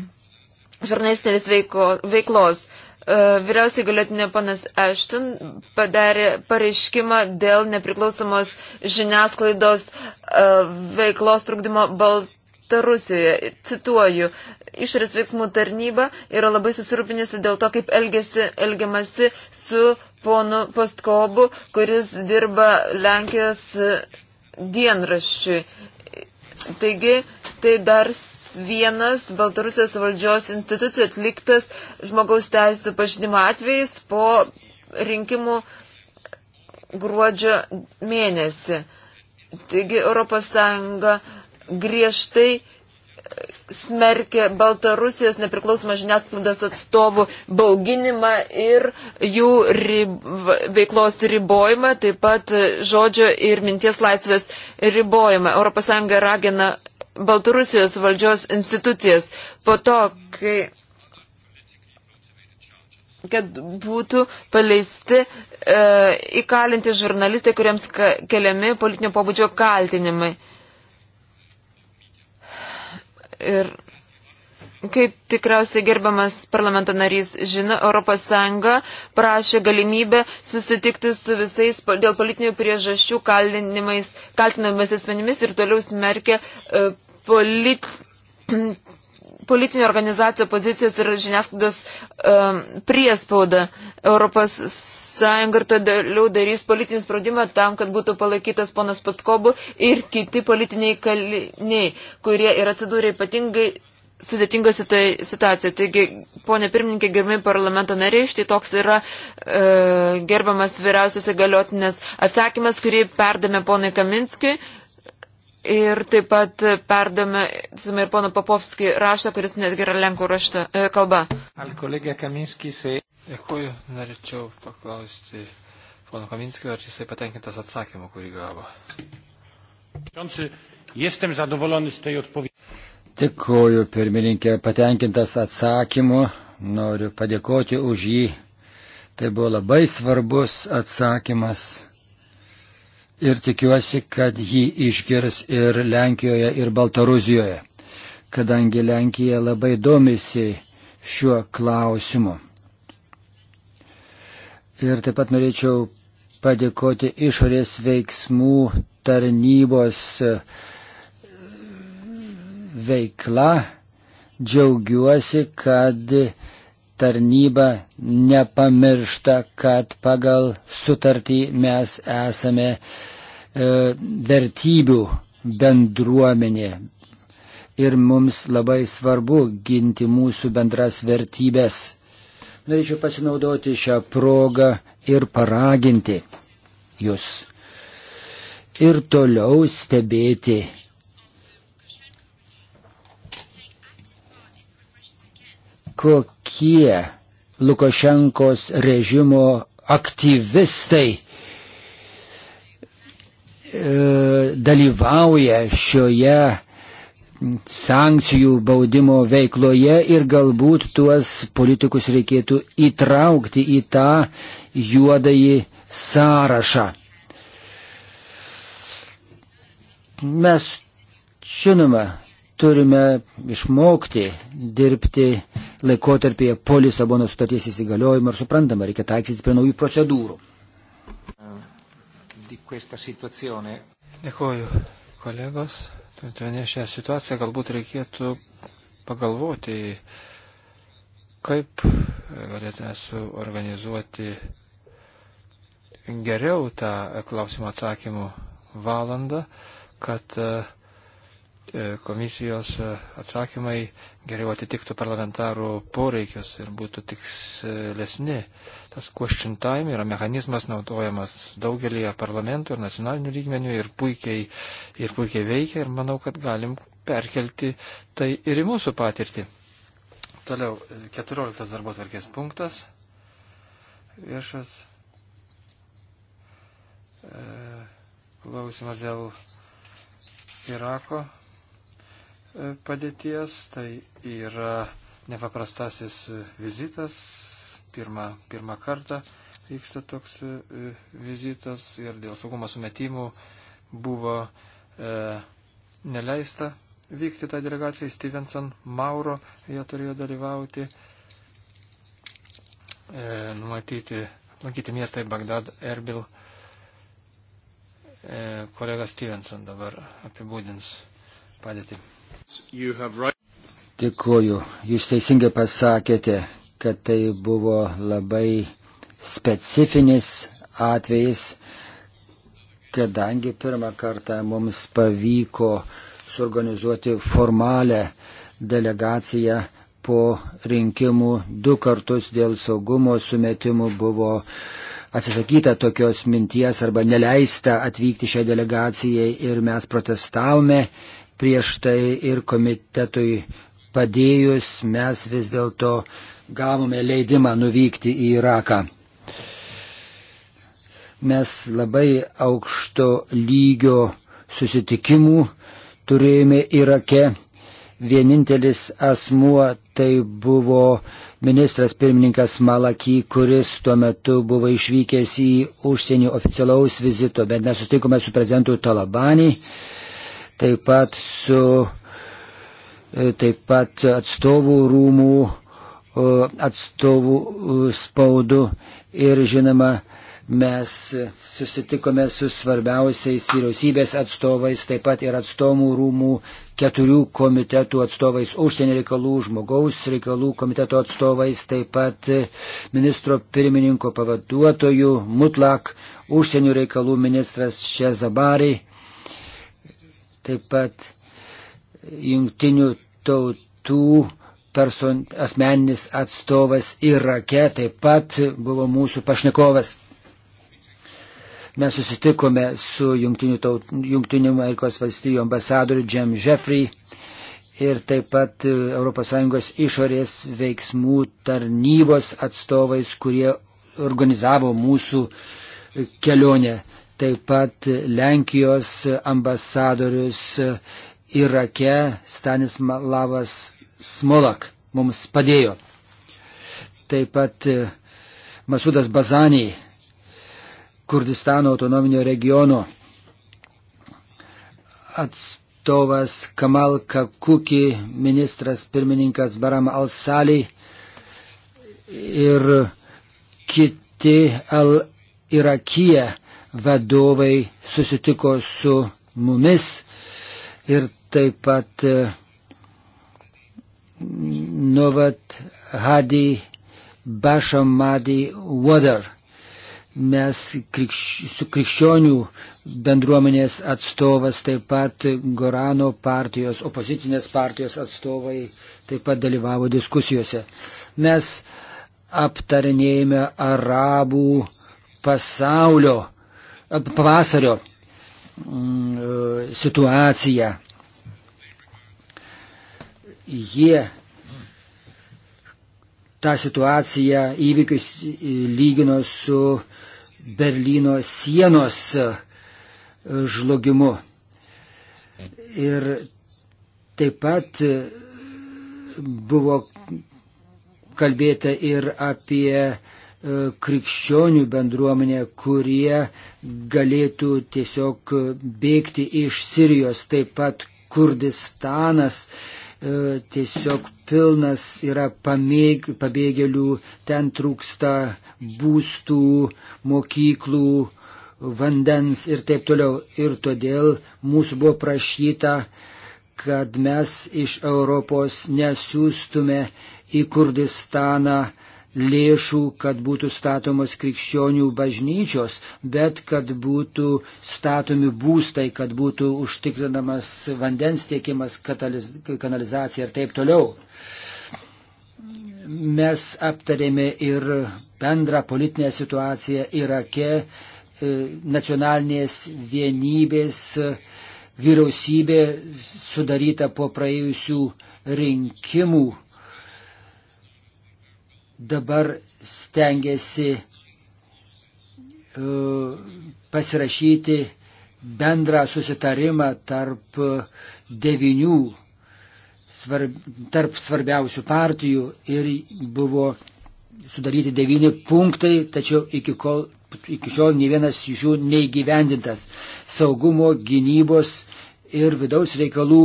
žurnalistinės veiko, veiklos. Uh, vyriausiai galėtinė panas Ashton padarė pareiškimą dėl nepriklausomos žiniasklaidos uh, veiklos trukdymo Baltarusijoje. Cituoju, išorės veiksmų tarnyba yra labai susirūpinusi dėl to, kaip elgesi, elgiamasi su ponu Postkobu, kuris dirba Lenkijos dienraščiui. Taigi, tai dar vienas Baltarusijos valdžios institucijų atliktas žmogaus teisų pažinimo atvejais po rinkimų gruodžio mėnesį. Taigi, ES griežtai smerkė Baltarusijos nepriklausomą žiniasklaidos atstovų bauginimą ir jų rib, veiklos ribojimą, taip pat žodžio ir minties laisvės ribojimą. ES ragina Baltarusijos valdžios institucijas po to, kai kad būtų paleisti e, įkalinti žurnalistai, kuriems keliami politinio pobūdžio kaltinimai. E, Ir Kaip tikriausiai gerbiamas parlamento narys žino, ES prašė galimybę susitikti su visais dėl politinių priežasčių kaltinamais asmenimis ir toliau smerkė e, polit, politinių organizacijų pozicijos ir žiniasklaidos um, priespauda. Europos Sąjunga ir toliau darys politinį spaudimą tam, kad būtų palaikytas ponas Patkobu ir kiti politiniai kaliniai, kurie yra atsidūrę ypatingai sudėtinga situacija. Taigi, ponė pirmininkė, gerbimi parlamento nariai, štai toks yra e, gerbamas vyriausias įgaliotinės atsakymas, kurį perdame ponai Kaminskiui. Ir taip pat perdame ir pono Papovskį raštą, kuris netgi yra lenkų raštą, e, kalba. Al kolegė Kaminskį, jisai. Dėkuoju, norėčiau paklausti pono Kaminskį, ar jisai patenkintas atsakymu, kurį gavo. Dėkuoju, pirmininkė, patenkintas atsakymu. Noriu padėkoti už jį. Tai buvo labai svarbus atsakymas ir tikiuosi, kad jį išgirs ir Lenkijoje, ir Baltarusijoje, kadangi Lenkija labai domisi šiuo klausimu. Ir taip pat norėčiau padėkoti išorės veiksmų tarnybos e, veikla. Džiaugiuosi, kad tarnyba nepamiršta, kad pagal sutartį mes esame e, vertybių bendruomenė. Ir mums labai svarbu ginti mūsų bendras vertybės. Norėčiau pasinaudoti šią progą ir paraginti jūs. Ir toliau stebėti kokie Lukašenkos režimo aktyvistai e, dalyvauja šioje sankcijų baudimo veikloje ir galbūt tuos politikus reikėtų įtraukti į tą juodąjį sąrašą. Mes, žinoma, turime išmokti dirbti laikotarpėje po Lisabono sutarties įsigaliojimo ir suprantama, reikia taikyti prie naujų procedūrų. Dėkuoju, kolegos. Turintuvinė tai šią situaciją galbūt reikėtų pagalvoti, kaip galėtume suorganizuoti geriau tą klausimų atsakymų valandą, kad uh, E, komisijos e, atsakymai geriau atitiktų parlamentarų poreikius ir būtų tikslesni. Tas question time yra mechanizmas naudojamas daugelį parlamentų ir nacionalinių lygmenių ir puikiai, ir puikiai veikia ir manau, kad galim perkelti tai ir į mūsų patirtį. Toliau, 14 e, darbo tvarkės punktas. Viešas klausimas dėl Irako padėties, tai yra nepaprastasis vizitas, pirmą, pirmą kartą vyksta toks e, vizitas ir dėl saugumo sumetimų buvo e, neleista vykti tą delegaciją, Stevenson Mauro jie turėjo dalyvauti, e, numatyti, lankyti miestai Bagdad, Erbil. E, kolega Stevenson dabar apibūdins padėtį. Dėkuoju, jūs teisingai pasakėte, kad tai buvo labai specifinis atvejis, kadangi pirmą kartą mums pavyko suorganizuoti formalę delegaciją po rinkimų du kartus dėl saugumo sumetimų buvo atsisakyta tokios minties arba neleista atvykti šią delegaciją ir mes protestavome prieš tai ir komitetui padėjus mes vis dėlto gavome leidimą nuvykti į Iraką. Mes labai aukšto lygio susitikimų turėjome Irake. Vienintelis asmuo tai buvo ministras pirmininkas Malaky, kuris tuo metu buvo išvykęs į užsienį oficialaus vizito, bet mes susitikome su prezidentu Talabani. Uh, taip pat su e, taip pat atstovų rūmų, e, atstovų e, spaudų ir žinoma, mes susitikome su svarbiausiais vyriausybės atstovais, taip pat ir atstovų rūmų keturių komitetų atstovais, užsienio reikalų, žmogaus reikalų komiteto atstovais, taip pat ministro pirmininko pavaduotojų Mutlak, užsienio reikalų ministras Šezabari taip pat jungtinių tautų person, asmeninis atstovas Irake taip pat buvo mūsų pašnekovas. Mes susitikome su Junktinių Amerikos valstybių ambasadoriu Jem Jeffrey ir taip pat e, ES išorės veiksmų tarnybos atstovais, kurie organizavo mūsų kelionę. Taip pat Lenkijos ambasadorius Irake Stanislavas Smolak mums padėjo. Taip pat e, Masudas Bazanį, Kurdistano autonominio regiono atstovas Kamal Kakuki, ministras pirmininkas Baram Al-Sali ir kiti Al-Irakija vadovai susitiko su mumis ir taip pat e, Novat Hadi Bashamadi Water. Mes krikš, su krikščionių bendruomenės atstovas, taip pat Gorano partijos, opozicinės partijos atstovai taip pat dalyvavo diskusijose. Mes aptarinėjame arabų pasaulio pavasario mm, e, situaciją. Jie tą situaciją įvykius e, lygino su Berlyno sienos e, žlugimu. Ir taip pat buvo kalbėta ir apie E, krikščionių bendruomenė, kurie galėtų tiesiog bėgti iš Sirijos, taip pat Kurdistanas e, tiesiog pilnas yra pamėg, pabėgėlių, ten trūksta būstų, mokyklų, vandens ir taip toliau. Ir todėl mūsų buvo prašyta, kad mes iš Europos nesiūstume į Kurdistaną lėšų, kad būtų statomos krikščionių bažnyčios, bet kad būtų statomi būstai, kad būtų užtikrinamas vandens tiekimas, kanalizacija ir taip toliau. Mes aptarėme ir bendrą politinę situaciją Irake, e, nacionalinės vienybės e, vyriausybė sudaryta po praėjusių rinkimų dabar stengiasi e, pasirašyti bendrą susitarimą tarp devinių, svarb, tarp svarbiausių partijų ir buvo sudaryti devyni punktai, tačiau iki, kol, iki šiol ne vienas iš jų neįgyvendintas. Saugumo, gynybos ir vidaus reikalų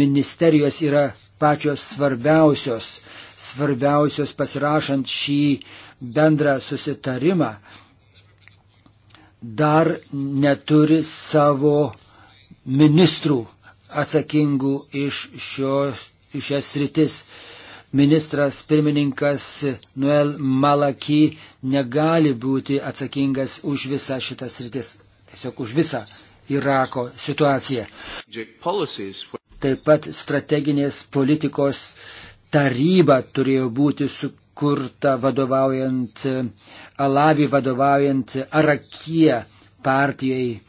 ministerijos yra pačios svarbiausios svarbiausios pasirašant šį bendrą susitarimą, dar neturi savo ministrų atsakingų iš šios, iš šias rytis. Ministras pirmininkas Noel Malaky negali būti atsakingas už visą šitas rytis, tiesiog už visą Irako situaciją. Taip pat strateginės politikos uh, taryba turėjo būti sukurta vadovaujant e, Alavi, vadovaujant Arakie partijai,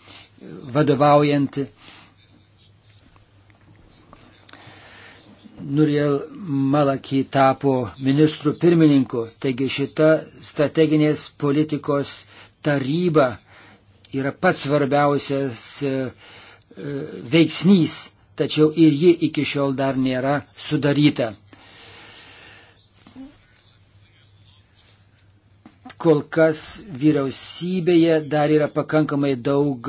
vadovaujant Nuriel Malaky tapo ministrų pirmininku. Taigi šita strateginės politikos taryba yra pats svarbiausias e, e, veiksnys, tačiau ir ji iki šiol dar nėra sudaryta. kol kas vyriausybėje dar yra pakankamai daug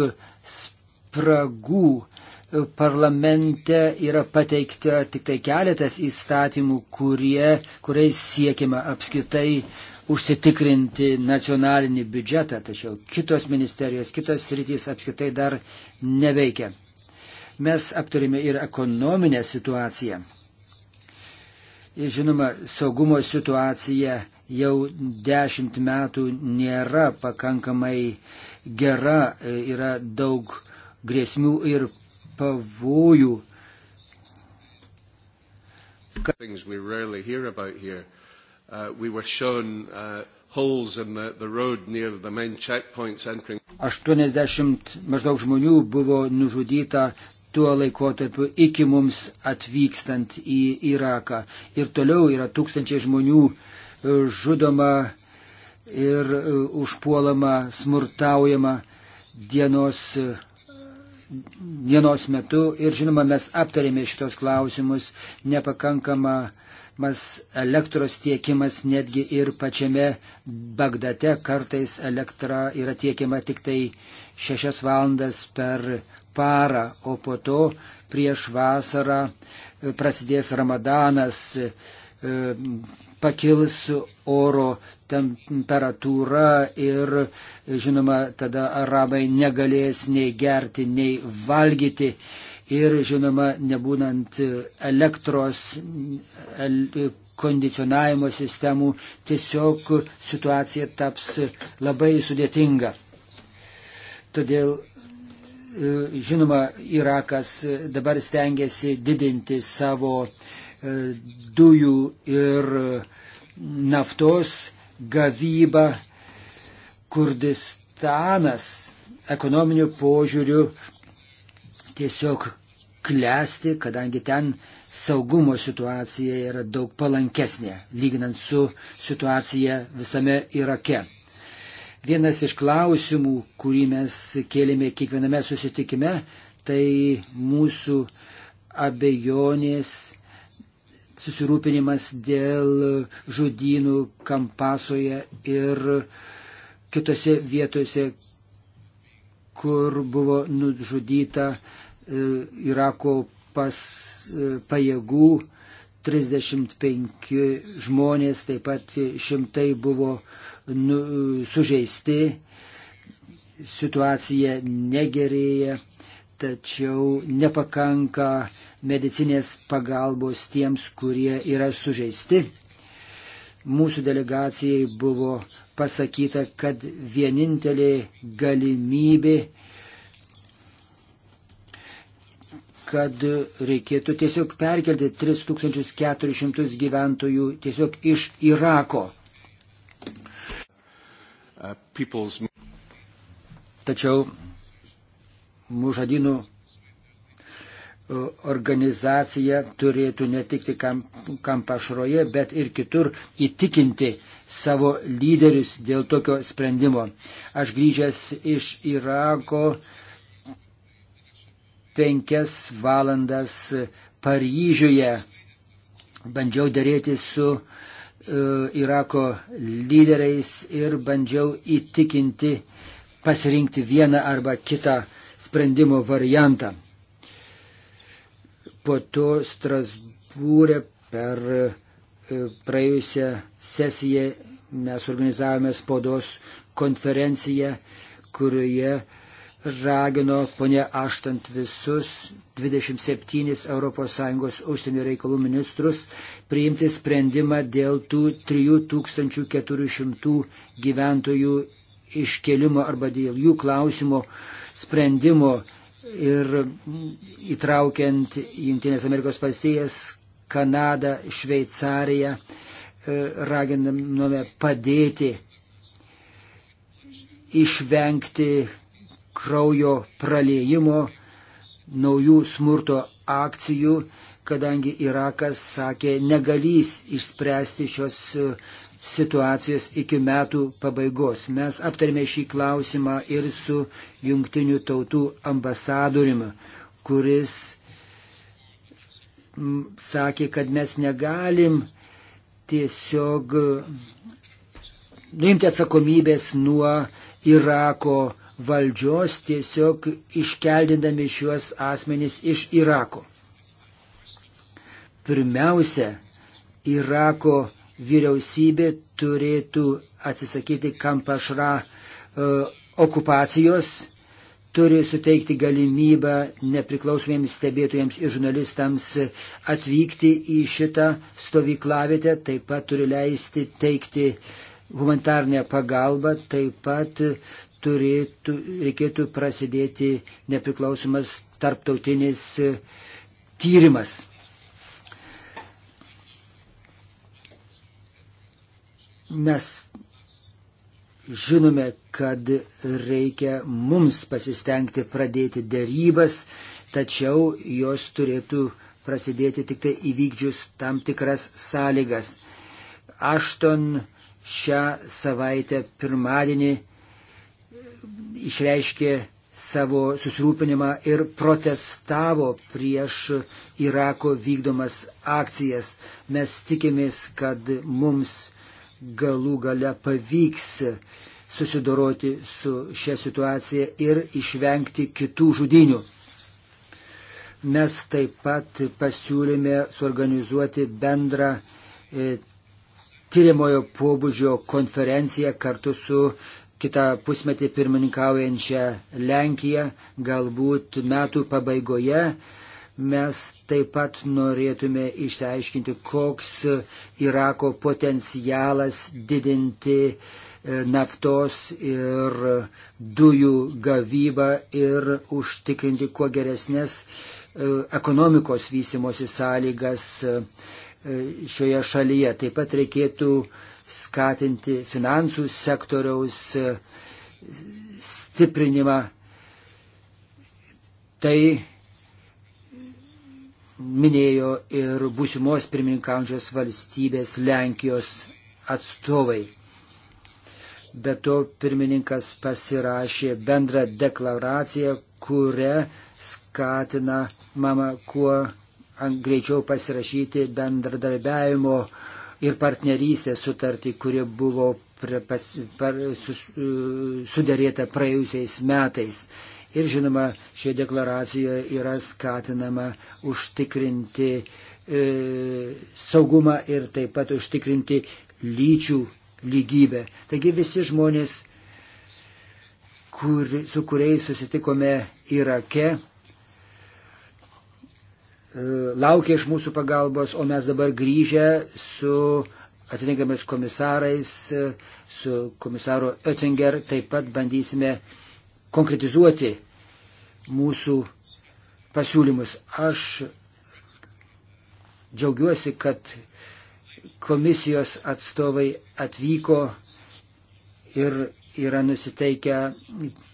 spragų. Parlamente yra pateikta tik tai keletas įstatymų, kurie, kuriais siekiama apskritai užsitikrinti nacionalinį biudžetą, tačiau kitos ministerijos, kitos sritys apskritai dar neveikia. Mes aptarėme ir ekonominę situaciją. Ir žinoma, saugumo situacija jau dešimt metų nėra pakankamai gera, e, yra daug grėsmių ir pavojų. Kad... Uh, uh, 80 maždaug žmonių buvo nužudyta tuo laikotarpiu iki mums atvykstant į Iraką. Ir toliau yra tūkstančiai žmonių uh, žudoma ir e, užpuolama, smurtaujama dienos, e, dienos metu. Ir žinoma, mes aptarėme šitos klausimus, nepakankama mas elektros tiekimas netgi ir pačiame Bagdate kartais elektra yra tiekiama tik tai šešias valandas per parą, o po to prieš vasarą e, prasidės ramadanas, E, pakils oro temperatūra ir, žinoma, tada arabai negalės nei gerti, nei valgyti. Ir, žinoma, nebūnant elektros kondicionavimo sistemų, tiesiog situacija taps labai sudėtinga. Todėl e, žinoma, Irakas dabar stengiasi didinti savo E, dujų ir naftos gavybą. Kurdistanas ekonominiu požiūriu tiesiog klesti, kadangi ten saugumo situacija yra daug palankesnė, lyginant su situacija visame Irake. Vienas iš klausimų, kurį mes kėlėme kiekviename susitikime, tai mūsų abejonės susirūpinimas dėl žudynų Kampasoje ir kitose vietose, kur buvo nužudyta e, Irako pas e, pajėgų 35 žmonės, taip pat šimtai buvo nu, sužeisti, situacija negerėja, tačiau nepakanka medicinės pagalbos tiems, kurie yra sužeisti. Mūsų delegacijai buvo pasakyta, kad vienintelė galimybė, kad reikėtų tiesiog perkelti 3400 gyventojų tiesiog iš Irako. Uh, Tačiau mužadinų organizacija turėtų ne tik tai kampašroje, bet ir kitur įtikinti savo lyderius dėl tokio sprendimo. Aš grįžęs iš Irako penkias valandas Paryžiuje bandžiau dėrėti su uh, Irako lyderiais ir bandžiau įtikinti pasirinkti vieną arba kitą sprendimo variantą po to Strasbūrė per e, praėjusią sesiją mes organizavome spaudos konferenciją, kurioje ragino ponė Aštant visus 27 ES užsienio reikalų ministrus priimti sprendimą dėl tų 3400 gyventojų iškelimo arba dėl jų klausimo sprendimo ir įtraukiant Junktinės Amerikos valstijas, Kanadą, Šveicariją, e, raginame padėti išvengti kraujo praliejimo, naujų smurto akcijų, kadangi Irakas sakė, negalys išspręsti šios situacijos iki metų pabaigos. Mes aptarėme šį klausimą ir su jungtinių tautų ambasadoriumi, kuris sakė, kad mes negalim tiesiog nuimti atsakomybės nuo Irako valdžios, tiesiog iškeldindami šiuos asmenys iš Irako. Pirmiausia, Irako vyriausybė turėtų atsisakyti kampašra uh, okupacijos, turi suteikti galimybę nepriklausomiems stebėtojams ir žurnalistams atvykti į šitą stovyklavietę, taip pat turi leisti teikti humanitarnę pagalbą, taip pat turėtų, reikėtų prasidėti nepriklausomas tarptautinis tyrimas. Mes žinome, kad reikia mums pasistengti pradėti dėrybas, tačiau jos turėtų prasidėti tik tai įvykdžius tam tikras sąlygas. Ašton šią savaitę pirmadienį išreiškė savo susirūpinimą ir protestavo prieš Irako vykdomas akcijas. Mes tikimės, kad mums galų gale pavyks susidoroti su šia situacija ir išvengti kitų žudinių. Mes taip pat pasiūlėme suorganizuoti bendrą e, tyrimojo pobūdžio konferenciją kartu su kitą pusmetį pirmininkaujančią Lenkiją, galbūt metų pabaigoje Mes taip pat norėtume išsiaiškinti, koks Irako potencialas didinti e, naftos ir dujų gavybą ir užtikrinti kuo geresnės e, ekonomikos vystimosi sąlygas e, šioje šalyje. Taip pat reikėtų skatinti finansų sektoriaus stiprinimą. Tai minėjo ir būsimos pirmininkaujančios valstybės Lenkijos atstovai. Be to pirmininkas pasirašė bendrą deklaraciją, kuria skatina mama kuo greičiau pasirašyti bendradarbiavimo ir partnerystės sutartį, kuri buvo prie, pas, par, su, sudėrėta praėjusiais metais. Ir žinoma, šie deklaracijoje yra skatinama užtikrinti e, saugumą ir taip pat užtikrinti lyčių lygybę. Taigi visi žmonės, kur, su kuriais susitikome Irake, e, laukia iš mūsų pagalbos, o mes dabar grįžę su atitinkamais komisarais, e, su komisaru Oettinger taip pat bandysime konkretizuoti mūsų pasiūlymus. Aš džiaugiuosi, kad komisijos atstovai atvyko ir yra nusiteikę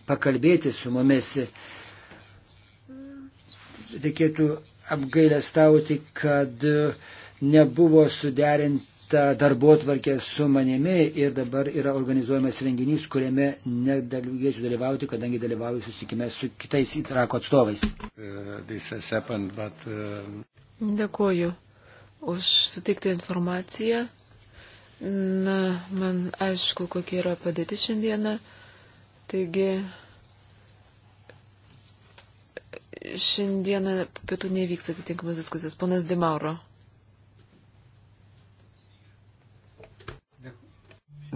pakalbėti su mumis. Reikėtų apgailestauti, kad nebuvo suderinti tą darbo atvarkę su manimi ir dabar yra organizuojamas renginys, kuriame nedalyvėsiu dalyvauti, kadangi dalyvauju susitikime su kitais įtrako atstovais. Uh, happened, but, um... Dėkuoju už sutiktą informaciją. Na, man aišku, kokia yra padėtis šiandieną. Taigi, šiandieną pietų nevyks atitinkamas diskusijos. Ponas Dimauro.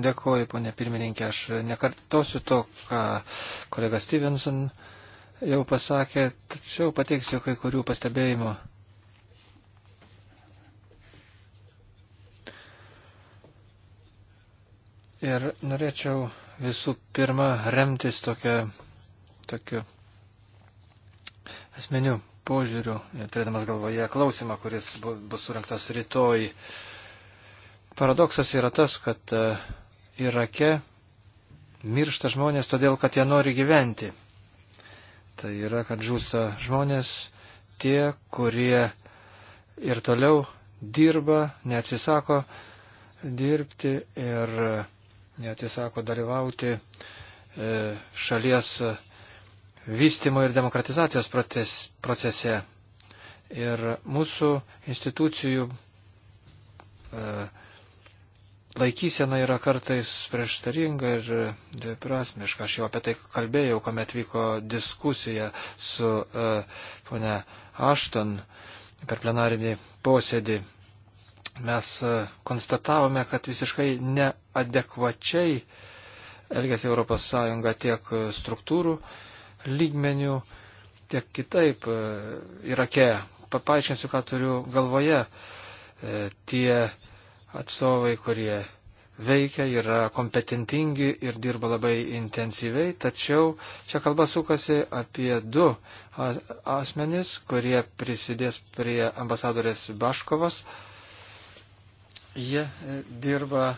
Dėkuoju, ponė pirmininkė. Aš nekartosiu to, ką kolega Stevenson jau pasakė, tačiau pateiksiu kai kurių pastebėjimų. Ir norėčiau visų pirma remtis tokia, tokiu asmeniu požiūriu, turėdamas galvoje klausimą, kuris bu, bus surinktas rytoj. Paradoksas yra tas, kad uh, Irake miršta žmonės todėl, kad jie nori gyventi. Tai yra, kad žūsta žmonės tie, kurie ir toliau dirba, neatsisako dirbti ir neatsisako dalyvauti e, šalies vystimo ir demokratizacijos procese. Ir mūsų institucijų uh, laikysena yra kartais prieštaringa ir dviprasmiška. Aš jau apie tai kalbėjau, kuomet vyko diskusija su uh, ponia Ašton per plenarinį posėdį. Mes uh, konstatavome, kad visiškai neadekvačiai elgėsi ES tiek struktūrų lygmenių, tiek kitaip uh, Irake. Papaaiškinsiu, ką turiu galvoje. Uh, tie uh, atstovai, kurie veikia, yra kompetentingi ir dirba labai intensyviai, tačiau čia kalba sukasi apie du asmenys, kurie prisidės prie ambasadorės Baškovos. Jie e, dirba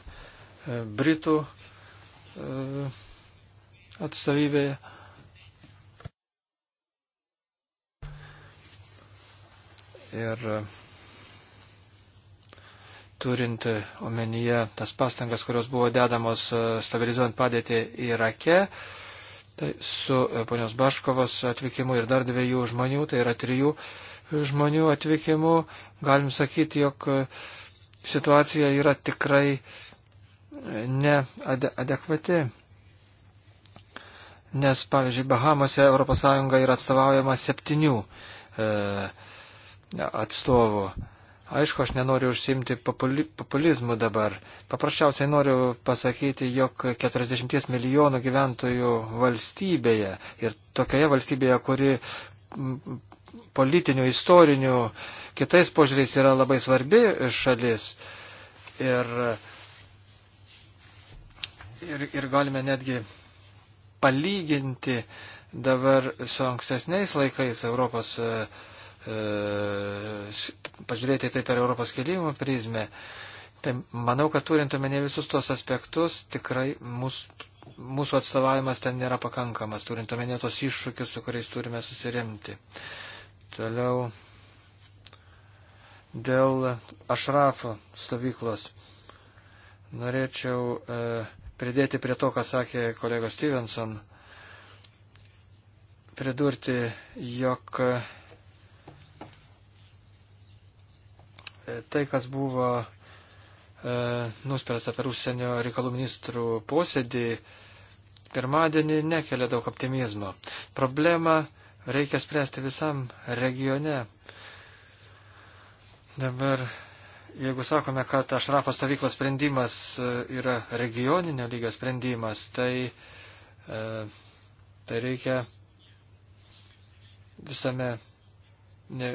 e, Britų e, atstovybėje. Ir turint omenyje tas pastangas, kurios buvo dedamos e, stabilizuojant padėtį Irake, tai su e, ponios Baškovos atvykimu ir dar dviejų žmonių, tai yra trijų žmonių atvykimu, galim sakyti, jog e, situacija yra tikrai neadekvati. Nes, pavyzdžiui, Bahamose ES yra atstovaujama septynių e, atstovų. Aišku, aš nenoriu užsimti populizmų dabar. Paprasčiausiai noriu pasakyti, jog 40 milijonų gyventojų valstybėje ir tokioje valstybėje, kuri politinių, istorinių, kitais požiūriais yra labai svarbi šalis. Ir, ir, ir galime netgi palyginti dabar su ankstesniais laikais Europos uh, E, pažiūrėti tai per Europos kėlimo prizmę, tai manau, kad turint omenyje visus tos aspektus, tikrai mūsų, mūsų atstovavimas ten nėra pakankamas, turint omenyje tos iššūkius, su kuriais turime susiremti. Toliau dėl Ašrafo stovyklos. Norėčiau e, pridėti prie to, ką sakė kolega Stevenson, pridurti, jog e, tai, kas buvo e, nuspręsta per užsienio reikalų ministrų posėdį, pirmadienį nekelia daug optimizmo. Problemą reikia spręsti visam regione. Dabar, jeigu sakome, kad Ašrafo stovyklos sprendimas e, yra regioninio lygio sprendimas, tai, e, tai reikia visame ne,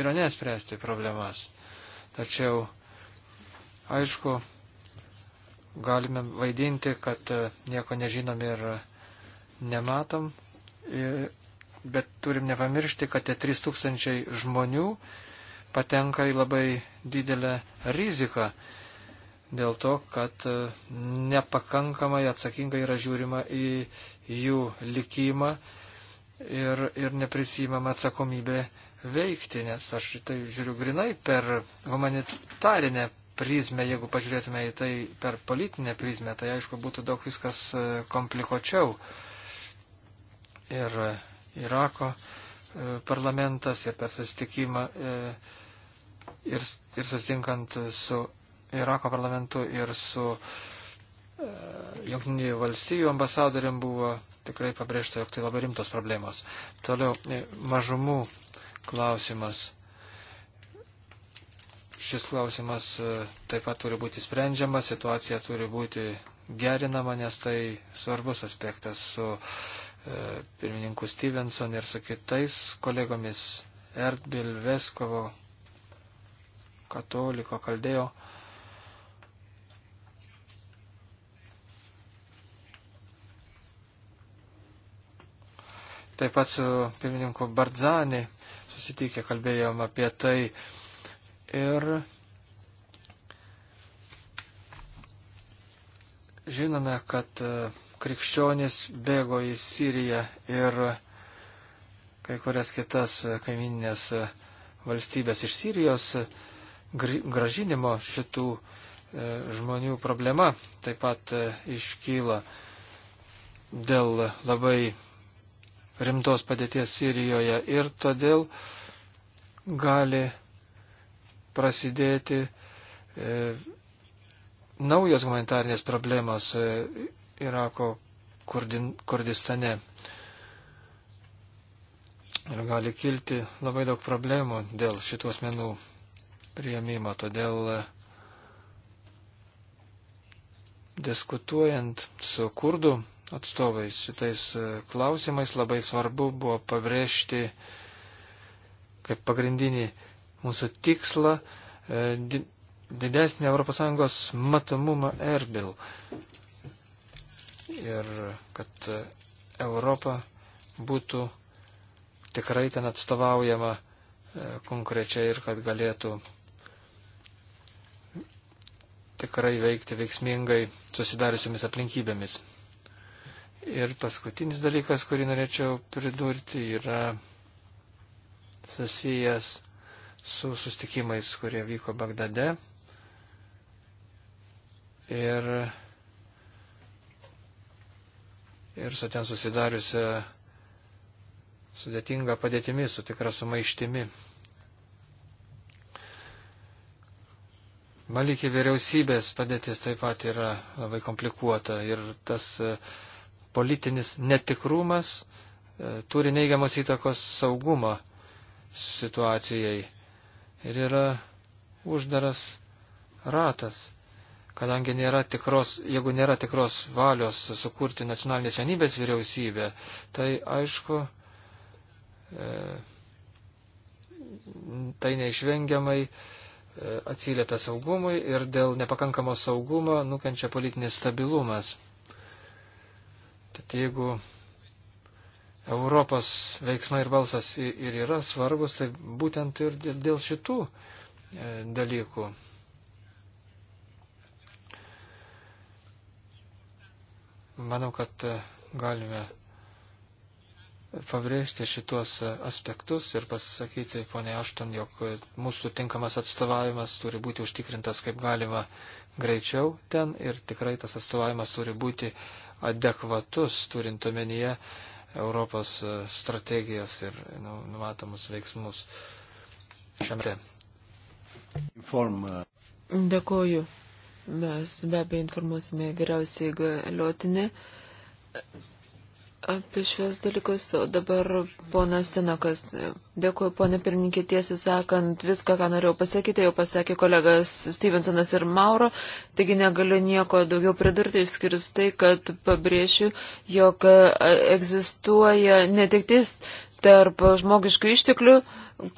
yra nespręsti problemas. Tačiau, aišku, galime vaidinti, kad e, nieko nežinom ir nematom, bet turim nepamiršti, kad tie 3000 žmonių patenka į labai didelę riziką dėl to, kad e, nepakankamai atsakingai yra žiūrima į jų likimą ir, ir neprisimama atsakomybė veikti, nes aš tai žiūriu grinai per humanitarinę prizmę, jeigu pažiūrėtume į tai per politinę prizmę, tai aišku būtų daug viskas e, komplikuočiau. Ir e, Irako e, parlamentas ir per susitikimą ir, ir susitinkant su Irako parlamentu ir su Junktinių valstybių ambasadoriam buvo tikrai pabrėžta, jog tai labai rimtos problemos. Toliau mažumų klausimas. Šis klausimas e, taip pat turi būti sprendžiamas, situacija turi būti gerinama, nes tai svarbus aspektas su e, pirmininku Stevenson ir su kitais kolegomis Erdbil, Veskovo, Katoliko, Kaldėjo. Taip pat su pirmininku Bardzani susitikę, kalbėjom apie tai. Ir žinome, kad e, krikščionis bėgo į Siriją ir kai kurias kitas e, kaiminės e, valstybės iš Sirijos gražinimo šitų žmonių problema taip pat iškyla dėl labai rimtos padėties Sirijoje ir todėl gali prasidėti e, naujos humanitarnės problemos e, Irako Kurdin, Kurdistane. Ir gali kilti labai daug problemų dėl šitos menų prieimimo. Todėl e, diskutuojant su kurdų atstovais šitais e, klausimais. Labai svarbu buvo pabrėžti kaip pagrindinį mūsų tikslą e, didesnį ES matomumą Erbil. Ir kad e, Europa būtų tikrai ten atstovaujama konkrečiai ir kad galėtų tikrai veikti veiksmingai susidariusiomis aplinkybėmis. Ir paskutinis dalykas, kurį norėčiau pridurti, yra susijęs su sustikimais, kurie vyko Bagdade. Ir, ir su ten susidariusią sudėtingą padėtimi, su tikra sumaištimi. Malikė vyriausybės padėtis taip pat yra labai komplikuota ir tas uh, politinis netikrumas e, turi neigiamos įtakos saugumo situacijai. Ir yra uždaras ratas, kadangi nėra tikros, jeigu nėra tikros valios sukurti nacionalinės vienybės vyriausybę, tai aišku, e, tai neišvengiamai e, atsiliepia saugumui ir dėl nepakankamo saugumo nukenčia politinis stabilumas. Tad jeigu Europos veiksmai ir balsas ir yra svarbus, tai būtent ir dėl šitų e, dalykų. Manau, kad e, galime pabrėžti šitos e, aspektus ir pasakyti, ponė Ašton, jog mūsų tinkamas atstovavimas turi būti užtikrintas kaip galima greičiau ten ir tikrai tas atstovavimas turi būti uh, adekvatus, turint omenyje Europos strategijas ir nu, numatomus veiksmus šiame. Inform. Uh, Dėkoju. Mes be abejo informuosime vyriausiai galiotinį apie šios dalykus. O dabar ponas Sinokas. Dėkuoju, ponė pirmininkė, tiesą sakant, viską, ką norėjau pasakyti, jau pasakė kolegas Stevensonas ir Mauro, taigi negaliu nieko daugiau pridurti, išskirus tai, kad pabrėšiu, jog e, egzistuoja netiktis tarp žmogiškų išteklių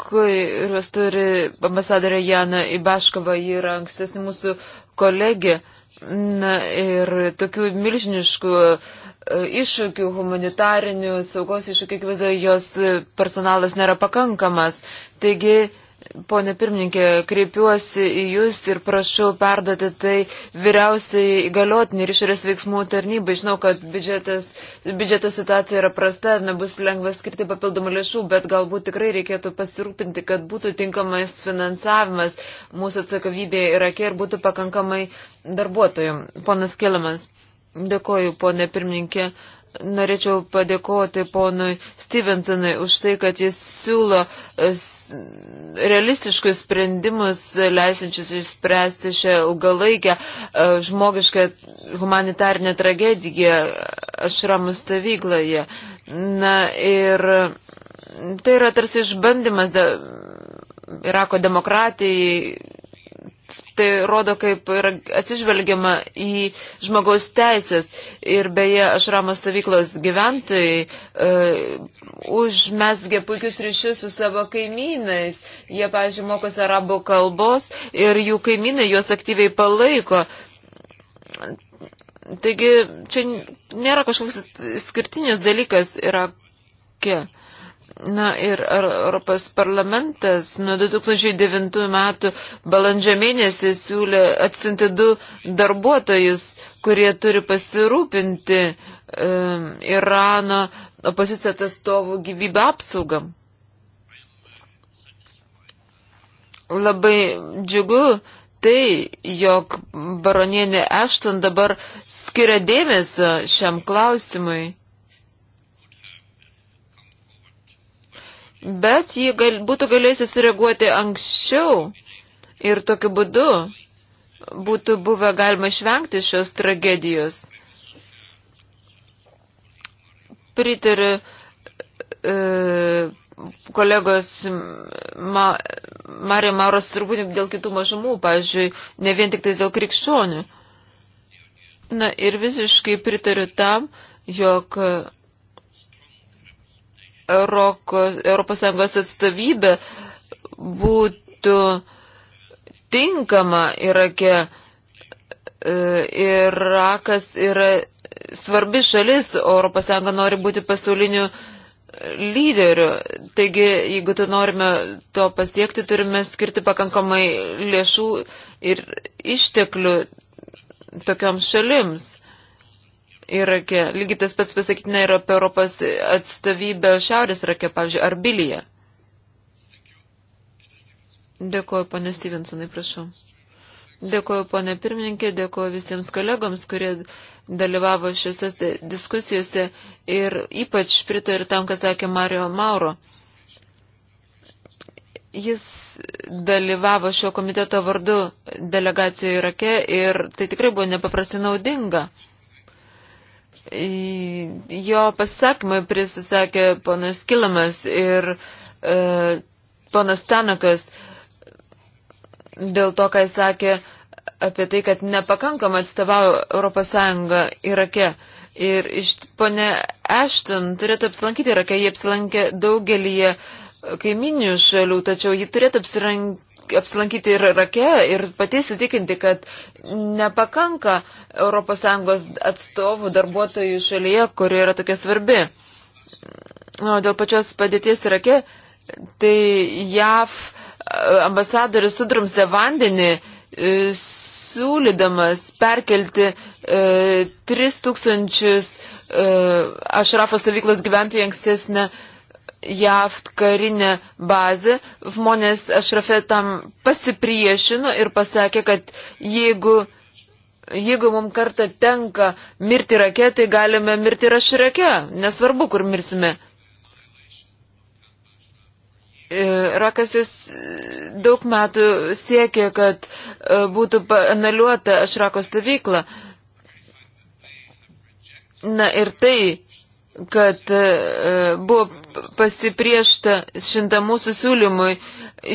kuriuos turi ambasadorė Jana Ibaškova, ji yra ankstesnė mūsų kolegė. Na ir tokių milžiniškų uh, E, iššūkių, humanitarinių saugos iššūkių, akivaizdu, jos e, personalas nėra pakankamas. Taigi, Pone pirmininkė, kreipiuosi į Jūs ir prašau perduoti tai vyriausiai įgaliotinį ir išorės veiksmų tarnybai. Žinau, kad biudžetas, biudžeto situacija yra prasta, nebus lengva skirti papildomų lėšų, bet galbūt tikrai reikėtų pasirūpinti, kad būtų tinkamas finansavimas mūsų atsakovybėje Irake ir būtų pakankamai darbuotojų. Ponas Kilimas. Dėkoju, ponė pirmininkė. Norėčiau padėkoti ponui Stevensonui už tai, kad jis siūlo e, realistiškus sprendimus, leisinčius išspręsti šią ilgalaikę e, žmogišką humanitarinę tragediją ašramų stovykloje. Na ir tai yra tarsi išbandymas de, Irako demokratijai tai rodo, kaip yra atsižvelgiama į žmogaus teisės. Ir beje, Ašramos stovyklos gyventojai e, užmesgė puikius ryšius su savo kaimynais. Jie, pažiūrėjau, mokosi arabų kalbos ir jų kaimynai juos aktyviai palaiko. Taigi čia nėra kažkoks skirtinis dalykas Irake. Yra... Na ir Europos parlamentas nuo 2009 metų balandžio mėnesį siūlė atsinti du darbuotojus, kurie turi pasirūpinti um, Irano opozicijos atstovų gyvybę apsaugą. Labai džiugu, tai, jog baronienė Ešton dabar skiria dėmesio šiam klausimui. bet ji gal, būtų galėjusi sureaguoti anksčiau ir tokiu būdu būtų buvę galima išvengti šios tragedijos. Pritariu e, kolegos ma, Marija Maros turbūt dėl kitų mažumų, pavyzdžiui, ne vien tik dėl krikščionių. Na ir visiškai pritariu tam, jog Europos Sąjungos atstovybė būtų tinkama Irake. E, Irakas yra svarbi šalis, Europos Sąjunga nori būti pasauliniu lyderiu. Taigi, jeigu tu norime to pasiekti, turime skirti pakankamai lėšų ir išteklių tokioms šalims. Irake. Lygiai tas pats pasakytina ir apie Europos atstovybę Šiaurės Irake, pavyzdžiui, Arbilyje. Dėkuoju, ponė Stevensonai, prašau. Dėkuoju, ponė pirmininkė, dėkuoju visiems kolegoms, kurie dalyvavo šiose diskusijose ir ypač pritariu tam, ką sakė Mario Mauro. Jis dalyvavo šio komiteto vardu delegacijoje Irake ir tai tikrai buvo nepaprastai naudinga jo pasakymą prisisakė ponas Kilamas ir e, ponas Tanakas dėl to, ką jis sakė apie tai, kad nepakankamai atstovauja Europos Sąjunga Irake. Ir iš ponė Ashton turėtų apsilankyti Irake, jie apsilankė daugelį kaiminių šalių, tačiau ji turėtų apsirank, apsilankyti ir Irake ir patys įtikinti, kad nepakanka ES atstovų darbuotojų šalyje, kuri yra tokia svarbi. O dėl pačios padėties Irake, tai JAV ambasadoris sudrumsė vandenį e, siūlydamas perkelti e, 3000 e, Ašrafo stovyklos gyventojų ankstesnę e, JAV karinė bazė, žmonės Ašrafė tam pasipriešino ir pasakė, kad jeigu, jeigu mums kartą tenka mirti rake, tai galime mirti ir Ašrake, nesvarbu, kur mirsime. E, Rakas jis e, daug metų siekė, kad e, būtų analiuota Ašrako stovykla. Na ir tai kad e, buvo pasipriešta šintam mūsų siūlymui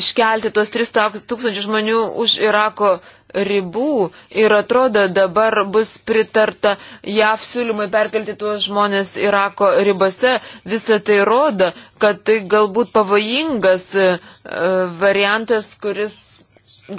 iškelti tuos 300 tūkstančių žmonių už Irako ribų ir atrodo dabar bus pritarta JAV siūlymai perkelti tuos žmonės Irako ribose. Visą tai rodo, kad tai galbūt pavojingas e, variantas, kuris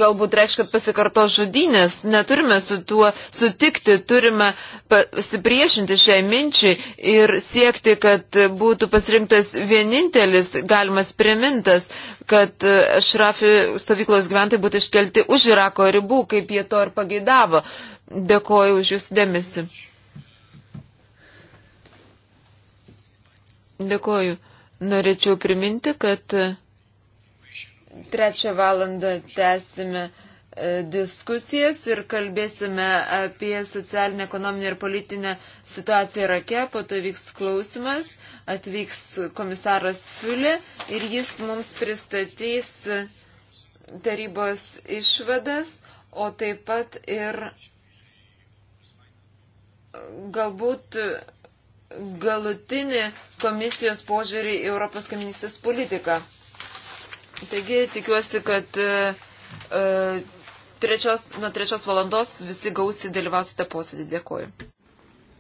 galbūt reikš, kad pasikarto žudynės. Neturime su tuo sutikti, turime pasipriešinti šiai minčiai ir siekti, kad būtų pasirinktas vienintelis galimas primintas, kad e, Šrafi stovyklos gyventojai būtų iškelti už Irako ribų, kaip jie to ir pageidavo. Dėkoju už Jūsų dėmesį. Dėkoju. Norėčiau priminti, kad Trečią valandą tęsime e, diskusijas ir kalbėsime apie socialinę, ekonominę ir politinę situaciją Irake. Po to vyks klausimas, atvyks komisaras Fiulė ir jis mums pristatys tarybos išvadas, o taip pat ir galbūt galutinį komisijos požiūrį į Europos kaminystės politiką. Taigi tikiuosi, kad e, e, trečios, nuo trečios valandos visi gausiai dalyvausite posėdį. Dėkuoju.